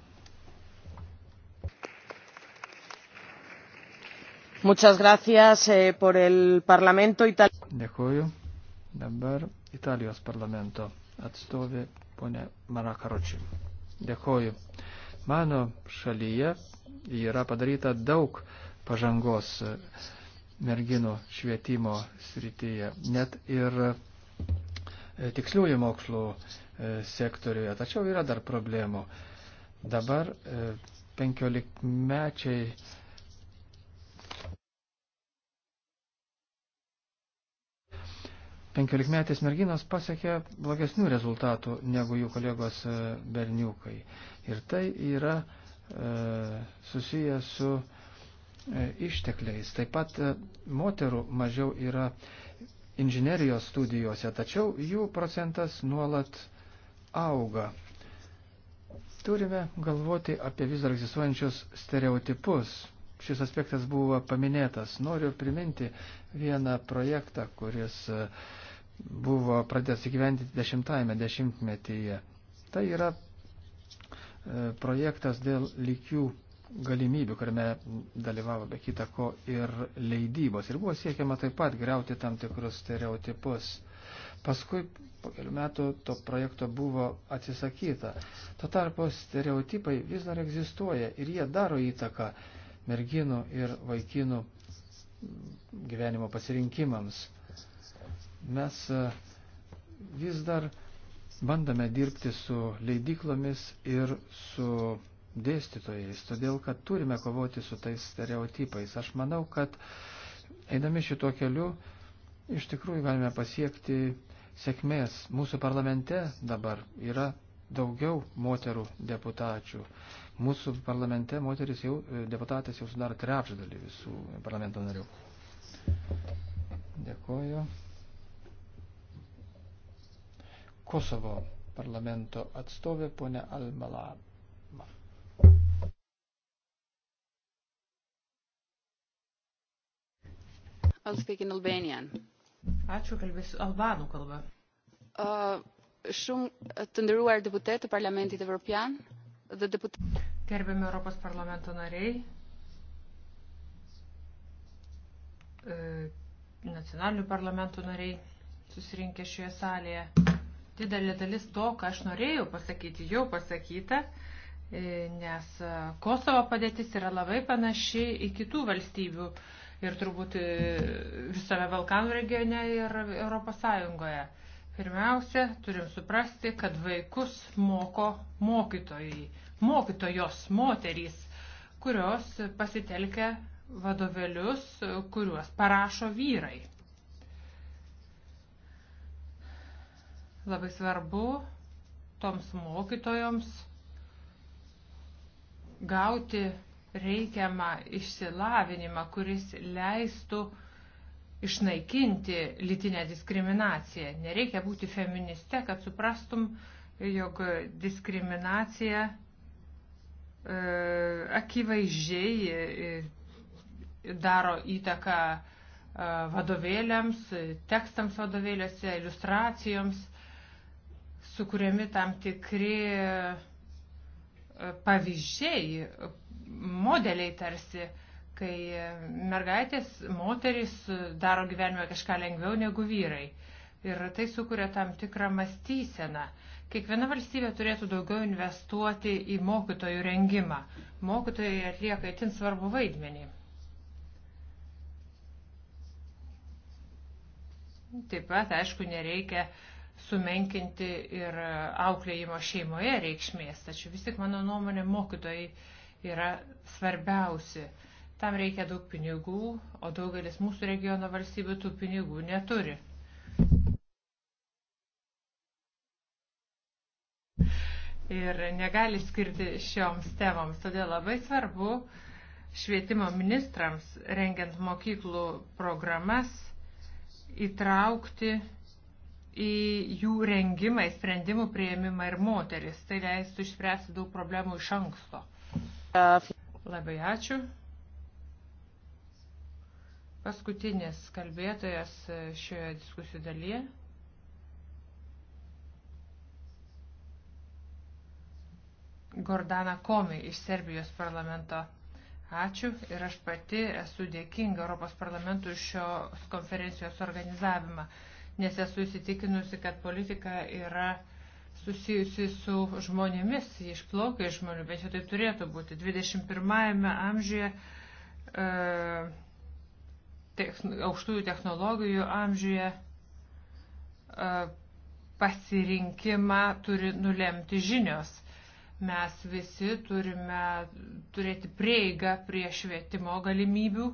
Muchas gracias eh, por el Parlamento Italijos. Dėkuoju. Dabar Italijos parlamento atstovė ponė Marakaročiai. Dėkuoju. Mano šalyje yra padaryta daug pažangos e, merginų švietimo srityje, net ir e, tiksliųjų mokslų e, sektoriuje, tačiau yra dar problemų. Dabar penkiolikmečiai mečiai Penkiolikmetės merginos pasiekė blogesnių rezultatų negu jų kolegos e, berniukai. Ir tai yra e, susiję su e, ištekliais. Taip pat e, moterų mažiau yra inžinerijos studijuose, tačiau jų procentas nuolat auga. Turime galvoti apie vis dar egzistuojančius stereotipus. Šis aspektas buvo paminėtas. Noriu priminti vieną projektą, kuris uh, buvo pradėtas įgyvendinti dešimtajame dešimtmetyje. Tai yra e, projektas dėl lygių galimybių, kuriame dalyvavo be kita ko ir leidybos. Ir buvo siekiama taip pat greuti tam tikrus stereotipus. Paskui po kelių metų to projekto buvo atsisakyta. Tuo tarpu stereotipai vis dar egzistuoja ir jie daro įtaką merginų ir vaikinų gyvenimo pasirinkimams. Mes e, vis dar bandome dirbti su leidyklomis ir su dėstytojais, todėl kad turime kovoti su tais stereotipais. Aš manau, kad eidami šituo keliu iš tikrųjų galime pasiekti sėkmės. Mūsų parlamente dabar yra daugiau moterų deputačių. Mūsų parlamente moteris jau, e, deputatės jau sudaro trečdalį visų parlamento narių. Dėkuoju. Kosovo parlamento atstovė ponė Almalama. I'll speak in Albanian. Ačiū, kalbėsiu albanų kalba. Uh, Shumë të ndëruar deputet të Parlamentit Evropian dhe deputet... Gerbiami Europos parlamento nariai, e, nacionalinių parlamentų nariai susirinkę šioje salėje. Tai Didelė dalis to, ką aš norėjau pasakyti, jau pasakyta, e, nes e, Kosovo padėtis yra labai panaši į kitų valstybių ir turbūt e, visame Balkanų regione ir Europos Sąjungoje. Pirmiausia, turim suprasti, kad vaikus moko mokytojai, mokytojos moterys, kurios pasitelkia vadovėlius, kuriuos parašo vyrai. Labai svarbu toms mokytojoms gauti reikiamą išsilavinimą, kuris leistų išnaikinti lytinę diskriminaciją. Nereikia būti feministe, kad suprastum, jog diskriminacija e, akivaizdžiai e, daro įtaką e, vadovėliams, tekstams vadovėliuose, iliustracijoms sukūrėmi tam tikri e, pavyzdžiai, modeliai tarsi, kai mergaitės, moterys daro gyvenime kažką lengviau negu vyrai. Ir tai sukuria tam tikrą mąstyseną. Kiekviena valstybė turėtų daugiau investuoti į mokytojų rengimą. Mokytojai atlieka itin svarbu vaidmenį. Taip pat, aišku, nereikia uh, sumenkinti ir auklėjimo šeimoje reikšmės. Tačiau vis tik mano nuomonė mokytojai yra svarbiausi. Tam reikia daug pinigų, o daugelis mūsų regiono valstybių tų pinigų neturi. Ir negali skirti šioms temoms. Todėl labai svarbu švietimo ministrams, rengiant mokyklų programas, įtraukti į jų rengimą, į sprendimų prieimimą ir moteris. Tai leistų išspręsti daug problemų iš anksto. Labai ačiū. Paskutinis kalbėtojas šioje diskusijų dalyje. Gordana Komi iš Serbijos parlamento. Ačiū ir aš pati esu dėkinga Europos parlamentui šios konferencijos organizavimą nes esu įsitikinusi, kad politika yra susijusi su žmonėmis, išplaukia iš žmonių, bet jau tai turėtų būti. 21-ame amžiuje, e, techn, aukštųjų technologijų amžiuje, e, pasirinkimą turi nulemti žinios. Mes visi turime turėti prieigą prie švietimo galimybių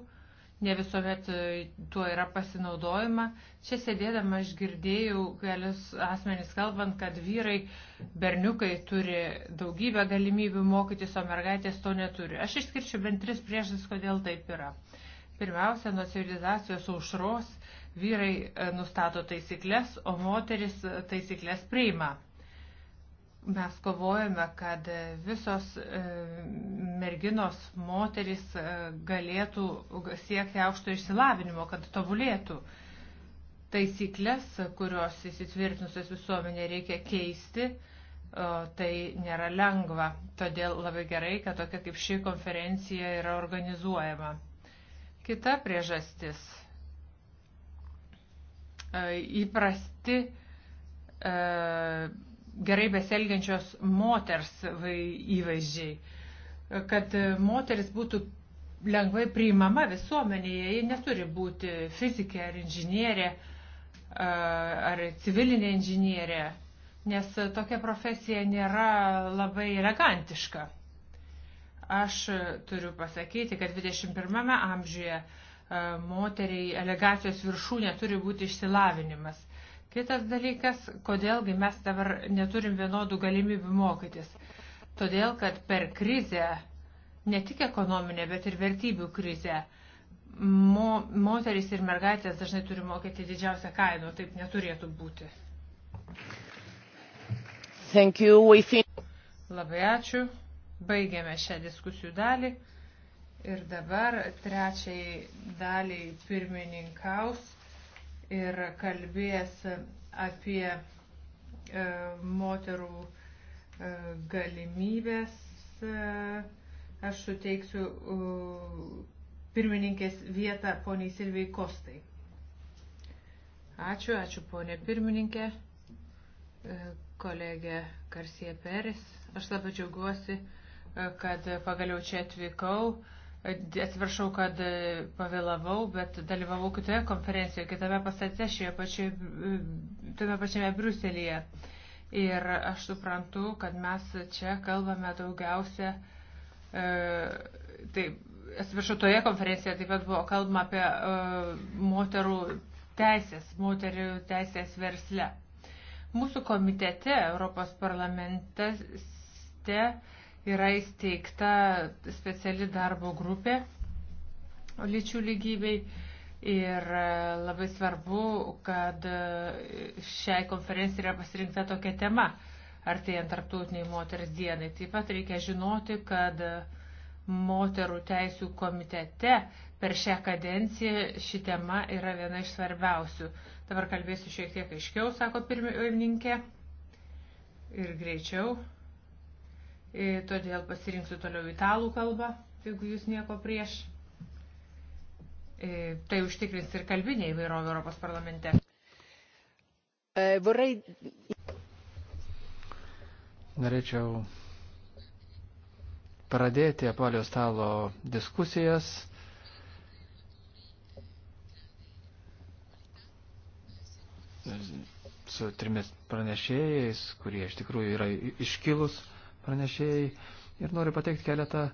ne visuomet e, tuo yra pasinaudojama. Čia sėdėdama aš girdėjau kelius asmenys kalbant, kad vyrai, berniukai turi daugybę galimybių mokytis, o mergaitės to neturi. Aš išskirčiau bent tris priežastis, kodėl taip yra. Pirmiausia, nuo civilizacijos aušros vyrai e, nustato taisyklės, o moteris e, taisyklės priima. Mes kovojame, kad visos e, merginos, moteris e, galėtų siekti aukšto išsilavinimo, kad tobulėtų. Taisyklės, kurios įsitvirtinusios visuomenė reikia keisti, tai nėra lengva. Todėl labai gerai, kad tokia kaip ši konferencija yra organizuojama. Kita priežastis. E, įprasti gerai beselgiančios moters įvaizdžiai, kad moteris būtų lengvai priimama visuomenėje, ji neturi būti fizikė ar inžinierė ar civilinė inžinierė, nes tokia profesija nėra labai elegantiška. Aš turiu pasakyti, kad 21 amžiuje moteriai elegacijos viršūnė turi būti išsilavinimas. Kitas dalykas, kodėlgi mes dabar neturim vienodų galimybių mokytis. Todėl, kad per krizę, ne tik ekonominę, bet ir vertybių krizę, mo, moteris ir mergaitės dažnai turi mokėti didžiausią kainą, taip neturėtų būti. Thank you, Labai ačiū. Baigėme šią diskusijų dalį. Ir dabar trečiai daliai pirmininkaus ir kalbės apie e, moterų e, galimybės. E, aš suteiksiu pirmininkės vietą poniai Silvijai Kostai. Ačiū, ačiū ponė pirmininkė, kolegė Karsija Peris. Aš labai džiaugiuosi, kad pagaliau čia atvykau Atsiprašau, kad e, pavėlavau, bet dalyvavau kitoje konferencijoje, kitame pastate, šioje pačioje, tame pačiame Bruselėje. Ir aš suprantu, kad mes čia kalbame daugiausia, e, taip, atsiprašau, toje konferencijoje taip pat buvo kalbama apie e, moterų teisės, moterių teisės versle. Mūsų komitete, Europos parlamentas, te, yra įsteigta speciali darbo grupė lyčių lygybei ir e, labai svarbu, kad e, šiai konferencijai yra pasirinkta tokia tema, artėjant tarptautiniai moters dienai. Taip pat reikia žinoti, kad e, moterų teisų komitete per šią kadenciją ši tema yra viena iš svarbiausių. Dabar kalbėsiu šiek tiek aiškiau, sako pirmininkė, ir greičiau. E, todėl pasirinksiu toliau italų kalbą, jeigu jūs nieko prieš. E, tai užtikrins ir kalbinė įvairovė Europos parlamente. E, vorrei... Norėčiau pradėti apalio stalo diskusijas. su trimis pranešėjais, kurie iš tikrųjų yra iškilus pranešėjai ir noriu pateikti keletą e,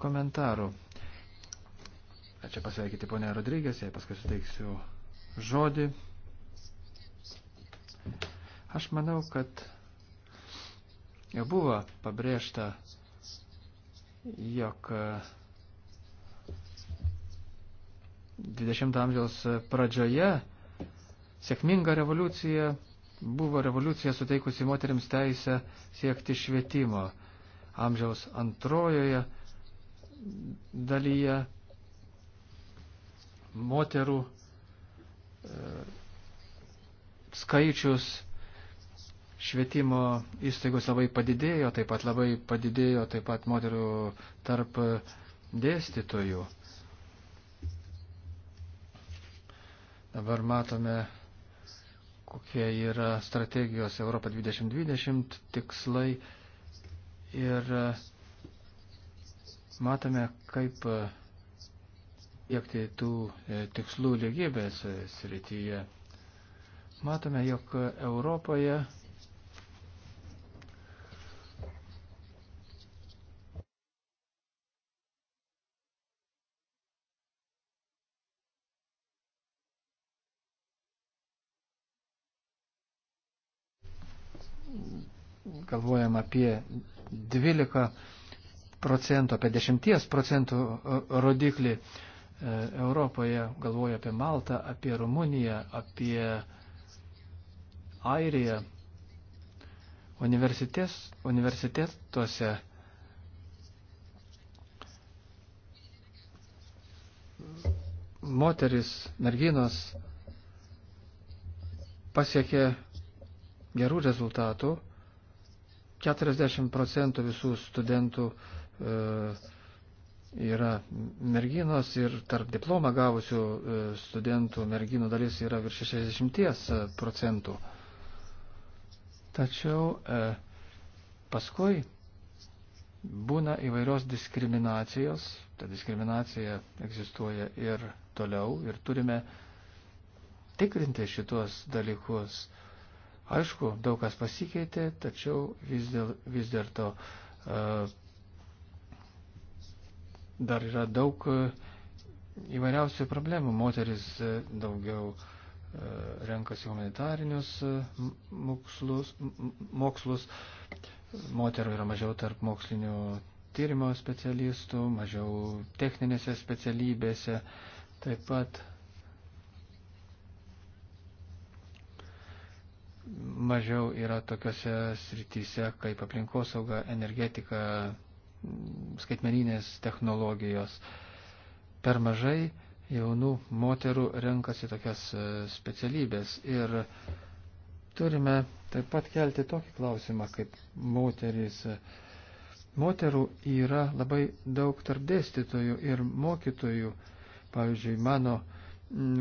komentarų. Čia pasveikyti ponę Rodrygės, jai paskui suteiksiu žodį. Aš manau, kad jau buvo pabrėžta, jog 20 amžiaus pradžioje sėkminga revoliucija buvo revoliucija suteikusi moteriams teisę siekti švietimo. Amžiaus antrojoje dalyje moterų e, skaičius švietimo įstaigos labai padidėjo, taip pat labai padidėjo taip pat moterų tarp dėstytojų. Dabar matome kokie yra strategijos Europa 2020 tikslai ir e, matome, kaip e, siekti tų e, tikslų lygybės srityje. Matome, jog Europoje galvojam apie 12 procentų, apie 10 procentų rodiklį e, Europoje, galvoju apie Maltą, apie Rumuniją, apie Airiją. Universitės, universitetuose moteris, merginos pasiekė gerų rezultatų 40 procentų visų studentų e, yra merginos ir tarp diplomą gavusių e, studentų merginų dalis yra virš 60 procentų. Tačiau e, paskui būna įvairios diskriminacijos, ta diskriminacija egzistuoja ir toliau ir turime tikrinti šitos dalykus. Aišku, daug kas pasikeitė, tačiau vis, dėl, vis dėlto uh, e, dar yra daug e, įvairiausių problemų. Moteris e, daugiau renkasi humanitarinius mokslus, mokslus. moterų yra mažiau tarp mokslinių tyrimo specialistų, mažiau techninėse specialybėse. Taip pat mažiau yra tokiuose srityse kaip aplinkosauga, energetika, skaitmeninės technologijos. Per mažai jaunų moterų renkasi tokias e, specialybės ir turime taip pat kelti tokį klausimą, kaip moterys. Moterų yra labai daug tarp dėstytojų ir mokytojų. Pavyzdžiui, mano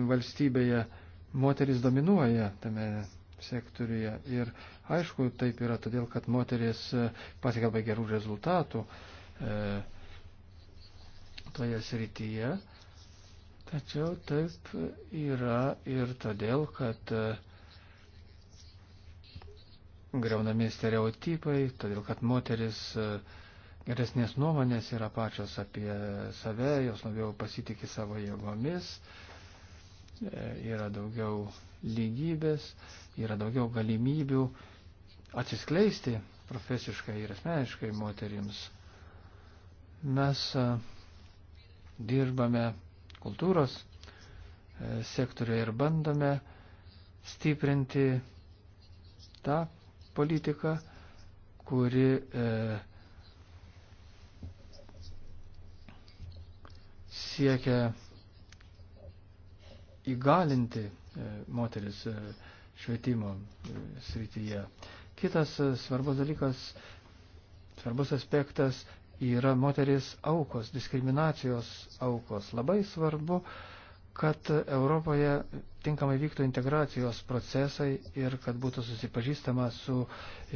valstybėje moteris dominuoja tame sektoriuje. Ir aišku, taip yra, todėl kad moteris e, pasiekia labai gerų rezultatų e, toje srityje. Tačiau taip yra ir todėl, kad e, greunami stereotipai, todėl kad moteris e, geresnės nuomonės yra pačios apie save, jos labiau pasitikė savo jėgomis. E, yra daugiau lygybės, yra daugiau galimybių atsiskleisti profesiškai ir asmeniškai moterims. Mes e, dirbame kultūros e, sektoriuje ir bandome stiprinti tą politiką, kuri e, siekia įgalinti e, moteris e, švietimo e, srityje. Kitas svarbus dalykas, svarbus aspektas yra moteris aukos, diskriminacijos aukos. Labai svarbu, kad Europoje tinkamai vyktų integracijos procesai ir kad būtų susipažįstama su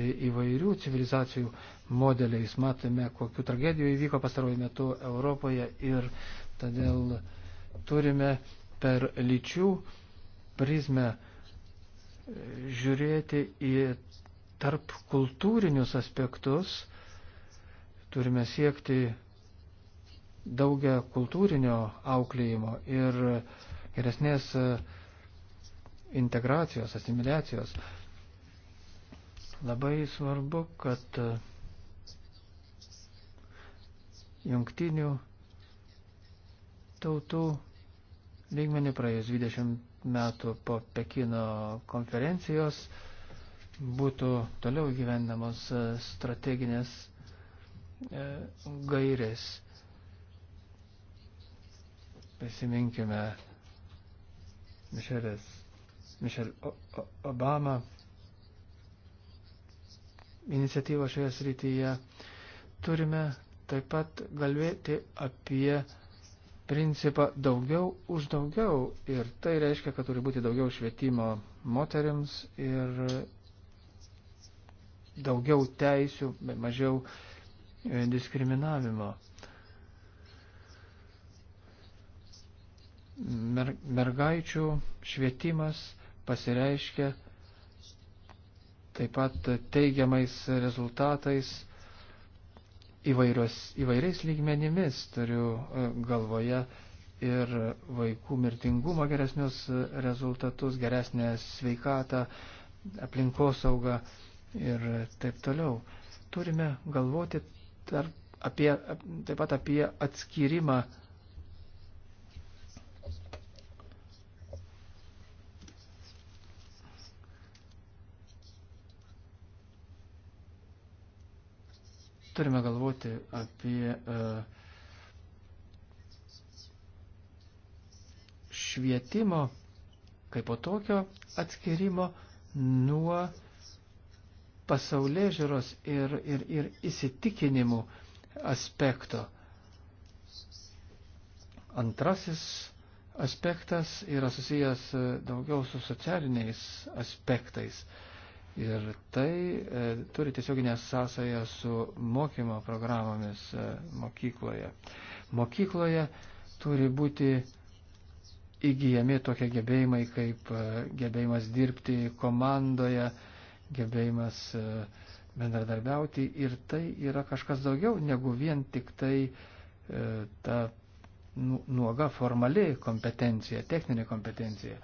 įvairių civilizacijų modeliais. Matome, kokiu tragediju įvyko pastaruoju metu Europoje ir todėl turime per lyčių prizmę žiūrėti į tarp kultūrinius aspektus, turime siekti daugia kultūrinio auklėjimo ir geresnės integracijos, asimiliacijos. Labai svarbu, kad jungtinių tautų lygmenį praėjus 20 metų po Pekino konferencijos būtų toliau gyvendamos e, strateginės e, gairės. Prisiminkime Mišelės, Mišel Obama iniciatyvą šioje srityje. Turime taip pat galvėti apie principą daugiau už daugiau. Ir tai reiškia, kad turi būti daugiau švietimo moteriams ir daugiau teisių, mažiau e, diskriminavimo. Mer, mergaičių švietimas pasireiškia taip pat teigiamais rezultatais įvairios, įvairiais lygmenimis turiu e, galvoje ir vaikų mirtingumo geresnius e, rezultatus, geresnę sveikatą, aplinkosaugą ir taip toliau. Turime galvoti tarp, apie, taip pat apie atskirimą Turime galvoti apie e, švietimo kaip po tokio atskirimo nuo pasaulė žiūros ir, ir, ir įsitikinimų aspekto. Antrasis aspektas yra susijęs e, daugiau su socialiniais aspektais. Uh, Ir tai e, turi tiesioginę sąsąją su mokymo programomis e, mokykloje. Mokykloje turi būti įgyjami tokie gebėjimai kaip e, gebėjimas dirbti komandoje, gebėjimas e, bendradarbiauti. Ir tai yra kažkas daugiau negu vien tik tai e, ta nu, nuoga formali kompetencija, techninė kompetencija.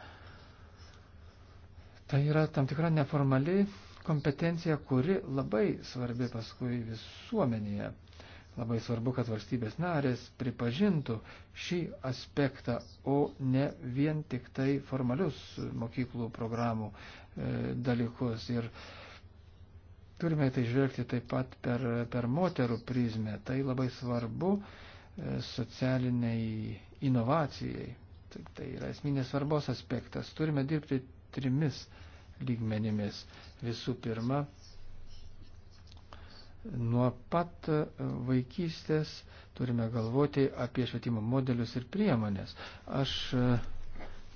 Tai yra tam tikra neformali kompetencija, kuri labai svarbi paskui visuomenėje. Labai svarbu, kad valstybės narės pripažintų šį aspektą, o ne vien tik tai formalius mokyklų programų e, dalykus. Ir turime tai žvelgti taip pat per, per moterų prizmę. Tai labai svarbu e, socialiniai inovacijai. Tai, tai yra esminės svarbos aspektas. Turime dirbti trimis lygmenimis. Visų pirma, nuo pat vaikystės turime galvoti apie švietimo modelius ir priemonės. Aš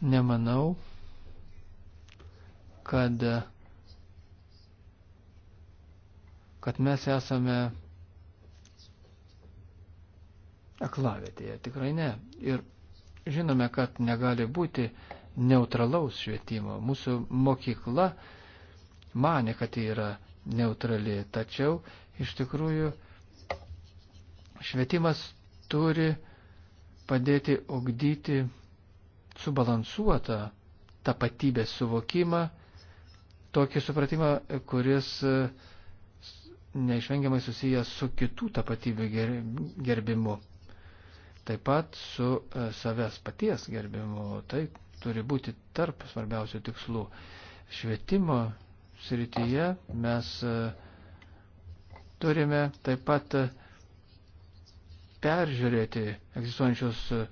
nemanau, kad, kad mes esame aklavėtėje, tikrai ne. Ir žinome, kad negali būti neutralaus švietimo. Mūsų mokykla mane, kad ji tai yra neutrali, tačiau iš tikrųjų švietimas turi padėti ugdyti subalansuotą tapatybės suvokimą, tokį supratimą, kuris neišvengiamai susijęs su kitų tapatybių gerbimu. Taip pat su e, savęs paties gerbimu. Tai turi būti tarp svarbiausių tikslų. Švietimo srityje mes e, turime taip pat e, peržiūrėti egzistuojančius e,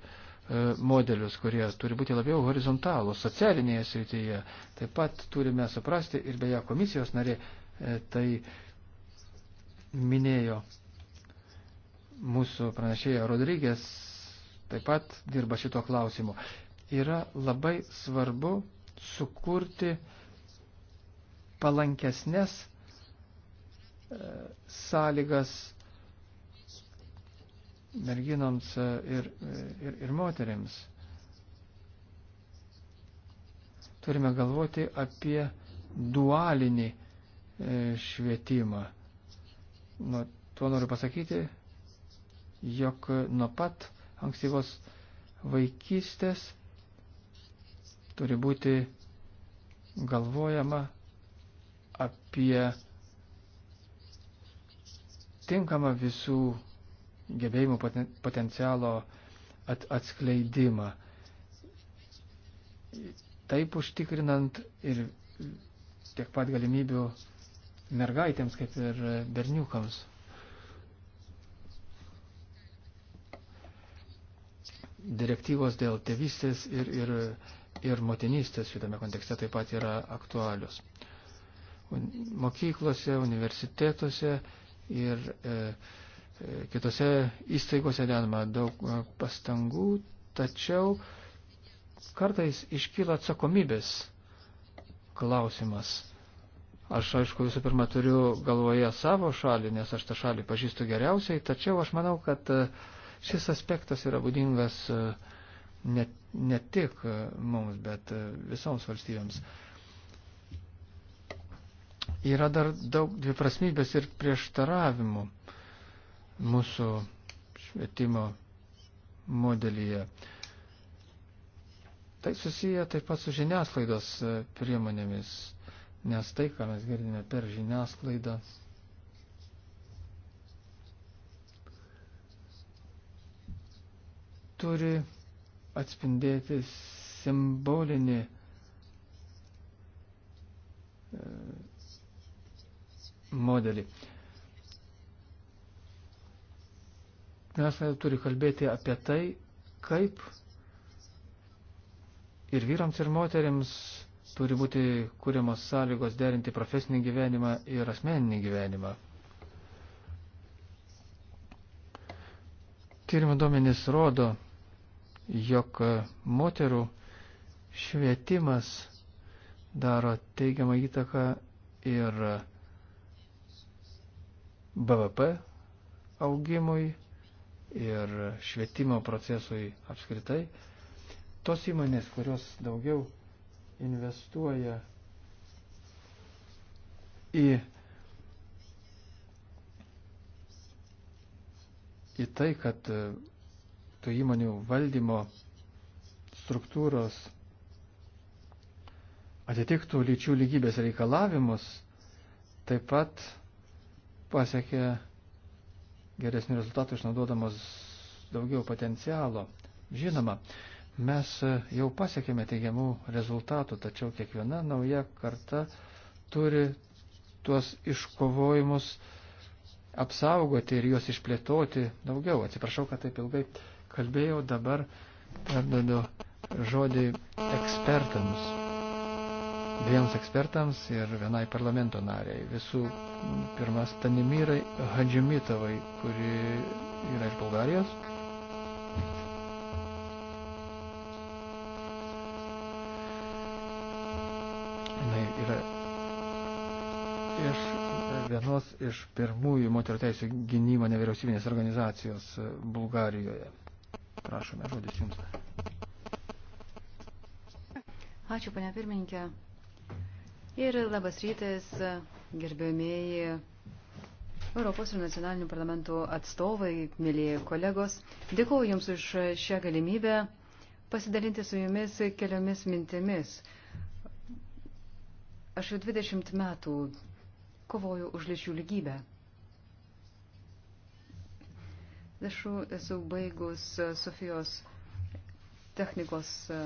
modelius, kurie turi būti labiau horizontalūs socialinėje srityje. Taip pat turime suprasti ir beje komisijos narė tai minėjo mūsų pranešėja Rodrygės taip pat dirba šito klausimu yra labai svarbu sukurti palankesnės e, sąlygas merginoms e, e, ir, ir, ir moteriams. Turime galvoti apie dualinį švietimą. Nu, tuo noriu pasakyti, jog nuo pat ankstyvos vaikystės turi būti galvojama apie tinkamą visų gebėjimų poten, potencialo at, atskleidimą. Taip užtikrinant ir tiek pat galimybių mergaitėms kaip ir berniukams. Direktyvos dėl tėvystės ir, ir ir motinystės šitame kontekste taip pat yra aktualios. Mokyklose, universitetuose ir e, e, kitose įstaigose dedama daug e, pastangų, tačiau kartais iškyla atsakomybės klausimas. Aš, aišku, visų pirma turiu galvoje savo šalį, nes aš tą šalį pažįstu geriausiai, tačiau aš manau, kad e, šis aspektas yra būdingas uh, ne, ne tik mums, bet visoms valstybėms. Yra dar daug dviprasmybės ir prieštaravimų mūsų švietimo modelyje. Tai susiję taip pat su žiniasklaidos priemonėmis, nes tai, ką mes girdime per žiniasklaidą, turi atspindėti simbolinį e, modelį. Mes turi kalbėti apie tai, kaip ir vyrams, ir moteriams turi būti kūriamos sąlygos derinti profesinį gyvenimą ir asmeninį gyvenimą. Tyrimo duomenys rodo, jog moterų švietimas daro teigiamą įtaką ir BVP augimui, ir švietimo procesui apskritai. Tos įmonės, kurios daugiau investuoja į, į tai, kad tų įmonių valdymo struktūros atitiktų lyčių lygybės reikalavimus, taip pat pasiekė geresnių rezultatų išnaudodamos daugiau potencialo. Žinoma, mes jau pasiekėme teigiamų rezultatų, tačiau kiekviena nauja karta turi tuos iškovojimus apsaugoti ir juos išplėtoti daugiau. Atsiprašau, kad taip ilgai kalbėjau, dabar perdodu žodį ekspertams. Dviems ekspertams ir vienai parlamento nariai. Visų pirma, Stanimirai Hadžimitovai, kuri yra iš Bulgarijos. Jis yra iš vienos iš pirmųjų moterų teisų gynimo nevyriausybinės organizacijos Bulgarijoje. Prašome, žodis jums. Ačiū, ponia pirmininkė. Ir labas rytas, gerbėmėjai Europos ir nacionalinių parlamentų atstovai, mėlyje kolegos. Dėkuoju Jums už šią galimybę pasidalinti su Jumis keliomis mintimis. Aš jau 20 metų kovoju už lyčių lygybę. Aš esu baigus e, Sofijos technikos e,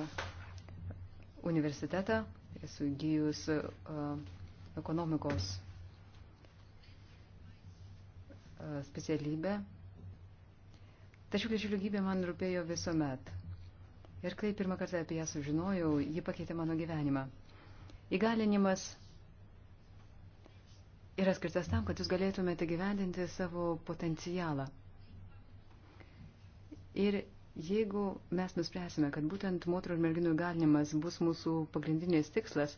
universitetą, esu įgyjus e, ekonomikos specialybę. Tačiau lyčių lygybė man rūpėjo visuomet. Ir kai pirmą kartą apie ją sužinojau, ji pakeitė mano gyvenimą. Įgalinimas yra skirtas tam, kad jūs galėtumėte gyvendinti savo potencialą. Ir jeigu mes nuspręsime, kad būtent moterų ir merginų įgalinimas bus mūsų pagrindinės tikslas,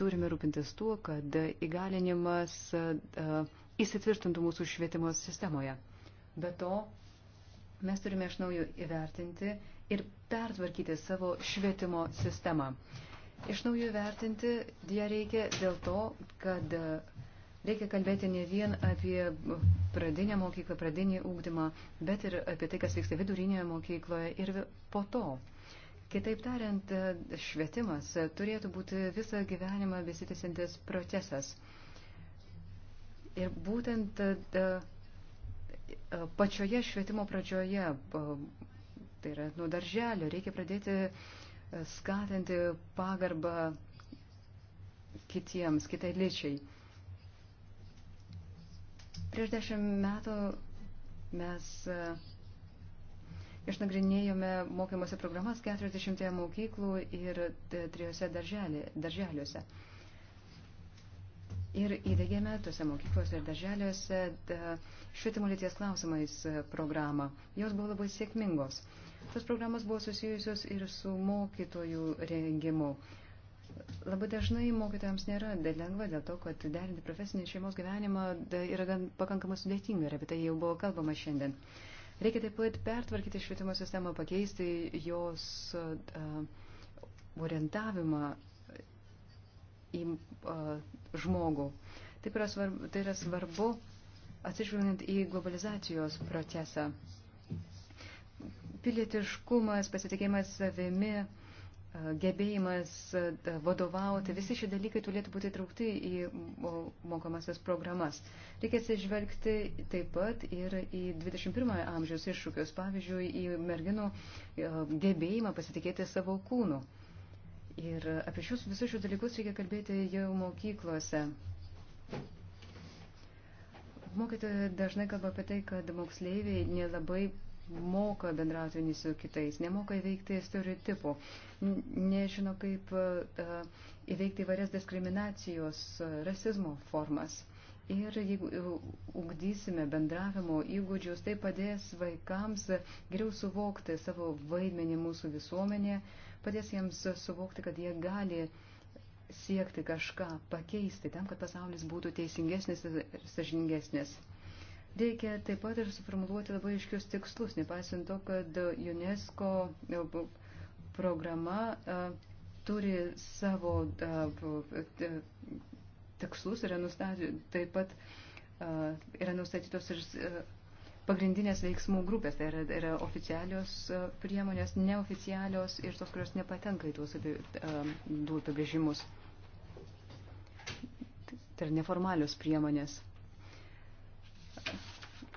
turime rūpintis tuo, kad įgalinimas įsitvirtintų mūsų švietimo sistemoje. Be to, mes turime iš naujo įvertinti ir pertvarkyti savo švietimo sistemą. Iš naujo vertinti ją reikia dėl to, kad Reikia kalbėti ne vien apie pradinę mokyklą, pradinį ūkdymą, bet ir apie tai, kas vyksta vidurinėje mokykloje ir po to. Kitaip tariant, švietimas turėtų būti visą gyvenimą besitęsintis procesas. Ir būtent e, e, pačioje švietimo pradžioje, e, tai yra nuo darželio, reikia pradėti skatinti pagarbą kitiems, kitai lyčiai. Prieš dešimt metų mes e, išnagrinėjome mokymosi programas 40 mokyklų ir e, trijose darželė, darželiuose. Ir įdėgėme tose mokyklose ir darželiuose e, švietimo lyties klausimais programą. Jos buvo labai sėkmingos. Tos programos buvo susijusios ir su mokytojų rengimu. Labai dažnai mokytojams nėra lengva dėl to, kad derinti profesinį ir šeimos gyvenimą yra gan pakankamai sudėtinga ir apie tai jau buvo kalbama šiandien. Reikia taip pat pertvarkyti švietimo sistemą, pakeisti jos uh, orientavimą į uh, žmogų. Taip yra svarbu, tai yra svarbu atsižvelgiant į globalizacijos procesą. Pilietiškumas, pasitikėjimas savimi, uh, gebėjimas vadovauti, visi šie dalykai turėtų būti traukti į mokomasias programas. Reikia atsižvelgti taip pat ir į 21 amžiaus iššūkius, pavyzdžiui, į merginų e, gebėjimą pasitikėti savo kūnu. Ir apie šius, visus šius dalykus reikia kalbėti jau mokyklose. Mokytojai dažnai kalba apie tai, kad moksleiviai nelabai nemoka bendrauti vieni su kitais, nemoka įveikti stereotipų, nežino, kaip e, įveikti įvairias diskriminacijos, e, rasizmo formas. Ir jeigu e, ugdysime bendravimo įgūdžius, tai padės vaikams geriau suvokti savo vaidmenį mūsų visuomenėje, padės jiems suvokti, kad jie gali siekti kažką pakeisti tam, kad pasaulis būtų teisingesnis ir sažingesnis. Reikia taip pat ir suformuluoti labai iškius tikslus, nepaisant to, kad UNESCO e, programa e, turi savo e, tikslus, yra taip pat yra nustatytos ir pagrindinės veiksmų grupės, tai yra, yra oficialios priemonės, neoficialios ir tos, kurios nepatenka į tuos apibrėžimus. Tai yra neformalios priemonės.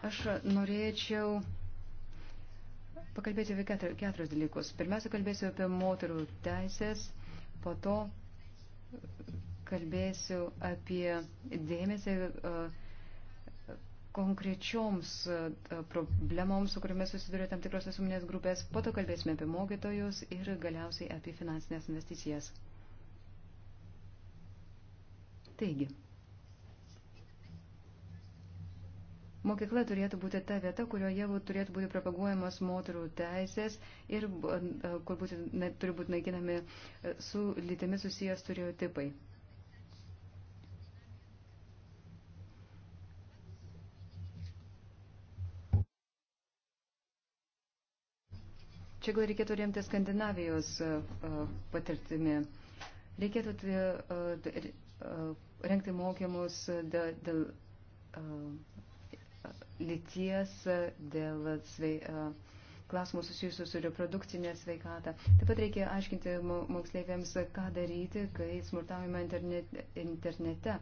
Aš norėčiau pakalbėti apie keturis, keturis dalykus. Pirmiausia, kalbėsiu apie moterų teisės, po to kalbėsiu apie dėmesį e, konkrečioms e, problemoms, su kuriomis susiduria tam tikros visuomenės grupės, po to kalbėsime apie mokytojus ir galiausiai apie finansinės investicijas. Taigi. Mokykla turėtų būti ta vieta, kurioje turėtų būti propaguojamos moterų teisės ir kur būti, turi būti naikinami e, su lytimi susijęs stereotipai. Čia gal reikėtų remti Skandinavijos e, e, patirtimi. Reikėtų rengti mokymus dėl lyties, e, dėl svei, e, klausimų susijusių su reprodukcinė sveikata. Taip pat reikia aiškinti moksleiviams, ką daryti, kai smurtaujame internete. internete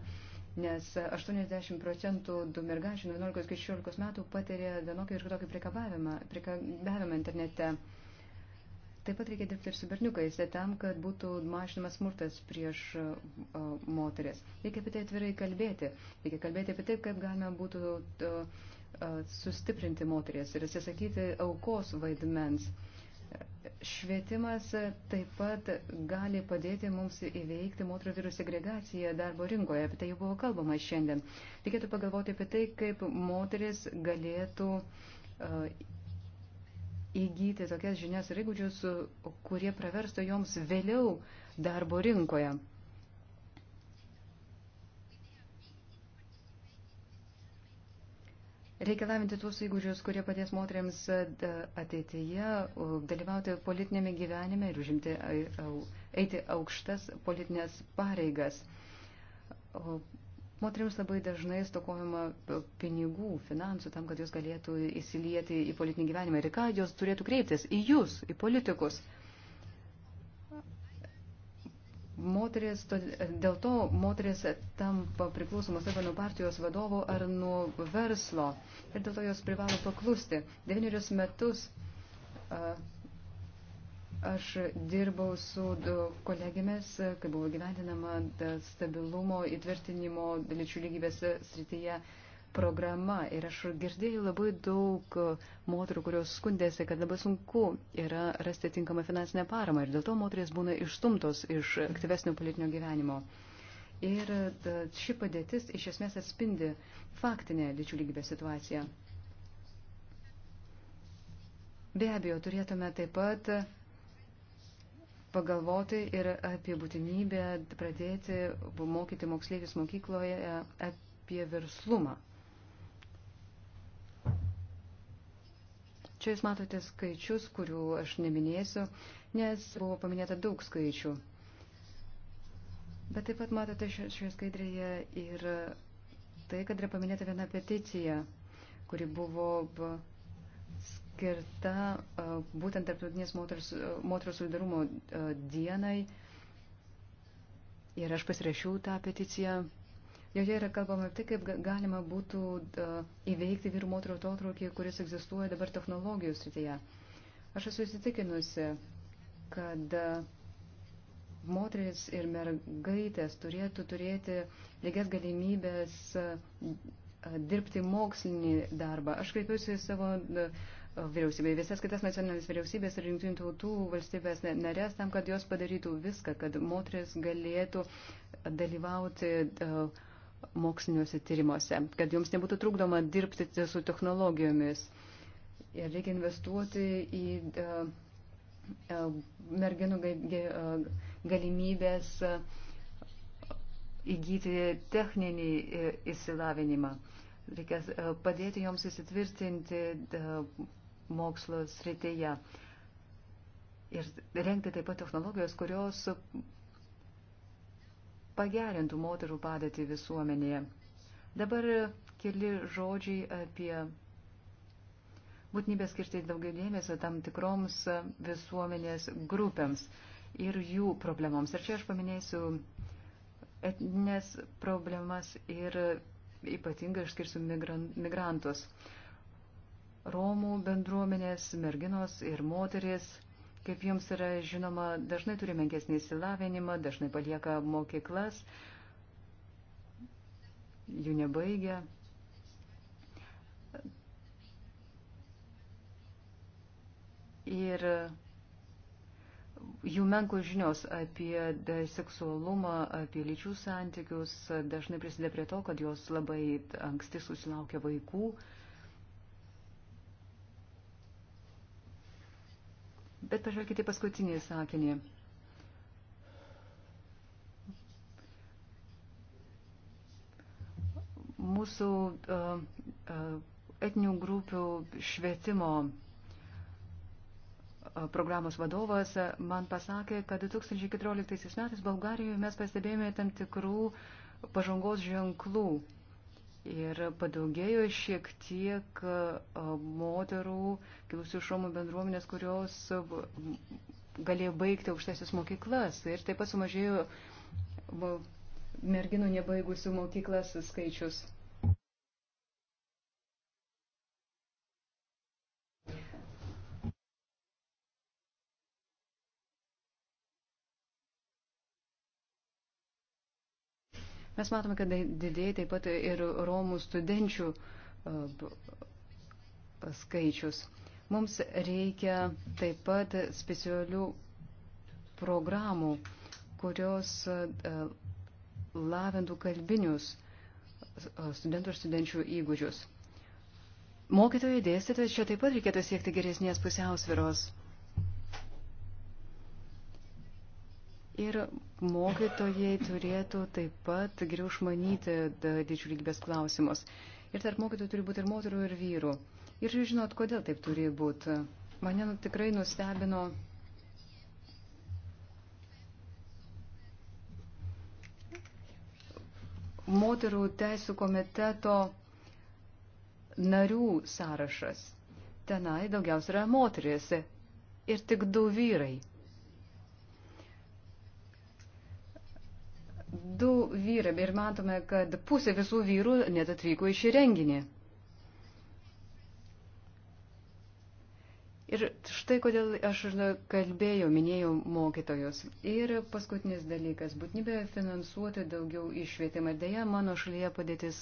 nes 80 procentų du mergaičių nuo 11-16 metų patiria vienokį ir kitokį priekabavimą internete. Taip pat reikia dirbti ir su berniukais, tai tam, kad būtų mažinamas smurtas prieš moteris. Reikia apie tai atvirai kalbėti. Reikia kalbėti apie tai, kaip galima būtų sustiprinti moteris ir atsisakyti aukos vaidmens. Švietimas taip pat gali padėti mums įveikti moterų vyrų segregaciją darbo rinkoje. Apie tai jau buvo kalbama šiandien. Reikėtų pagalvoti apie tai, kaip moteris galėtų uh, įgyti tokias žinias ir įgūdžius, kurie praverstų joms vėliau darbo rinkoje. Reikia lavinti tuos įgūdžius, kurie padės moteriams e, ateityje dalyvauti politinėme gyvenime ir užimti, e, eiti aukštas politinės pareigas. Moteriams labai dažnai stokojama pinigų, finansų tam, kad jos galėtų įsilieti į politinį gyvenimą ir ką jos turėtų kreiptis į jūs, į politikus. Moteris, dėl to moteris tampa priklausomas arba nuo partijos vadovo ar nuo verslo ir dėl to jos privalo paklusti. Devinerius metus uh, Aš dirbau su kolegėmis, kai buvo gyventinama stabilumo įtvirtinimo lyčių lygybės srityje programa. Ir aš girdėjau labai daug moterų, kurios skundėsi, kad labai sunku yra rasti tinkamą finansinę paramą. Ir dėl to moteris būna išstumtos iš aktyvesnio politinio gyvenimo. Ir ši padėtis iš esmės atspindi faktinę lyčių lygybės situaciją. Be abejo, turėtume taip pat pagalvoti ir apie būtinybę pradėti mokyti moksleivius mokykloje apie verslumą. Čia jūs matote skaičius, kurių aš neminėsiu, nes buvo paminėta daug skaičių. Bet taip pat matote šioje skaidrėje ir tai, kad yra paminėta viena peticija, kuri buvo skirta būtent tarptautinės moterų solidarumo dienai. Ir aš pasirašiau tą peticiją. Joje yra kalbama apie tai, kaip galima būtų įveikti vyrų moterų atotraukį, kuris egzistuoja dabar technologijų srityje. Aš esu įsitikinusi, kad moteris ir mergaitės turėtų turėti lygias galimybės dirbti mokslinį darbą. Aš kreipiuosi į savo uh, vyriausybė, visas kitas nacionalinės vyriausybės ir jungtinių tautų valstybės narės tam, kad jos padarytų viską, kad moteris galėtų dalyvauti e, moksliniuose tyrimuose, kad joms nebūtų trukdoma dirbti su technologijomis. Ir reikia investuoti į e, e, merginų galimybės įgyti techninį išsilavinimą reikės padėti joms įsitvirtinti mokslo srityje. Ir rengti taip pat technologijos, kurios pagerintų moterų padėtį visuomenėje. Dabar keli žodžiai apie būtinybę skirti daugiau dėmesio tam tikroms visuomenės grupėms ir jų problemoms. Ir čia aš paminėsiu etinės problemas ir ypatingai išskirsiu migrantus. Romų bendruomenės, merginos ir moteris, kaip jums yra žinoma, dažnai turi menkesnį įsilavinimą, dažnai palieka mokyklas, jų nebaigia. Ir jų menkos žinios apie seksualumą, apie lyčių santykius dažnai prisideda prie to, kad jos labai anksti susilaukia vaikų. Uh, Bet pažvelkite paskutinį sakinį. Mūsų uh, e, uh, e, etinių grupių švietimo e, programos vadovas man pasakė, kad 2014 metais Bulgarijoje mes pastebėjome tam tikrų pažangos ženklų Ir padaugėjo šiek tiek moterų kilusių iš Romų bendruomenės, kurios galėjo baigti aukštasis mokyklas. Ir taip pat sumažėjo merginų nebaigusių mokyklas skaičius. Mes matome, kad didėja taip pat ir Romų studenčių e, skaičius. Mums reikia taip pat specialių programų, kurios e, lavintų kalbinius e, studentų ir studenčių įgūdžius. Mokytojai dėstytojai čia taip pat reikėtų siekti geresnės pusiausviros. Ir mokytojai turėtų taip pat geriau išmanyti didžių lygybės klausimus. Ir tarp mokytojų turi būti ir moterų, ir vyrų. Ir žinot, kodėl taip turi būti. Mane nu, tikrai nustebino. Moterų teisų komiteto narių sąrašas. Tenai daugiausia yra moteris ir tik du vyrai. du vyrai ir matome, kad pusė visų vyrų net atvyko į šį renginį. Ir štai kodėl aš kalbėjau, minėjau mokytojus. Ir paskutinis dalykas - būtinybė finansuoti daugiau išvietimą. Deja, mano šalyje padėtis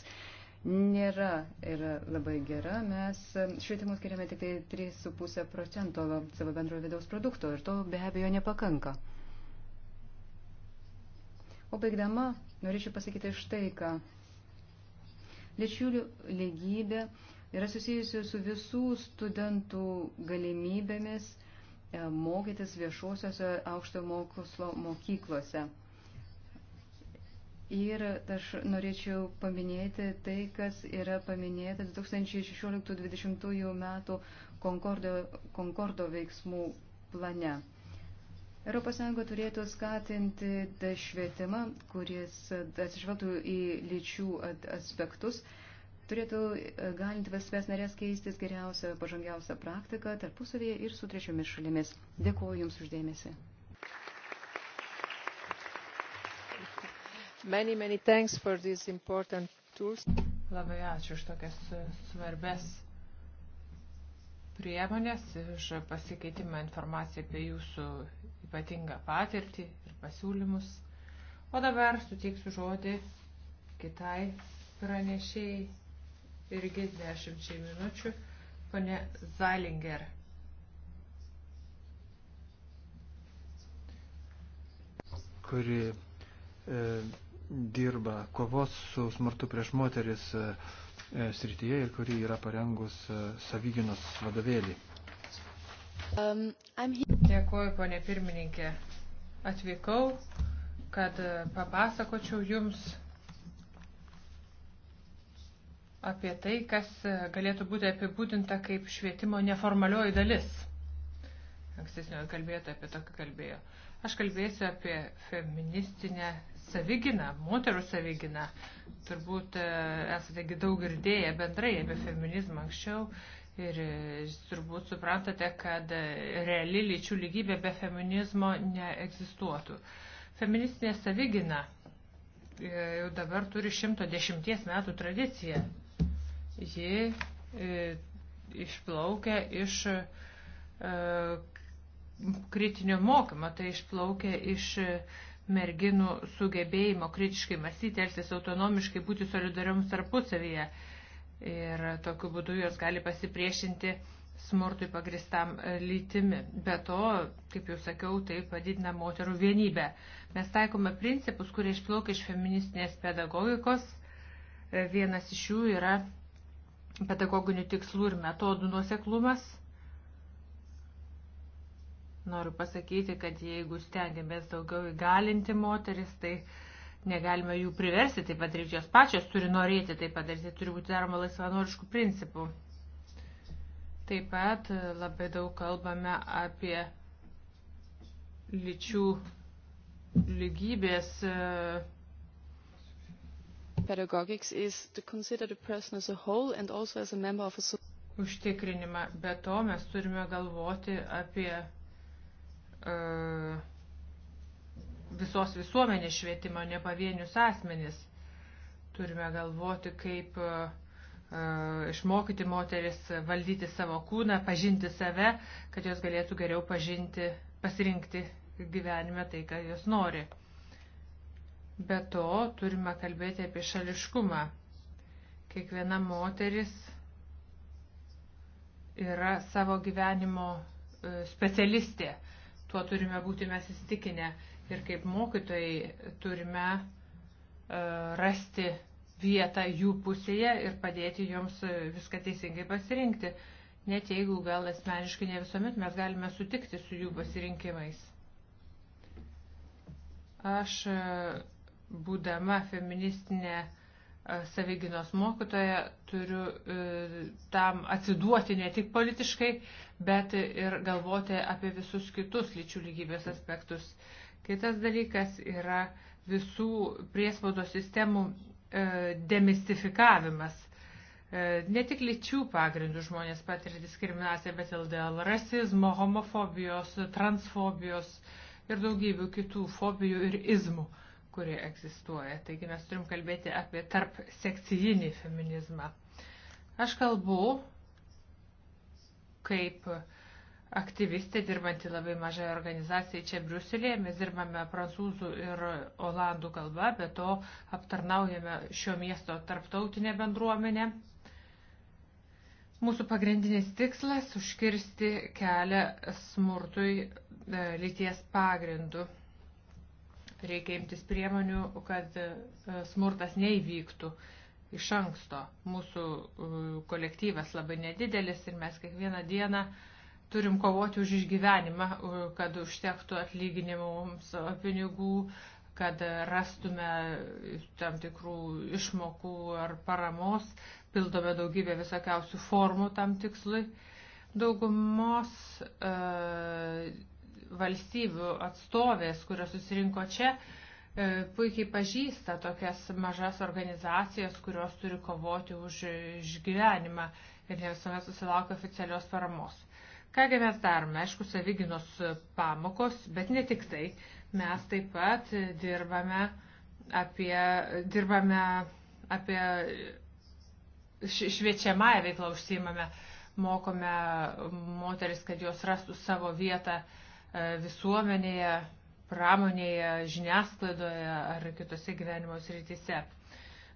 nėra yra labai gera. Mes švietimų skiriame tik tai 3,5 procento savo bendrojo vidaus produkto ir to be abejo nepakanka. O baigdama, norėčiau pasakyti štai ką. Lyčių lygybė yra susijusi su visų studentų galimybėmis e, mokytis viešuosiuose aukšto mokslo mokyklose. Ir aš norėčiau paminėti tai, kas yra paminėta 2016-2020 metų Konkordo, Konkordo veiksmų plane. ES turėtų skatinti švietimą, kuris atsižvelgtų į lyčių aspektus, turėtų e, galinti visves narės keistis geriausią, pažangiausią praktiką tarpusavėje ir su trečiomis šalimis. Dėkuoju Jums uždėmesi. Many, many thanks for these important tools. Labai ačiū už tokias svarbes priemonės, už pasikeitimą informaciją apie jūsų ypatingą patirtį ir pasiūlymus. O dabar suteiksiu žodį kitai pranešėjai irgi 10 minučių, ponė Zailinger. kuri e, dirba kovos su smurtu prieš moteris e, e srityje ir kuri yra parengus e, savyginos vadovėlį. Um, Dėkuoju, ponė pirmininkė. Atvykau, kad e, papasakočiau jums apie tai, kas e, galėtų būti apibūdinta kaip švietimo neformalioji dalis. Ankstesnio kalbėjote apie tokį kalbėjo. Aš kalbėsiu apie feministinę saviginą, moterų saviginą. Turbūt e, esate daug girdėję bendrai apie feminizmą anksčiau. Uh, Ir e, turbūt suprantate, kad e, reali lyčių lygybė be feminizmo neegzistuotų. Feministinė savigina e, jau dabar turi 110 metų tradiciją. Ji išplaukia iš kritinio mokymo, tai išplaukia iš merginų sugebėjimo kritiškai mąstyti, elgtis autonomiškai, būti solidarioms tarpusavyje ir tokiu būdu jos gali pasipriešinti smurtui pagristam e, lytimi. Be to, kaip jau sakiau, tai padidina moterų vienybę. Mes taikome principus, kurie išplaukia iš feministinės pedagogikos. E, vienas iš jų yra pedagoginių tikslų ir metodų nuoseklumas. Noriu pasakyti, kad jeigu stengiamės daugiau įgalinti moteris, tai uh, Negalime jų priversti taip padaryti, jos pačios turi norėti tai padaryti, turi būti daroma laisvanoriškų principų. Taip pat e, labai daug kalbame apie lyčių lygybės. E, Pedagogics is to consider the person as a whole and also as a member of a society užtikrinimą. Be to mes turime galvoti apie uh, visos visuomenės švietimo, ne pavienius asmenis. Turime galvoti, kaip uh, išmokyti moteris valdyti savo kūną, pažinti save, kad jos galėtų geriau pažinti, pasirinkti gyvenime tai, ką jos nori. Be to, turime kalbėti apie šališkumą. Kiekviena moteris yra savo gyvenimo e, specialistė. Tuo turime būti mes įstikinę ir kaip mokytojai turime e, rasti vietą jų pusėje ir padėti joms e, viską teisingai pasirinkti, net jeigu gal asmeniškai ne visuomet mes galime sutikti su jų pasirinkimais. Aš, e, būdama feministinė savyginos mokytoja, turiu tam atsiduoti ne tik politiškai, bet ir galvoti apie visus kitus lyčių lygybės aspektus. Uh, Kitas dalykas yra visų priespaudos sistemų e, demistifikavimas. E, ne tik lyčių pagrindų žmonės patiria diskriminaciją, bet ir dėl rasizmo, homofobijos, transfobijos ir daugybių kitų fobijų ir izmų, kurie egzistuoja. Taigi mes turim kalbėti apie tarp sekcijinį feminizmą. Aš kalbu kaip uh, aktyvistė, dirbanti labai mažai organizacijai čia Briuselėje. Mes dirbame prancūzų ir olandų kalba, bet to aptarnaujame šio miesto tarptautinę bendruomenę. Mūsų pagrindinis tikslas - užkirsti kelią smurtui e, lyties pagrindu. Reikia imtis priemonių, kad e, smurtas neįvyktų iš anksto. Mūsų e, kolektyvas labai nedidelis ir mes kiekvieną dieną uh, turim kovoti už išgyvenimą, kad užtektų atlyginimams pinigų, kad rastume tam tikrų išmokų ar paramos, pildome daugybę visokiausių formų tam tikslui. Daugumos e, valstybių atstovės, kurios susirinko čia, e, puikiai pažįsta tokias mažas organizacijas, kurios turi kovoti už išgyvenimą ir ne visuomet susilaukia oficialios paramos. Kągi mes darome? Aišku, savyginos pamokos, bet ne tik tai. Mes taip pat dirbame apie, dirbame apie šviečiamąją veiklą užsiimame, mokome moteris, kad jos rastų savo vietą e, visuomenėje, pramonėje, žiniasklaidoje ar kitose gyvenimo srityse.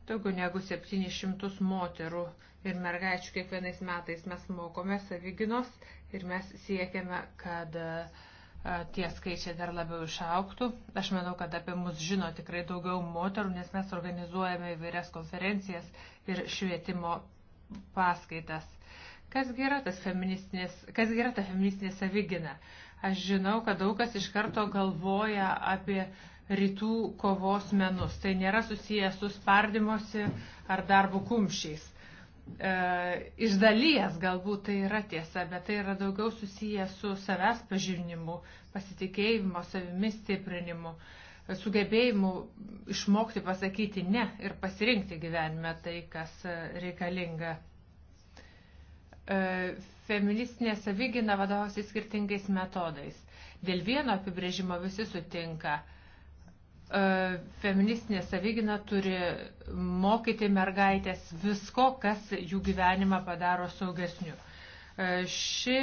Daugiau negu 700 moterų ir mergaičių kiekvienais metais mes mokome savyginos ir mes siekiame, kad e, tie skaičiai dar labiau išauktų. Aš manau, kad apie mus žino tikrai daugiau moterų, nes mes organizuojame įvairias konferencijas ir švietimo paskaitas. Kasgi yra, kas yra ta feministinė savigina? Aš žinau, kad daug kas iš karto galvoja apie rytų kovos menus. Tai nėra susijęs su spardimosi ar darbo kumščiais e, iš dalies galbūt tai yra tiesa, bet tai yra daugiau susiję su savęs pažinimu, pasitikėjimo, savimi stiprinimu, sugebėjimu išmokti pasakyti ne ir pasirinkti gyvenime tai, kas reikalinga. E, feministinė savigina vadovausi skirtingais metodais. Dėl vieno apibrėžimo visi sutinka. E, E, feministinė savigina turi mokyti mergaitės visko, kas jų gyvenimą padaro saugesniu. E, ši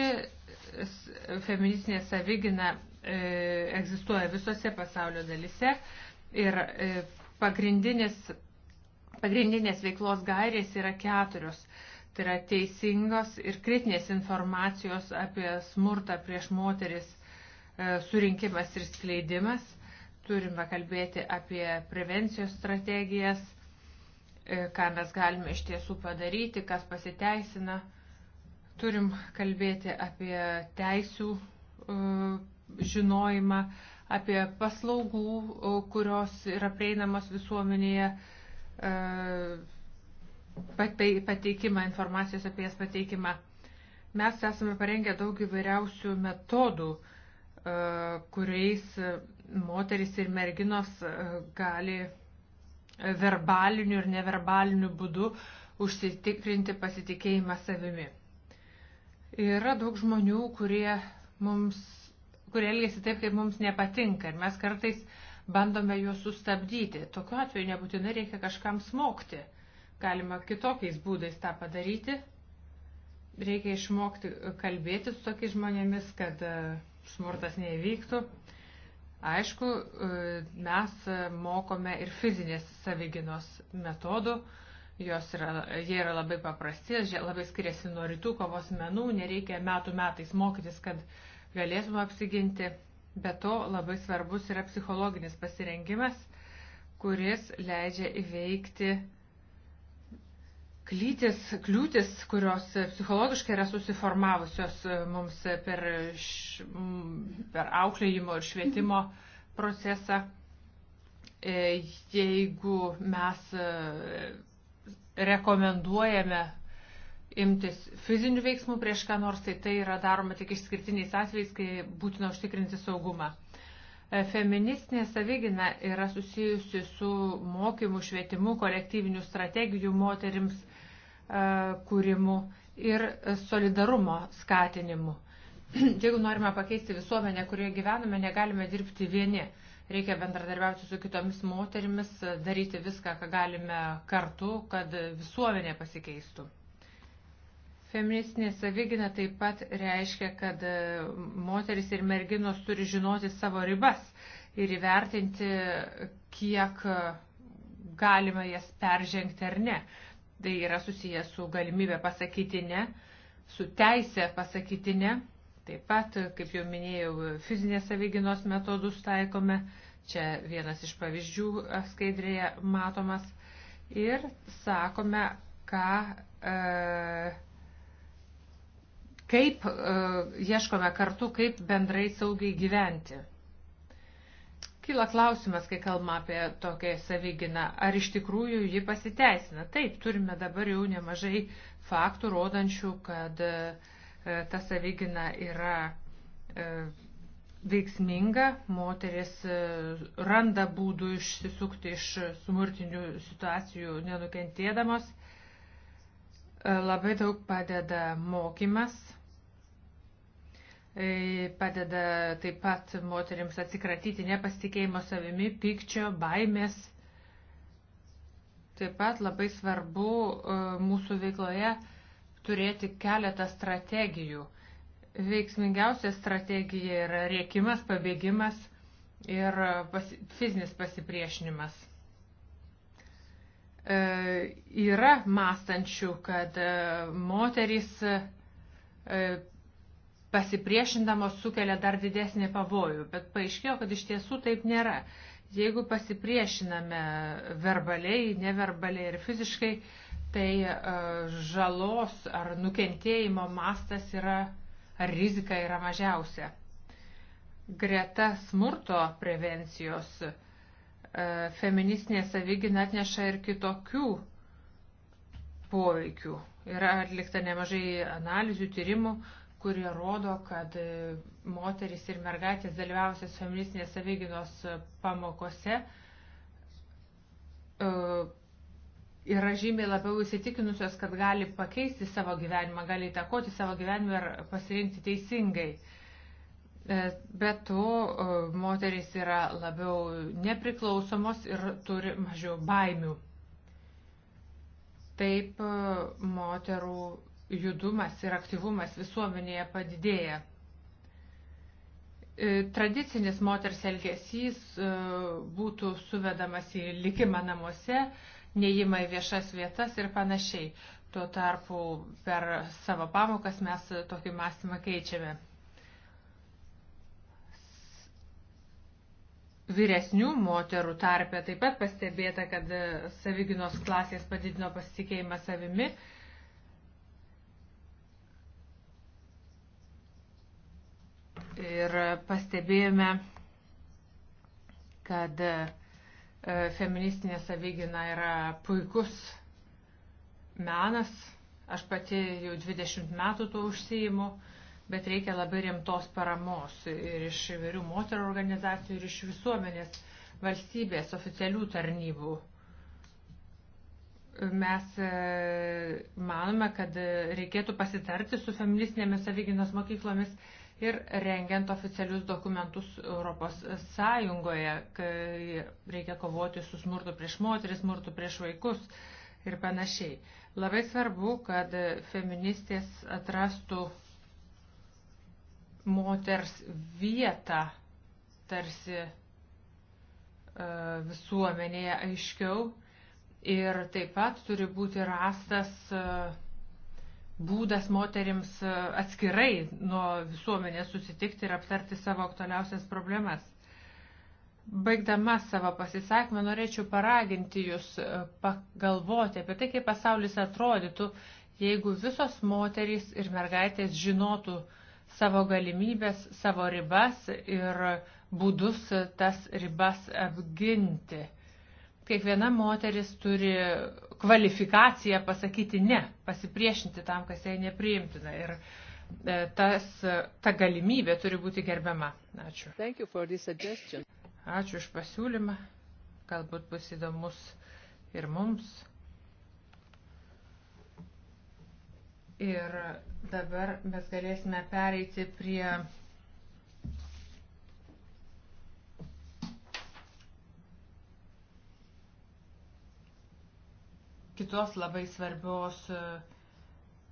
feministinė savigina e, egzistuoja visose pasaulio dalise ir pagrindinis, pagrindinės veiklos gairės yra keturios. Tai yra teisingos ir kritinės informacijos apie smurtą prieš moteris surinkimas ir skleidimas Turime kalbėti apie prevencijos strategijas, e, ką mes galime iš tiesų padaryti, kas pasiteisina. Turim kalbėti apie teisių e, žinojimą, apie paslaugų, e, kurios yra prieinamos visuomenėje, pateikimą, informacijos apie jas pateikimą. Mes esame parengę daug įvairiausių metodų, E, kuriais moteris ir merginos e, gali e, verbaliniu ir neverbaliniu būdu užsitikrinti pasitikėjimą savimi. Yra daug žmonių, kurie mums, kurie elgesi taip, kaip mums nepatinka ir mes kartais bandome juos sustabdyti. Tokiu atveju nebūtinai reikia kažkam smokti. Galima kitokiais būdais tą padaryti. Reikia išmokti kalbėti su tokiais žmonėmis, kad uh, smurtas neįvyktų. Aišku, e, mes mokome ir fizinės savyginos metodų. Jos yra, jie yra labai paprasti, labai skiriasi nuo rytų kovos menų, nereikia metų metais mokytis, kad galėsime apsiginti. Be to labai svarbus yra psichologinis pasirengimas, kuris leidžia įveikti uh, klytis, kliūtis, kurios psichologiškai yra susiformavusios e, mums per, š, per auklėjimo ir švietimo procesą. E, jeigu mes e, rekomenduojame imtis fizinių veiksmų prieš ką nors, tai tai yra daroma tik išskirtiniais atvejais, kai būtina užtikrinti saugumą. Feministinė savigina yra susijusi su mokymu, švietimu, kolektyviniu strategijų moterims E, kūrimu ir solidarumo skatinimu. Jeigu norime pakeisti visuomenę, kurioje gyvename, negalime dirbti vieni. Reikia bendradarbiauti su kitomis moterimis, daryti viską, ką galime kartu, kad visuomenė pasikeistų. Feministinė savigina taip pat reiškia, kad moteris ir merginos turi žinoti savo ribas ir įvertinti, kiek galima jas peržengti ar ne. Uh, Tai yra susijęs su galimybė pasakyti ne, su teisė pasakyti ne. Taip pat, kaip jau minėjau, fizinės savyginos metodus taikome. Čia vienas iš pavyzdžių skaidrėje matomas. Ir sakome, ką, e, kaip e, ieškome kartu, kaip bendrai saugiai gyventi. Kyla klausimas, kai kalbama apie tokią savyginą, ar iš tikrųjų ji pasiteisina. Taip, turime dabar jau nemažai faktų rodančių, kad e, ta savigina yra e, veiksminga, moteris e, randa būdų išsisukti iš smurtinių situacijų nenukentėdamos. E, labai daug padeda mokymas, E, padeda taip pat moteriams atsikratyti nepasitikėjimo savimi, pykčio, baimės. Taip pat labai svarbu e, mūsų veikloje turėti keletą strategijų. Veiksmingiausia strategija yra rėkimas, pabėgimas ir pasi, fizinis pasipriešinimas. E, yra mąstančių, kad e, moterys e, pasipriešindamos sukelia dar didesnį pavojų, bet paaiškėjo, kad iš tiesų taip nėra. Jeigu pasipriešiname verbaliai, neverbaliai ir fiziškai, tai e, žalos ar nukentėjimo mastas yra, ar rizika yra mažiausia. Greta smurto prevencijos e, feministinė savigina atneša ir kitokių poveikių. Yra atlikta nemažai analizių, tyrimų, kurie rodo, kad e, moteris ir mergaitės dalyvavusios feministinės savyginos e, pamokose e, yra žymiai labiau įsitikinusios, kad gali pakeisti savo gyvenimą, gali įtakoti savo gyvenimą ir pasirinkti teisingai. Bet to moteris yra labiau nepriklausomos ir turi mažiau baimių. Taip moterų judumas ir aktyvumas visuomenėje padidėja. E, tradicinis moters elgesys e, būtų suvedamas į likimą namuose, neįmą į viešas vietas ir panašiai. Tuo tarpu per savo pamokas mes tokį mąstymą keičiame. vyresnių moterų tarpe taip pat pastebėta, kad saviginos klasės padidino pasitikėjimą savimi ir pastebėjome, kad e, feministinė savigina yra puikus menas. Aš pati jau 20 metų to užsijimu, bet reikia labai rimtos paramos ir iš įvairių moterų organizacijų, ir iš visuomenės, valstybės, oficialių tarnybų. Mes e, manome, kad reikėtų pasitarti su feministinėmis savyginos mokyklomis ir rengiant oficialius dokumentus Europos Sąjungoje, kai reikia kovoti su smurtu prieš moteris, smurtu prieš vaikus ir panašiai. Labai svarbu, kad feministės atrastų moters vietą tarsi e, visuomenėje aiškiau ir taip pat turi būti rastas uh, būdas moterims e, atskirai nuo visuomenės susitikti ir aptarti savo aktualiausias problemas. Baigdama savo pasisakymą, norėčiau paraginti jūs e, pagalvoti apie tai, kaip pasaulis atrodytų, jeigu visos moterys ir mergaitės žinotų savo galimybės, savo ribas ir būdus tas ribas apginti kiekviena moteris turi kvalifikaciją pasakyti ne, pasipriešinti tam, kas jai nepriimtina. Ir e, tas, ta galimybė turi būti gerbiama. Ačiū. Ačiū už pasiūlymą. Galbūt bus įdomus ir mums. Ir dabar mes galėsime pereiti prie kitos labai svarbios e,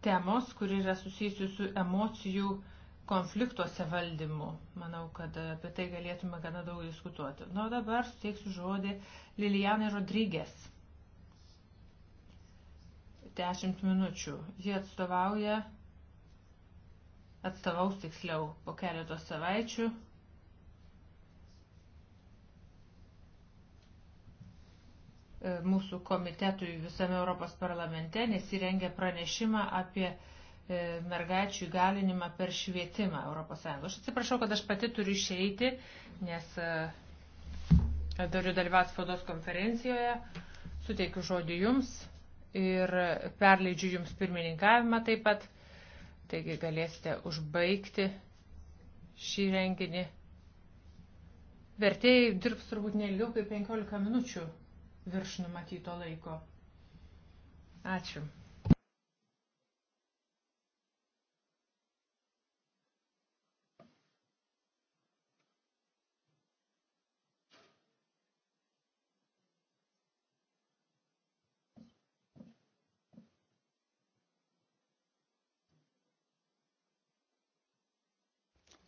temos, kuri yra susijusi su emocijų konfliktuose valdymu. Manau, kad apie tai galėtume gana daug diskutuoti. Na, nu, dabar suteiksiu žodį Lilijanai Rodrygės. Dešimt minučių. Ji atstovauja, atstovaus tiksliau po keletos savaičių E, mūsų komitetui visame Europos parlamente, nes įrengė pranešimą apie e, mergaičių įgalinimą per švietimą Europos Sąjungos. Aš atsiprašau, kad aš pati turiu išeiti, nes e, turiu dalyvauti spaudos konferencijoje, suteikiu žodį jums ir perleidžiu jums pirmininkavimą taip pat, taigi galėsite užbaigti šį renginį. Vertėjai dirbs turbūt neliau kaip 15 minučių virš numatyto laiko. Ačiū.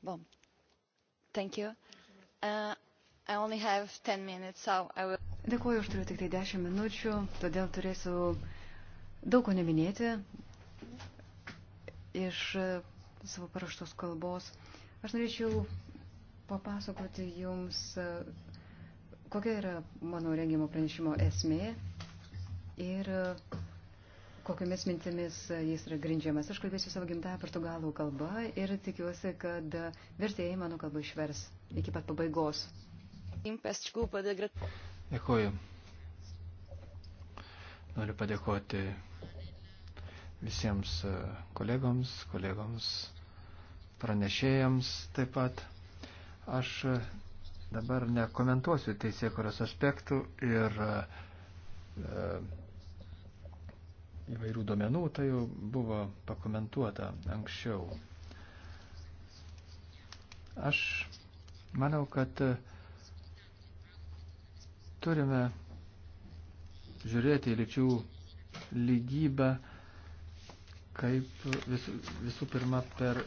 Well, thank you. Uh, I only have 10 minutes, so I will. Dėkuoju, aš turiu tik tai 10 minučių, todėl turėsiu daug ko neminėti iš savo paraštos kalbos. Aš norėčiau papasakoti jums, kokia yra mano rengimo pranešimo esmė ir kokiamis mintimis jis yra grindžiamas. Aš kalbėsiu savo gimtąją portugalų kalbą ir tikiuosi, kad vertėjai mano kalbą išvers iki pat pabaigos. Dėkuoju. Noriu padėkoti visiems e, kolegoms, kolegoms, pranešėjams taip pat. Aš e, dabar nekomentuosiu teisėkuros aspektų ir e, įvairių domenų, tai jau buvo pakomentuota anksčiau. Aš manau, kad Turime žiūrėti į lyčių lygybę kaip vis, visų pirma per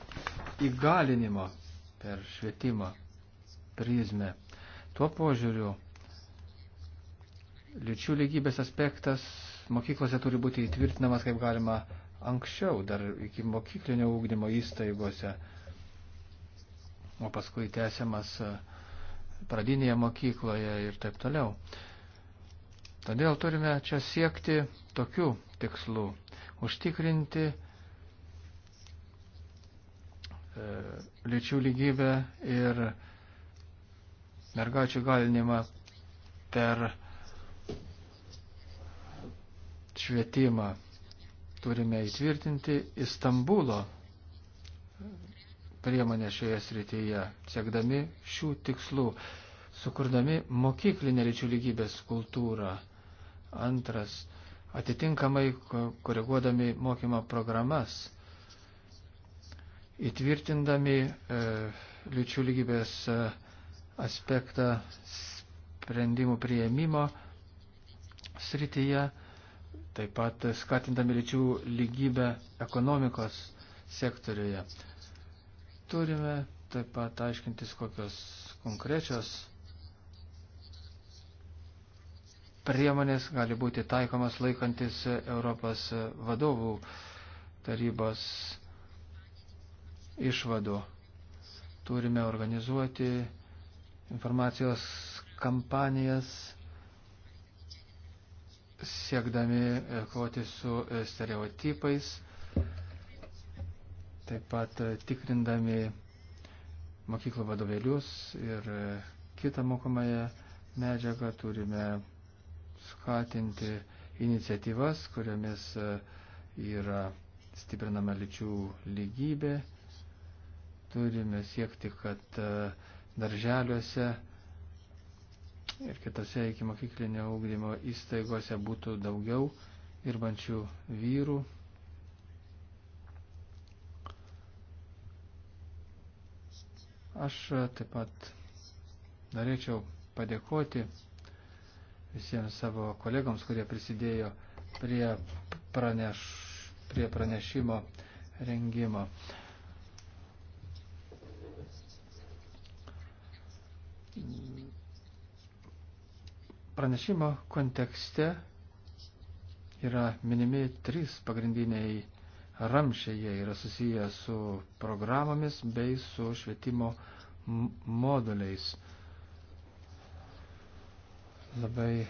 įgalinimo, per švietimo prizmę. Tuo požiūriu lyčių lygybės aspektas mokyklose turi būti įtvirtinamas kaip galima anksčiau, dar iki mokyklinio ūkdymo įstaigose, o paskui tęsiamas uh, pradinėje mokykloje ir taip toliau. Todėl turime čia siekti tokių tikslų - užtikrinti e, lyčių lygybę ir mergaičių galinimą per švietimą turime įtvirtinti Istanbulo priemonę šioje srityje, siekdami šių tikslų, sukurdami mokyklinę lyčių lygybės kultūrą. Antras, atitinkamai koreguodami mokymo programas, įtvirtindami e, lyčių lygybės e, aspektą sprendimų prieimimo srityje, taip pat skatindami lyčių lygybę ekonomikos sektoriuje. Turime taip pat aiškintis, kokios konkrečios priemonės gali būti taikomas laikantis Europos vadovų tarybos išvadų. Turime organizuoti informacijos kampanijas siekdami kovoti su stereotipais taip pat e, tikrindami mokyklų vadovėlius ir e, kitą mokomąją medžiagą turime skatinti iniciatyvas, kuriamis e, yra stiprinama lyčių lygybė. Turime siekti, kad darželiuose ir kitose iki mokyklinio augdymo įstaigose būtų daugiau dirbančių vyrų Aš e, taip pat norėčiau padėkoti visiems savo kolegoms, kurie prisidėjo prie, praneš, prie pranešimo rengimo. Pranešimo kontekste yra minimi trys pagrindiniai ramšiai jie yra susiję su programomis bei su švietimo moduliais. Labai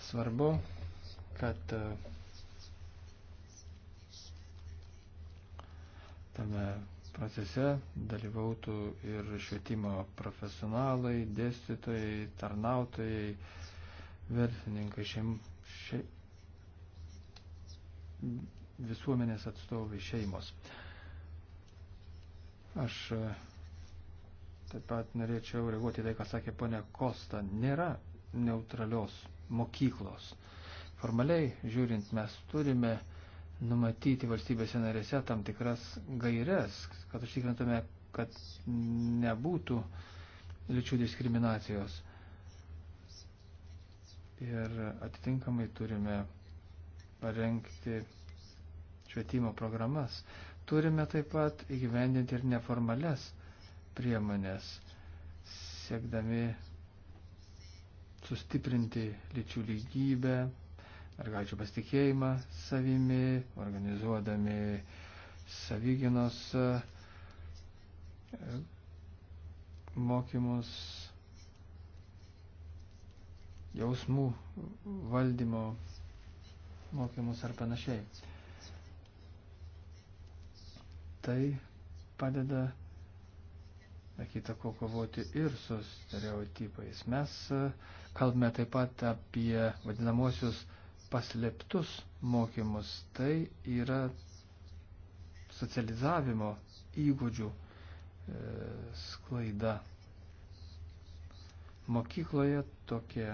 svarbu, kad e, tame procese dalyvautų ir švietimo profesionalai, dėstytojai, tarnautojai, verslininkai, šeim, šeim, visuomenės atstovai šeimos. Aš e, taip pat norėčiau reaguoti tai, ką sakė ponia Kosta. Nėra neutralios mokyklos. Formaliai žiūrint, mes turime numatyti valstybėse narėse tam tikras gairias, kad užtikrintume, kad nebūtų lyčių diskriminacijos. Ir atitinkamai turime parengti švietimo programas. Turime taip pat įgyvendinti ir neformales priemonės, siekdami sustiprinti lyčių lygybę, mergaičių pasitikėjimą savimi, organizuodami savyginos e, mokymus, jausmų valdymo mokymus ar panašiai tai padeda, sakyta, ko kovoti ir su stereotipais. Mes e, kalbame taip pat apie vadinamosius paslėptus mokymus. Tai yra socializavimo įgūdžių e, sklaida. Mokykloje tokie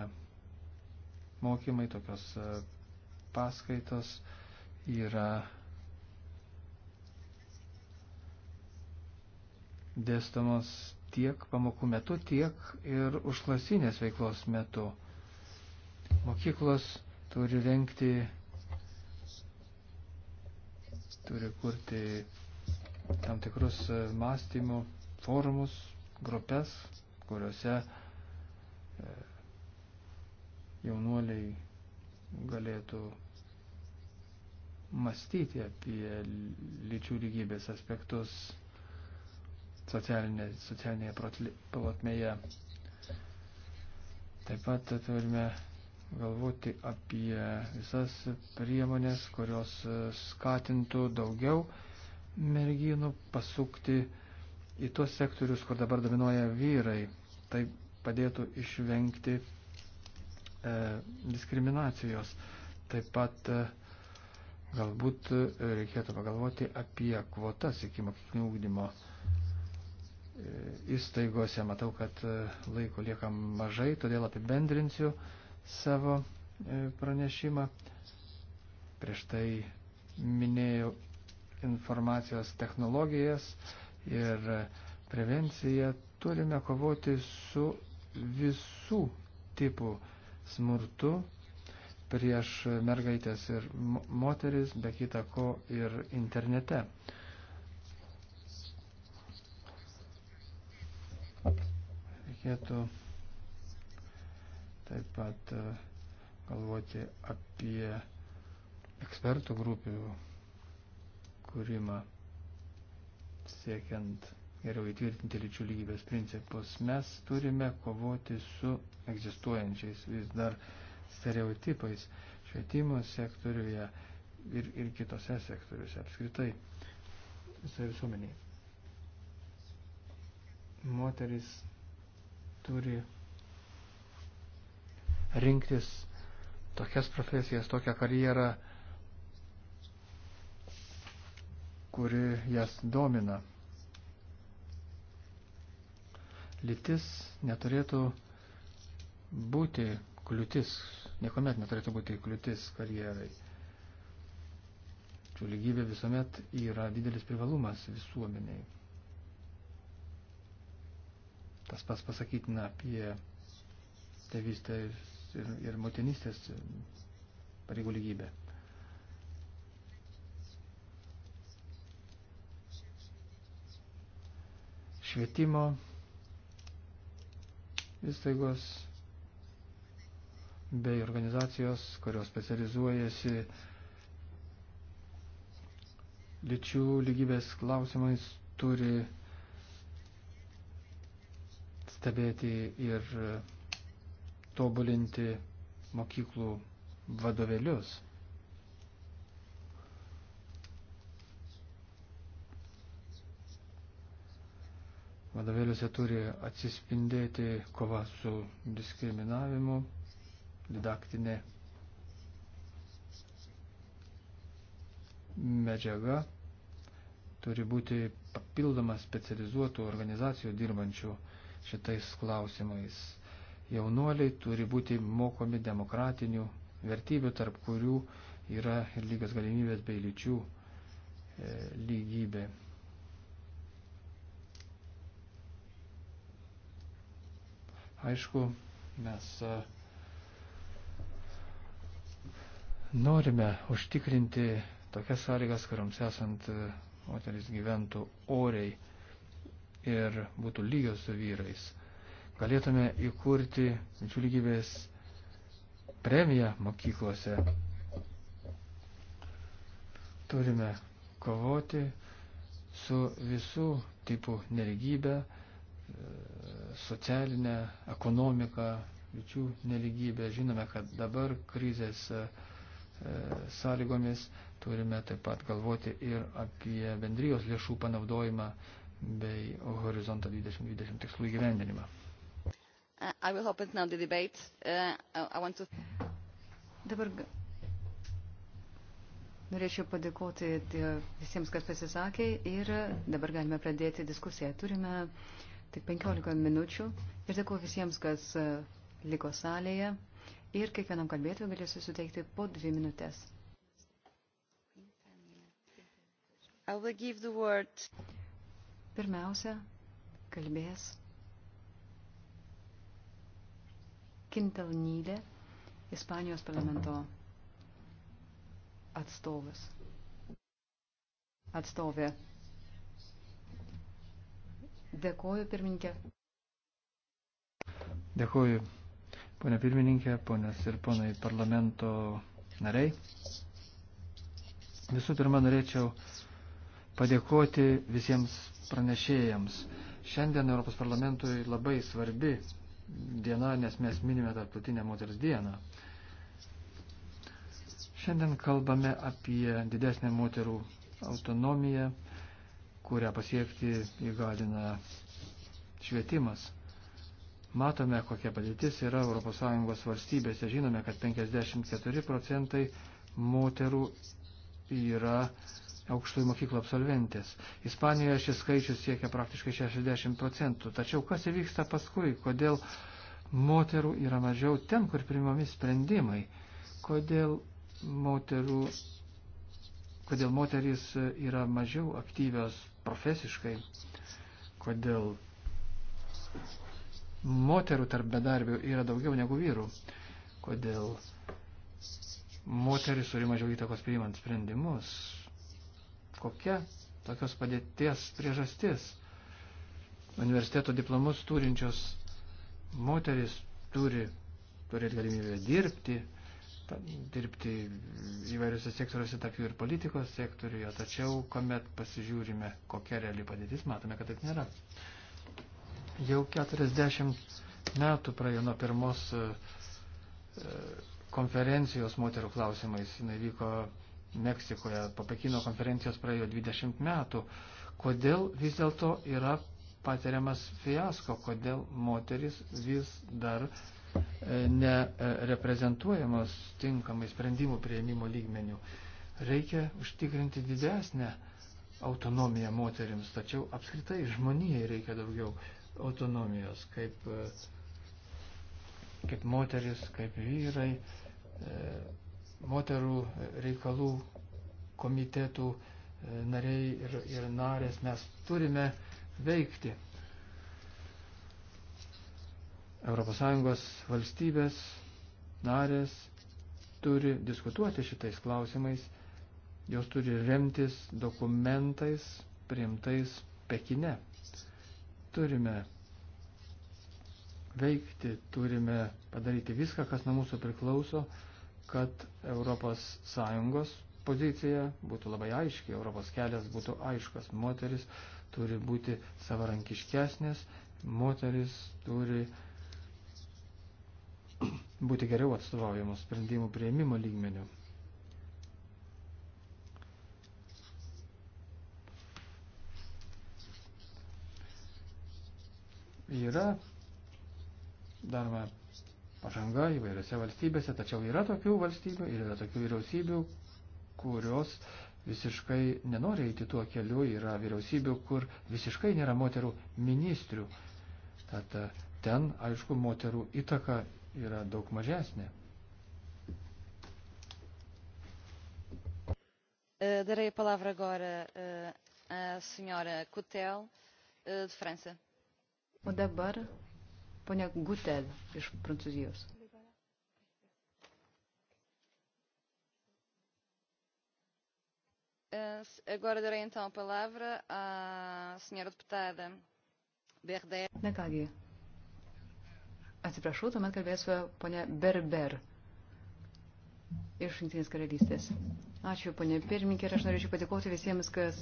mokymai, tokios e, paskaitos yra dėstamos tiek pamokų metu, tiek ir užklasinės veiklos metu. Mokyklos turi renkti, turi kurti tam tikrus mąstymų forumus, grupės, kuriuose e, jaunuoliai galėtų mąstyti apie lyčių lygybės aspektus socialinė, socialinėje plotmėje. Taip pat turime galvoti apie visas priemonės, kurios skatintų daugiau merginų pasukti į tuos sektorius, kur dabar dominuoja vyrai. Tai padėtų išvengti e, diskriminacijos. Taip pat e, galbūt e, reikėtų pagalvoti apie kvotas iki mokyklinio ūkdymo. E, įstaigose. Matau, kad e, laiko lieka mažai, todėl apibendrinsiu savo e, pranešimą. Prieš tai minėjau informacijos technologijas ir e, prevenciją. Turime kovoti su visų tipų smurtu prieš mergaitės ir moteris, be kita ko ir internete. reikėtų taip pat e, galvoti apie ekspertų grupių kūrimą siekiant geriau įtvirtinti lyčių lygybės principus. Mes turime kovoti su egzistuojančiais vis dar stereotipais švietimo sektoriuje ir, ir kitose sektoriuose apskritai visai visuomeniai. Moteris turi rinktis tokias profesijas, tokią karjerą, kuri jas domina. Lytis neturėtų būti kliūtis, niekuomet neturėtų būti kliūtis karjerai. Čia lygybė visuomet yra didelis privalumas visuomeniai. Tas pas pasakytina apie tėvystės ir, ir motinystės pareigų lygybę. Švietimo įstaigos bei organizacijos, kurios specializuojasi lyčių lygybės klausimais, turi stebėti ir tobulinti mokyklų vadovėlius. Vadovėliuose turi atsispindėti kova su diskriminavimu, didaktinė medžiaga, turi būti papildoma specializuotų organizacijų dirbančių šitais klausimais. Jaunuoliai turi būti mokomi demokratinių vertybių, tarp kurių yra ir lygios galimybės bei lyčių e, lygybė. Aišku, mes e, norime užtikrinti tokias sąlygas, kuriams esant e, moteris gyventų oriai ir būtų lygios su vyrais. Galėtume įkurti lyčių lygybės premiją mokyklose. Turime kovoti su visų tipų neligybė, socialinė, ekonomika, lyčių neligybė. Žinome, kad dabar krizės e, sąlygomis turime taip pat galvoti ir apie bendrijos lėšų panaudojimą bei horizonto 2020 tikslų įgyvendinimą. Uh, uh to... Dabar norėčiau padėkoti e, visiems, kas pasisakė ir e, dabar galime pradėti diskusiją. Turime tik 15 minučių ir dėkuoju visiems, kas e, liko salėje ir kiekvienam kalbėtojui galėsiu suteikti po dvi minutės. Pirmiausia, kalbės Kintalnydė, Ispanijos parlamento atstovas. Atstovė. Dėkoju, pirmininkė. Dėkoju, ponė pirmininkė, ponės ir ponai parlamento nariai. Visų pirma, norėčiau padėkoti visiems pranešėjams. Šiandien Europos parlamentui labai svarbi diena, nes mes minime tarptautinę moters dieną. Šiandien kalbame apie didesnę moterų autonomiją, kurią pasiekti įgalina švietimas. Matome, kokia padėtis yra ES valstybėse. Žinome, kad 54 procentai moterų yra aukštųjų mokyklų absolventės. Ispanijoje šis skaičius siekia praktiškai 60 procentų. Tačiau kas įvyksta paskui? Kodėl moterų yra mažiau ten, kur primami sprendimai? Kodėl, moterų, kodėl moterys yra mažiau aktyvios profesiškai? Kodėl moterų tarp bedarbių yra daugiau negu vyrų? Kodėl moteris turi mažiau įtakos priimant sprendimus? kokia tokios padėties priežastis. Universiteto diplomus turinčios moteris turi turėti galimybę dirbti, dirbti įvairiuose sektoriuose, tarp jų ir politikos sektoriuje, tačiau, kuomet pasižiūrime, kokia reali padėtis, matome, kad taip nėra. Jau 40 metų praėjo nuo pirmos e, e, konferencijos moterų klausimais, jinai vyko Meksikoje. Po Pekino konferencijos praėjo 20 metų. Kodėl vis dėlto yra patiriamas fiasko, kodėl moteris vis dar e, nereprezentuojamos tinkamai sprendimų prieimimo lygmenių. Reikia užtikrinti didesnę autonomiją moteriams, tačiau apskritai žmonijai reikia daugiau autonomijos, kaip, e, kaip moteris, kaip vyrai. E, moterų reikalų komitetų e, nariai ir, ir narės mes turime veikti. ES valstybės narės turi diskutuoti šitais klausimais, jos turi remtis dokumentais priimtais Pekine. Turime veikti, turime padaryti viską, kas nuo mūsų priklauso, kad ES pozicija būtų labai aiški, Europos kelias būtų aiškas. Moteris turi būti savarankiškesnės, moteris turi būti geriau atstovaujamos sprendimų prieimimo lygmenių. Yra daroma pažanga įvairiose valstybėse, tačiau yra tokių valstybių ir yra tokių vyriausybių, kurios visiškai nenori eiti tuo keliu, yra vyriausybių, kur visiškai nėra moterų ministrių. Tad e, ten, aišku, moterų įtaka yra daug mažesnė. E, darei a palavra agora à e, senhora Coutel, de França. O dabar Pone Gutel iš Prancūzijos. Agora darei então a palavra à senhora deputada Berder. Na kągi. Atsiprašau, tuomet kalbėsiu ponia Berber iš Junktinės karalystės. Ačiū, ponia pirmininkė, ir aš norėčiau padėkoti visiems, kas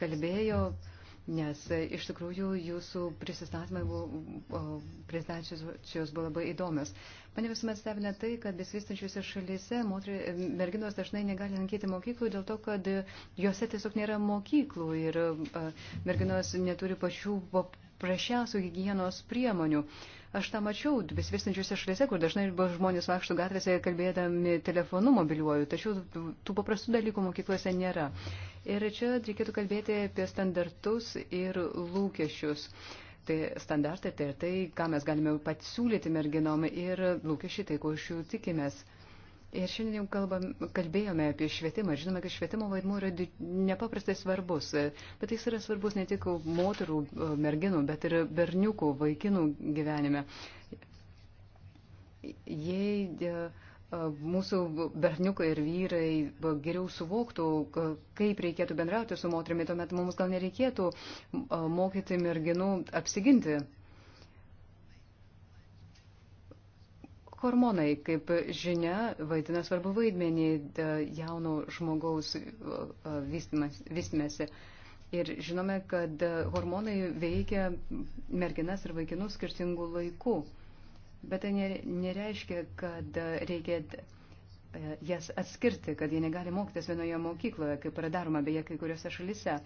kalbėjo. Uh, nes e, iš tikrųjų jūsų prisistatymai buvo, prezentacijos buvo labai įdomios. Mane visuomet stebina tai, kad besivystančiuose šalyse motri, e, merginos dažnai negali lankyti mokyklų dėl to, kad juose tiesiog nėra mokyklų ir e, merginos neturi pačių paprasčiausių hygienos priemonių. Aš tą mačiau besivystančiuose šalyse, kur dažnai žmonės vaikšto gatvėse kalbėdami telefonu mobiliuoju, tačiau tų paprastų dalykų mokyklose nėra. Ir čia reikėtų kalbėti apie standartus ir lūkesčius. Tai standartai tai ir tai, ką mes galime pasiūlyti merginom ir lūkesčiai tai, ko iš jų tikimės. Ir šiandien jau kalbam, kalbėjome apie švietimą. Žinome, kad švietimo vaidmuo yra nepaprastai svarbus. Bet jis yra svarbus ne tik moterų, merginų, bet ir berniukų, vaikinų gyvenime. Jei e, e, mūsų berniukai ir vyrai e, geriau suvoktų, kaip reikėtų bendrauti su moterimi, tuomet mums gal nereikėtų mokyti merginų apsiginti Hormonai, kaip žinia, vaidina svarbu vaidmenį e, jauno žmogaus e, e, vystimėsi. Ir žinome, kad hormonai veikia merginas ir vaikinus skirtingų laikų. Bet tai nereiškia, kad reikia jas atskirti, kad jie negali mokytis vienoje mokykloje, kaip yra daroma beje kai kuriuose šalise.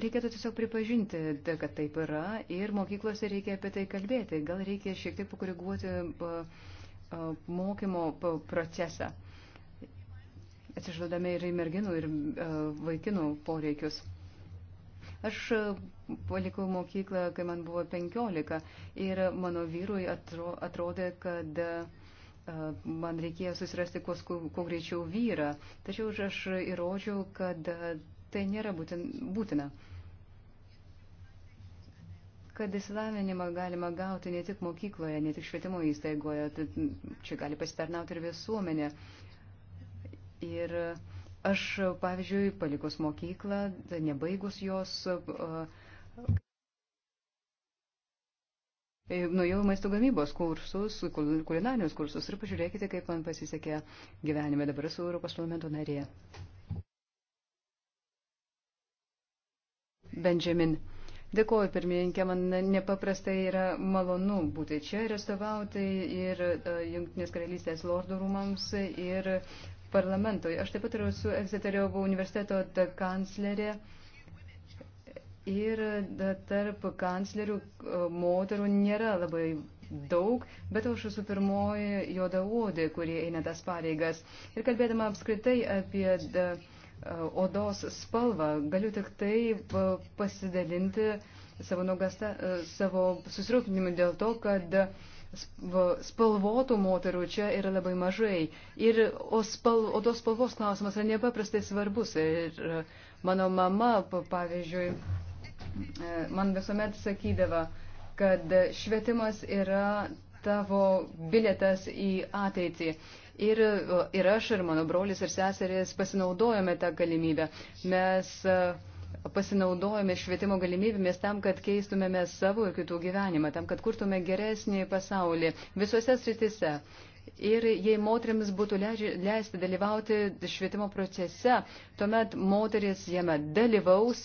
Reikėtų tiesiog pripažinti, kad taip yra ir mokyklose reikia apie tai kalbėti. Gal reikia šiek tiek pakoreguoti mokymo procesą, atsižvelgdami ir į merginų, ir vaikinų poreikius. Aš palikau mokyklą, kai man buvo 15 ir mano vyrui atro, atrodė, kad man reikėjo susirasti kuo, kuo greičiau vyrą. Tačiau aš įrodžiau, kad tai nėra būtina kad įsilavinimą galima gauti ne tik mokykloje, ne tik švietimo įstaigoje, čia gali pasitarnauti ir visuomenė. Ir aš, pavyzdžiui, palikus mokyklą, tai nebaigus jos, e, nuėjau maisto gamybos kursus, kulinarinius kursus ir pažiūrėkite, kaip man pasisekė gyvenime dabar su Europos parlamento narė. Benjamin. Dėkuoju, pirmininkė, man nepaprastai yra malonu būti čia ir atstovauti ir e, Junktinės karalystės lordų rūmams ir parlamentui. Aš taip pat ir su Exeterio universiteto kanclerė. Ir tarp kanclerių e, moterų nėra labai daug, bet aš esu pirmoji jodaodė, kurie eina tas pareigas. Ir kalbėdama apskritai apie... Da, odos spalvą. Galiu tik tai pasidalinti savo, nugasta, e, savo susirūpinimu dėl to, kad spalvotų moterų čia yra labai mažai. Ir o spal, odos spalvos klausimas yra nepaprastai svarbus. Ir e, mano mama, pavyzdžiui, e, man visuomet sakydavo, kad švietimas yra tavo bilietas į ateitį. Ir, ir aš, ir mano brolis ir seserės pasinaudojome tą galimybę. Mes e, pasinaudojame švietimo galimybėmis tam, kad keistumėme savo ir kitų gyvenimą, tam, kad kurtume geresnį pasaulį visose sritise. Ir jei moteriams būtų leisti dalyvauti švietimo procese, tuomet moteris jame dalyvaus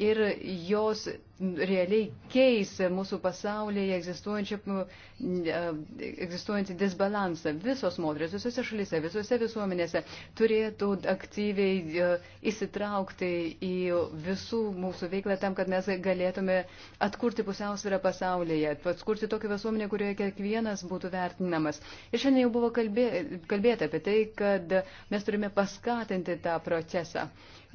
ir jos realiai keis mūsų pasaulyje egzistuojantį disbalansą. Visos moteris, visose šalyse, visose visuomenėse turėtų aktyviai e, įsitraukti į visų mūsų veiklą tam, kad mes galėtume atkurti pusiausvyrą pasaulyje, atkurti tokią visuomenę, kurioje kiekvienas būtų vertinamas. Ir šiandien jau buvo kalbė, kalbėta apie tai, kad mes turime paskatinti tą procesą.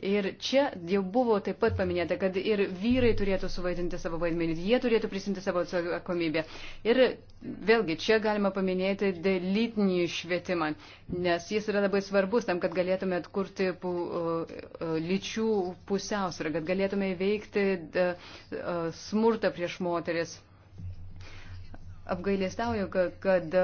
Ir čia jau buvo taip pat paminėta, kad ir vyrai turėtų suvaidinti savo vaidmenį, jie turėtų prisimti savo atsakomybę. Ir vėlgi čia galima paminėti lytinį švietimą, nes jis yra labai svarbus tam, kad galėtume atkurti pu, lyčių pusiausvyrą, kad galėtume įveikti smurtą prieš moteris apgailėstauju, kad, kad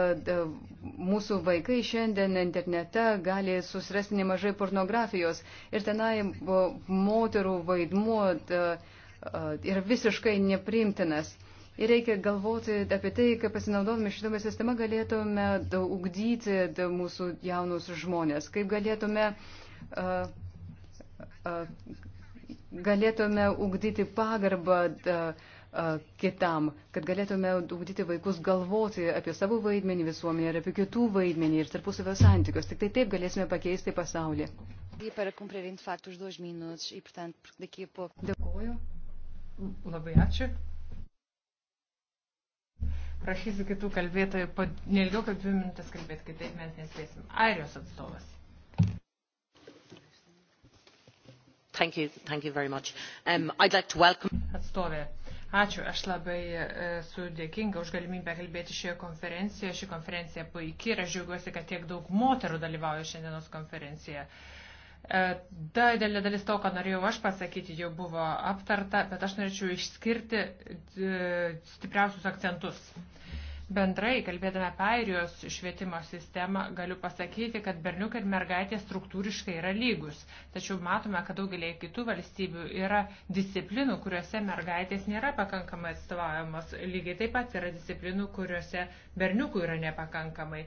mūsų vaikai šiandien internete gali susirasti nemažai pornografijos ir tenai moterų vaidmuo yra visiškai nepriimtinas. Ir reikia galvoti apie tai, kaip pasinaudodami šitame sistema galėtume ugdyti mūsų jaunus žmonės, kaip galėtume, galėtume ugdyti pagarbą. Da, kitam, kad galėtume ugdyti vaikus galvoti apie savo vaidmenį visuomenėje ir apie kitų vaidmenį ir tarpusavio santykius. Tik tai taip galėsime pakeisti pasaulį. E, Dėkuoju. Labai ačiū. Prašysiu kitų kalbėtojų, nelgiau kaip dvi minutės kalbėti, kitaip mes nespėsim. Airijos atstovas. Thank you, thank you very much. Um, I'd like to welcome... Atstovė. Ačiū, aš labai e, esu dėkinga už galimybę kalbėti šioje konferencijoje. Ši konferencija puikiai ir aš džiaugiuosi, kad tiek daug moterų dalyvauja šiandienos konferencijoje. E, didelė dalis to, ką norėjau aš pasakyti, jau buvo aptarta, bet aš norėčiau išskirti stipriausius akcentus. Bendrai, kalbėdami apie airijos švietimo sistemą, galiu pasakyti, kad berniukai ir mergaitės struktūriškai yra lygus. Tačiau matome, kad daugelėje kitų valstybių yra disciplinų, kuriuose mergaitės nėra pakankamai atstovaujamos. Lygiai taip pat yra disciplinų, kuriuose berniukų yra nepakankamai.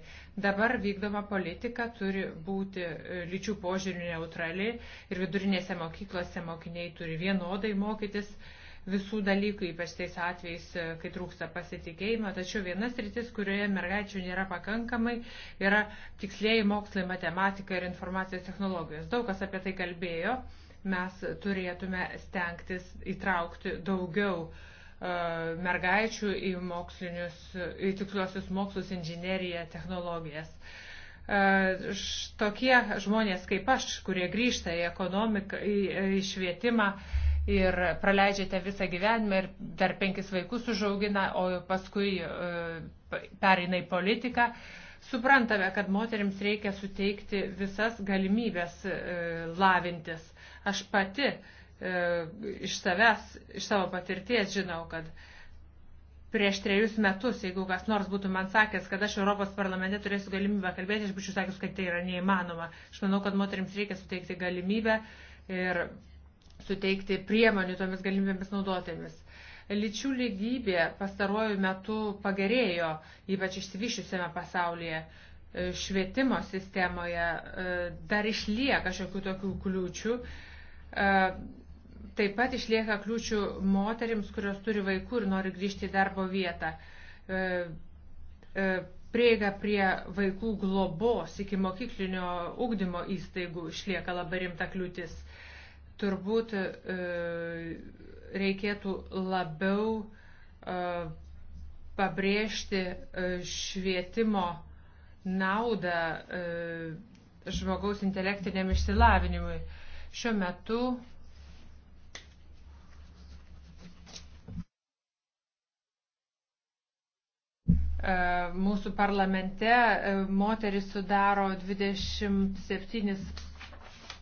Dabar vykdoma politika turi būti e, lyčių požiūrių neutrali ir vidurinėse mokyklose mokiniai turi vienodai mokytis visų dalykų, ypač tais atvejais, e, kai trūksta pasitikėjimo. Tačiau vienas rytis, kurioje mergaičių nėra pakankamai, yra tikslėjai mokslai, matematika ir informacijos technologijos. Daug kas apie tai kalbėjo. Mes turėtume stengtis įtraukti daugiau e, mergaičių į mokslinius, į tiksliuosius mokslus, inžineriją, technologijas. E, tokie žmonės kaip aš, kurie grįžta į ekonomiką, į, į švietimą, ir praleidžiate visą gyvenimą ir dar penkis vaikus užaugina, o paskui e, pereina į politiką. Suprantame, kad moteriams reikia suteikti visas galimybės e, lavintis. Aš pati e, iš savęs, iš savo patirties žinau, kad prieš trejus metus, jeigu kas nors būtų man sakęs, kad aš Europos parlamente turėsiu galimybę kalbėti, aš būčiau sakęs, kad tai yra neįmanoma. Aš manau, kad moteriams reikia suteikti galimybę ir suteikti priemonių tomis galimybėmis naudotėmis. Lyčių lygybė pastaruoju metu pagerėjo, ypač išsivyščiusiame pasaulyje. E, švietimo sistemoje e, dar išlieka šiokių tokių kliūčių. E, taip pat išlieka kliūčių moterims, kurios turi vaikų ir nori grįžti į darbo vietą. Prieiga prie vaikų globos iki mokyklinio ugdymo įstaigų išlieka labai rimta kliūtis turbūt e, reikėtų labiau e, pabrėžti e, švietimo naudą žmogaus intelektiniam išsilavinimui. Šiuo metu mūsų parlamente moteris sudaro 27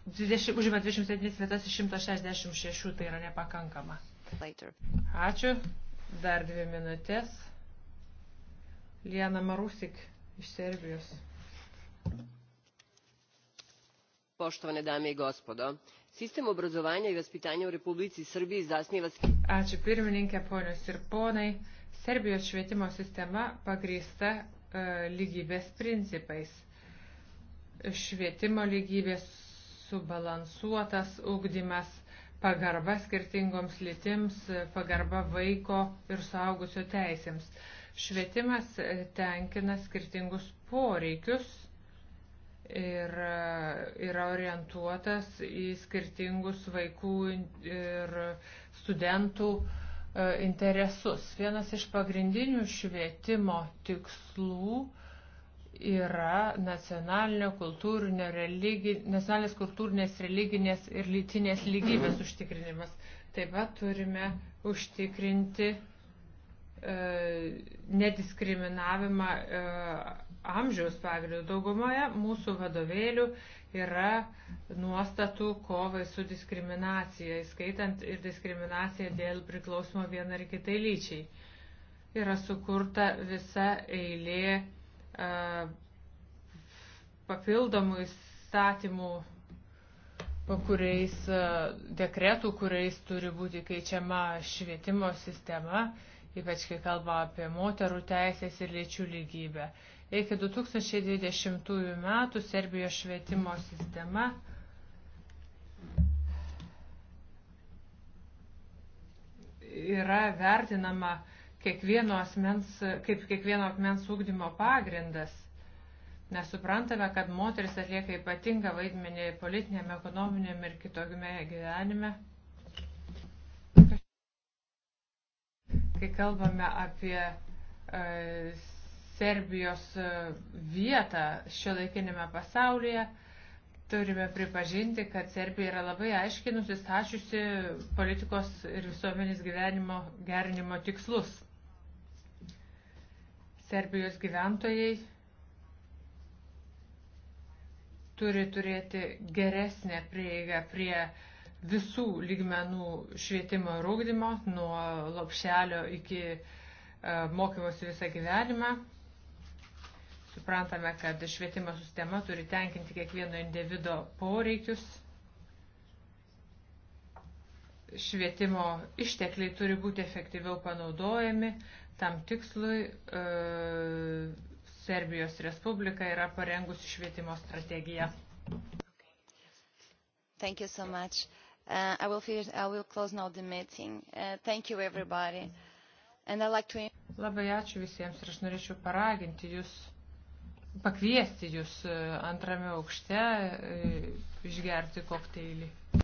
20, užima 27 vietas iš 166, tai yra nepakankama. Ačiū. Dar dvi minutės. Liana Marusik iš Serbijos. Poštovane dame i gospodo, sistem obrazovanja i vaspitanja u Republici Srbiji zasniva... Ačiū pirmininkė, ponios ir ponai. Serbijos švietimo sistema pagrįsta e, lygybės principais. Švietimo lygybės subalansuotas ugdymas, pagarba skirtingoms lytims, pagarba vaiko ir suaugusio teisėms. Švietimas tenkina skirtingus poreikius ir e, yra orientuotas į skirtingus vaikų ir studentų e, interesus. Vienas iš pagrindinių švietimo tikslų yra nacionalinio, kultūrinio, religi, nacionalinės kultūrinės, religinės ir lytinės lygybės užtikrinimas. Taip pat turime užtikrinti e, nediskriminavimą e, amžiaus pagrindų. Daugumoje mūsų vadovėlių yra nuostatų kovai su diskriminacija, įskaitant ir diskriminaciją dėl priklausimo vienai ar kitai lyčiai. Yra sukurta visa eilė papildomų įstatymų, kuriais dekretų, kuriais turi būti keičiama švietimo sistema, ypač kai kalba apie moterų teisės ir lyčių lygybę. Iki 2020 metų Serbijos švietimo sistema yra vertinama kiekvieno asmens, kaip kiekvieno akmens ūkdymo pagrindas. Mes suprantame, kad moteris atlieka ypatingą vaidmenį politinėme, ekonominėme ir kitokiame gyvenime. Kai kalbame apie e, Serbijos e, vietą šio laikinėme pasaulyje, turime pripažinti, kad Serbija yra labai aiškiai nusistačiusi politikos ir visuomenės gyvenimo gerinimo tikslus. Serbijos gyventojai turi turėti geresnę prieigą prie visų lygmenų švietimo ir ūkdymo, nuo lopšelio iki e, mokymosi visą gyvenimą. Suprantame, kad švietimo sistema turi tenkinti kiekvieno individo poreikius. Švietimo ištekliai turi būti efektyviau panaudojami, Tam tikslui e, Serbijos Respublika yra parengusi švietimo strategiją. Thank you so much. Uh, I will finish, I will close now the meeting. Uh, thank you everybody. And I like to... Labai ačiū visiems ir aš norėčiau paraginti jūs, pakviesti jūs uh, antrame aukšte uh, išgerti kokteilį.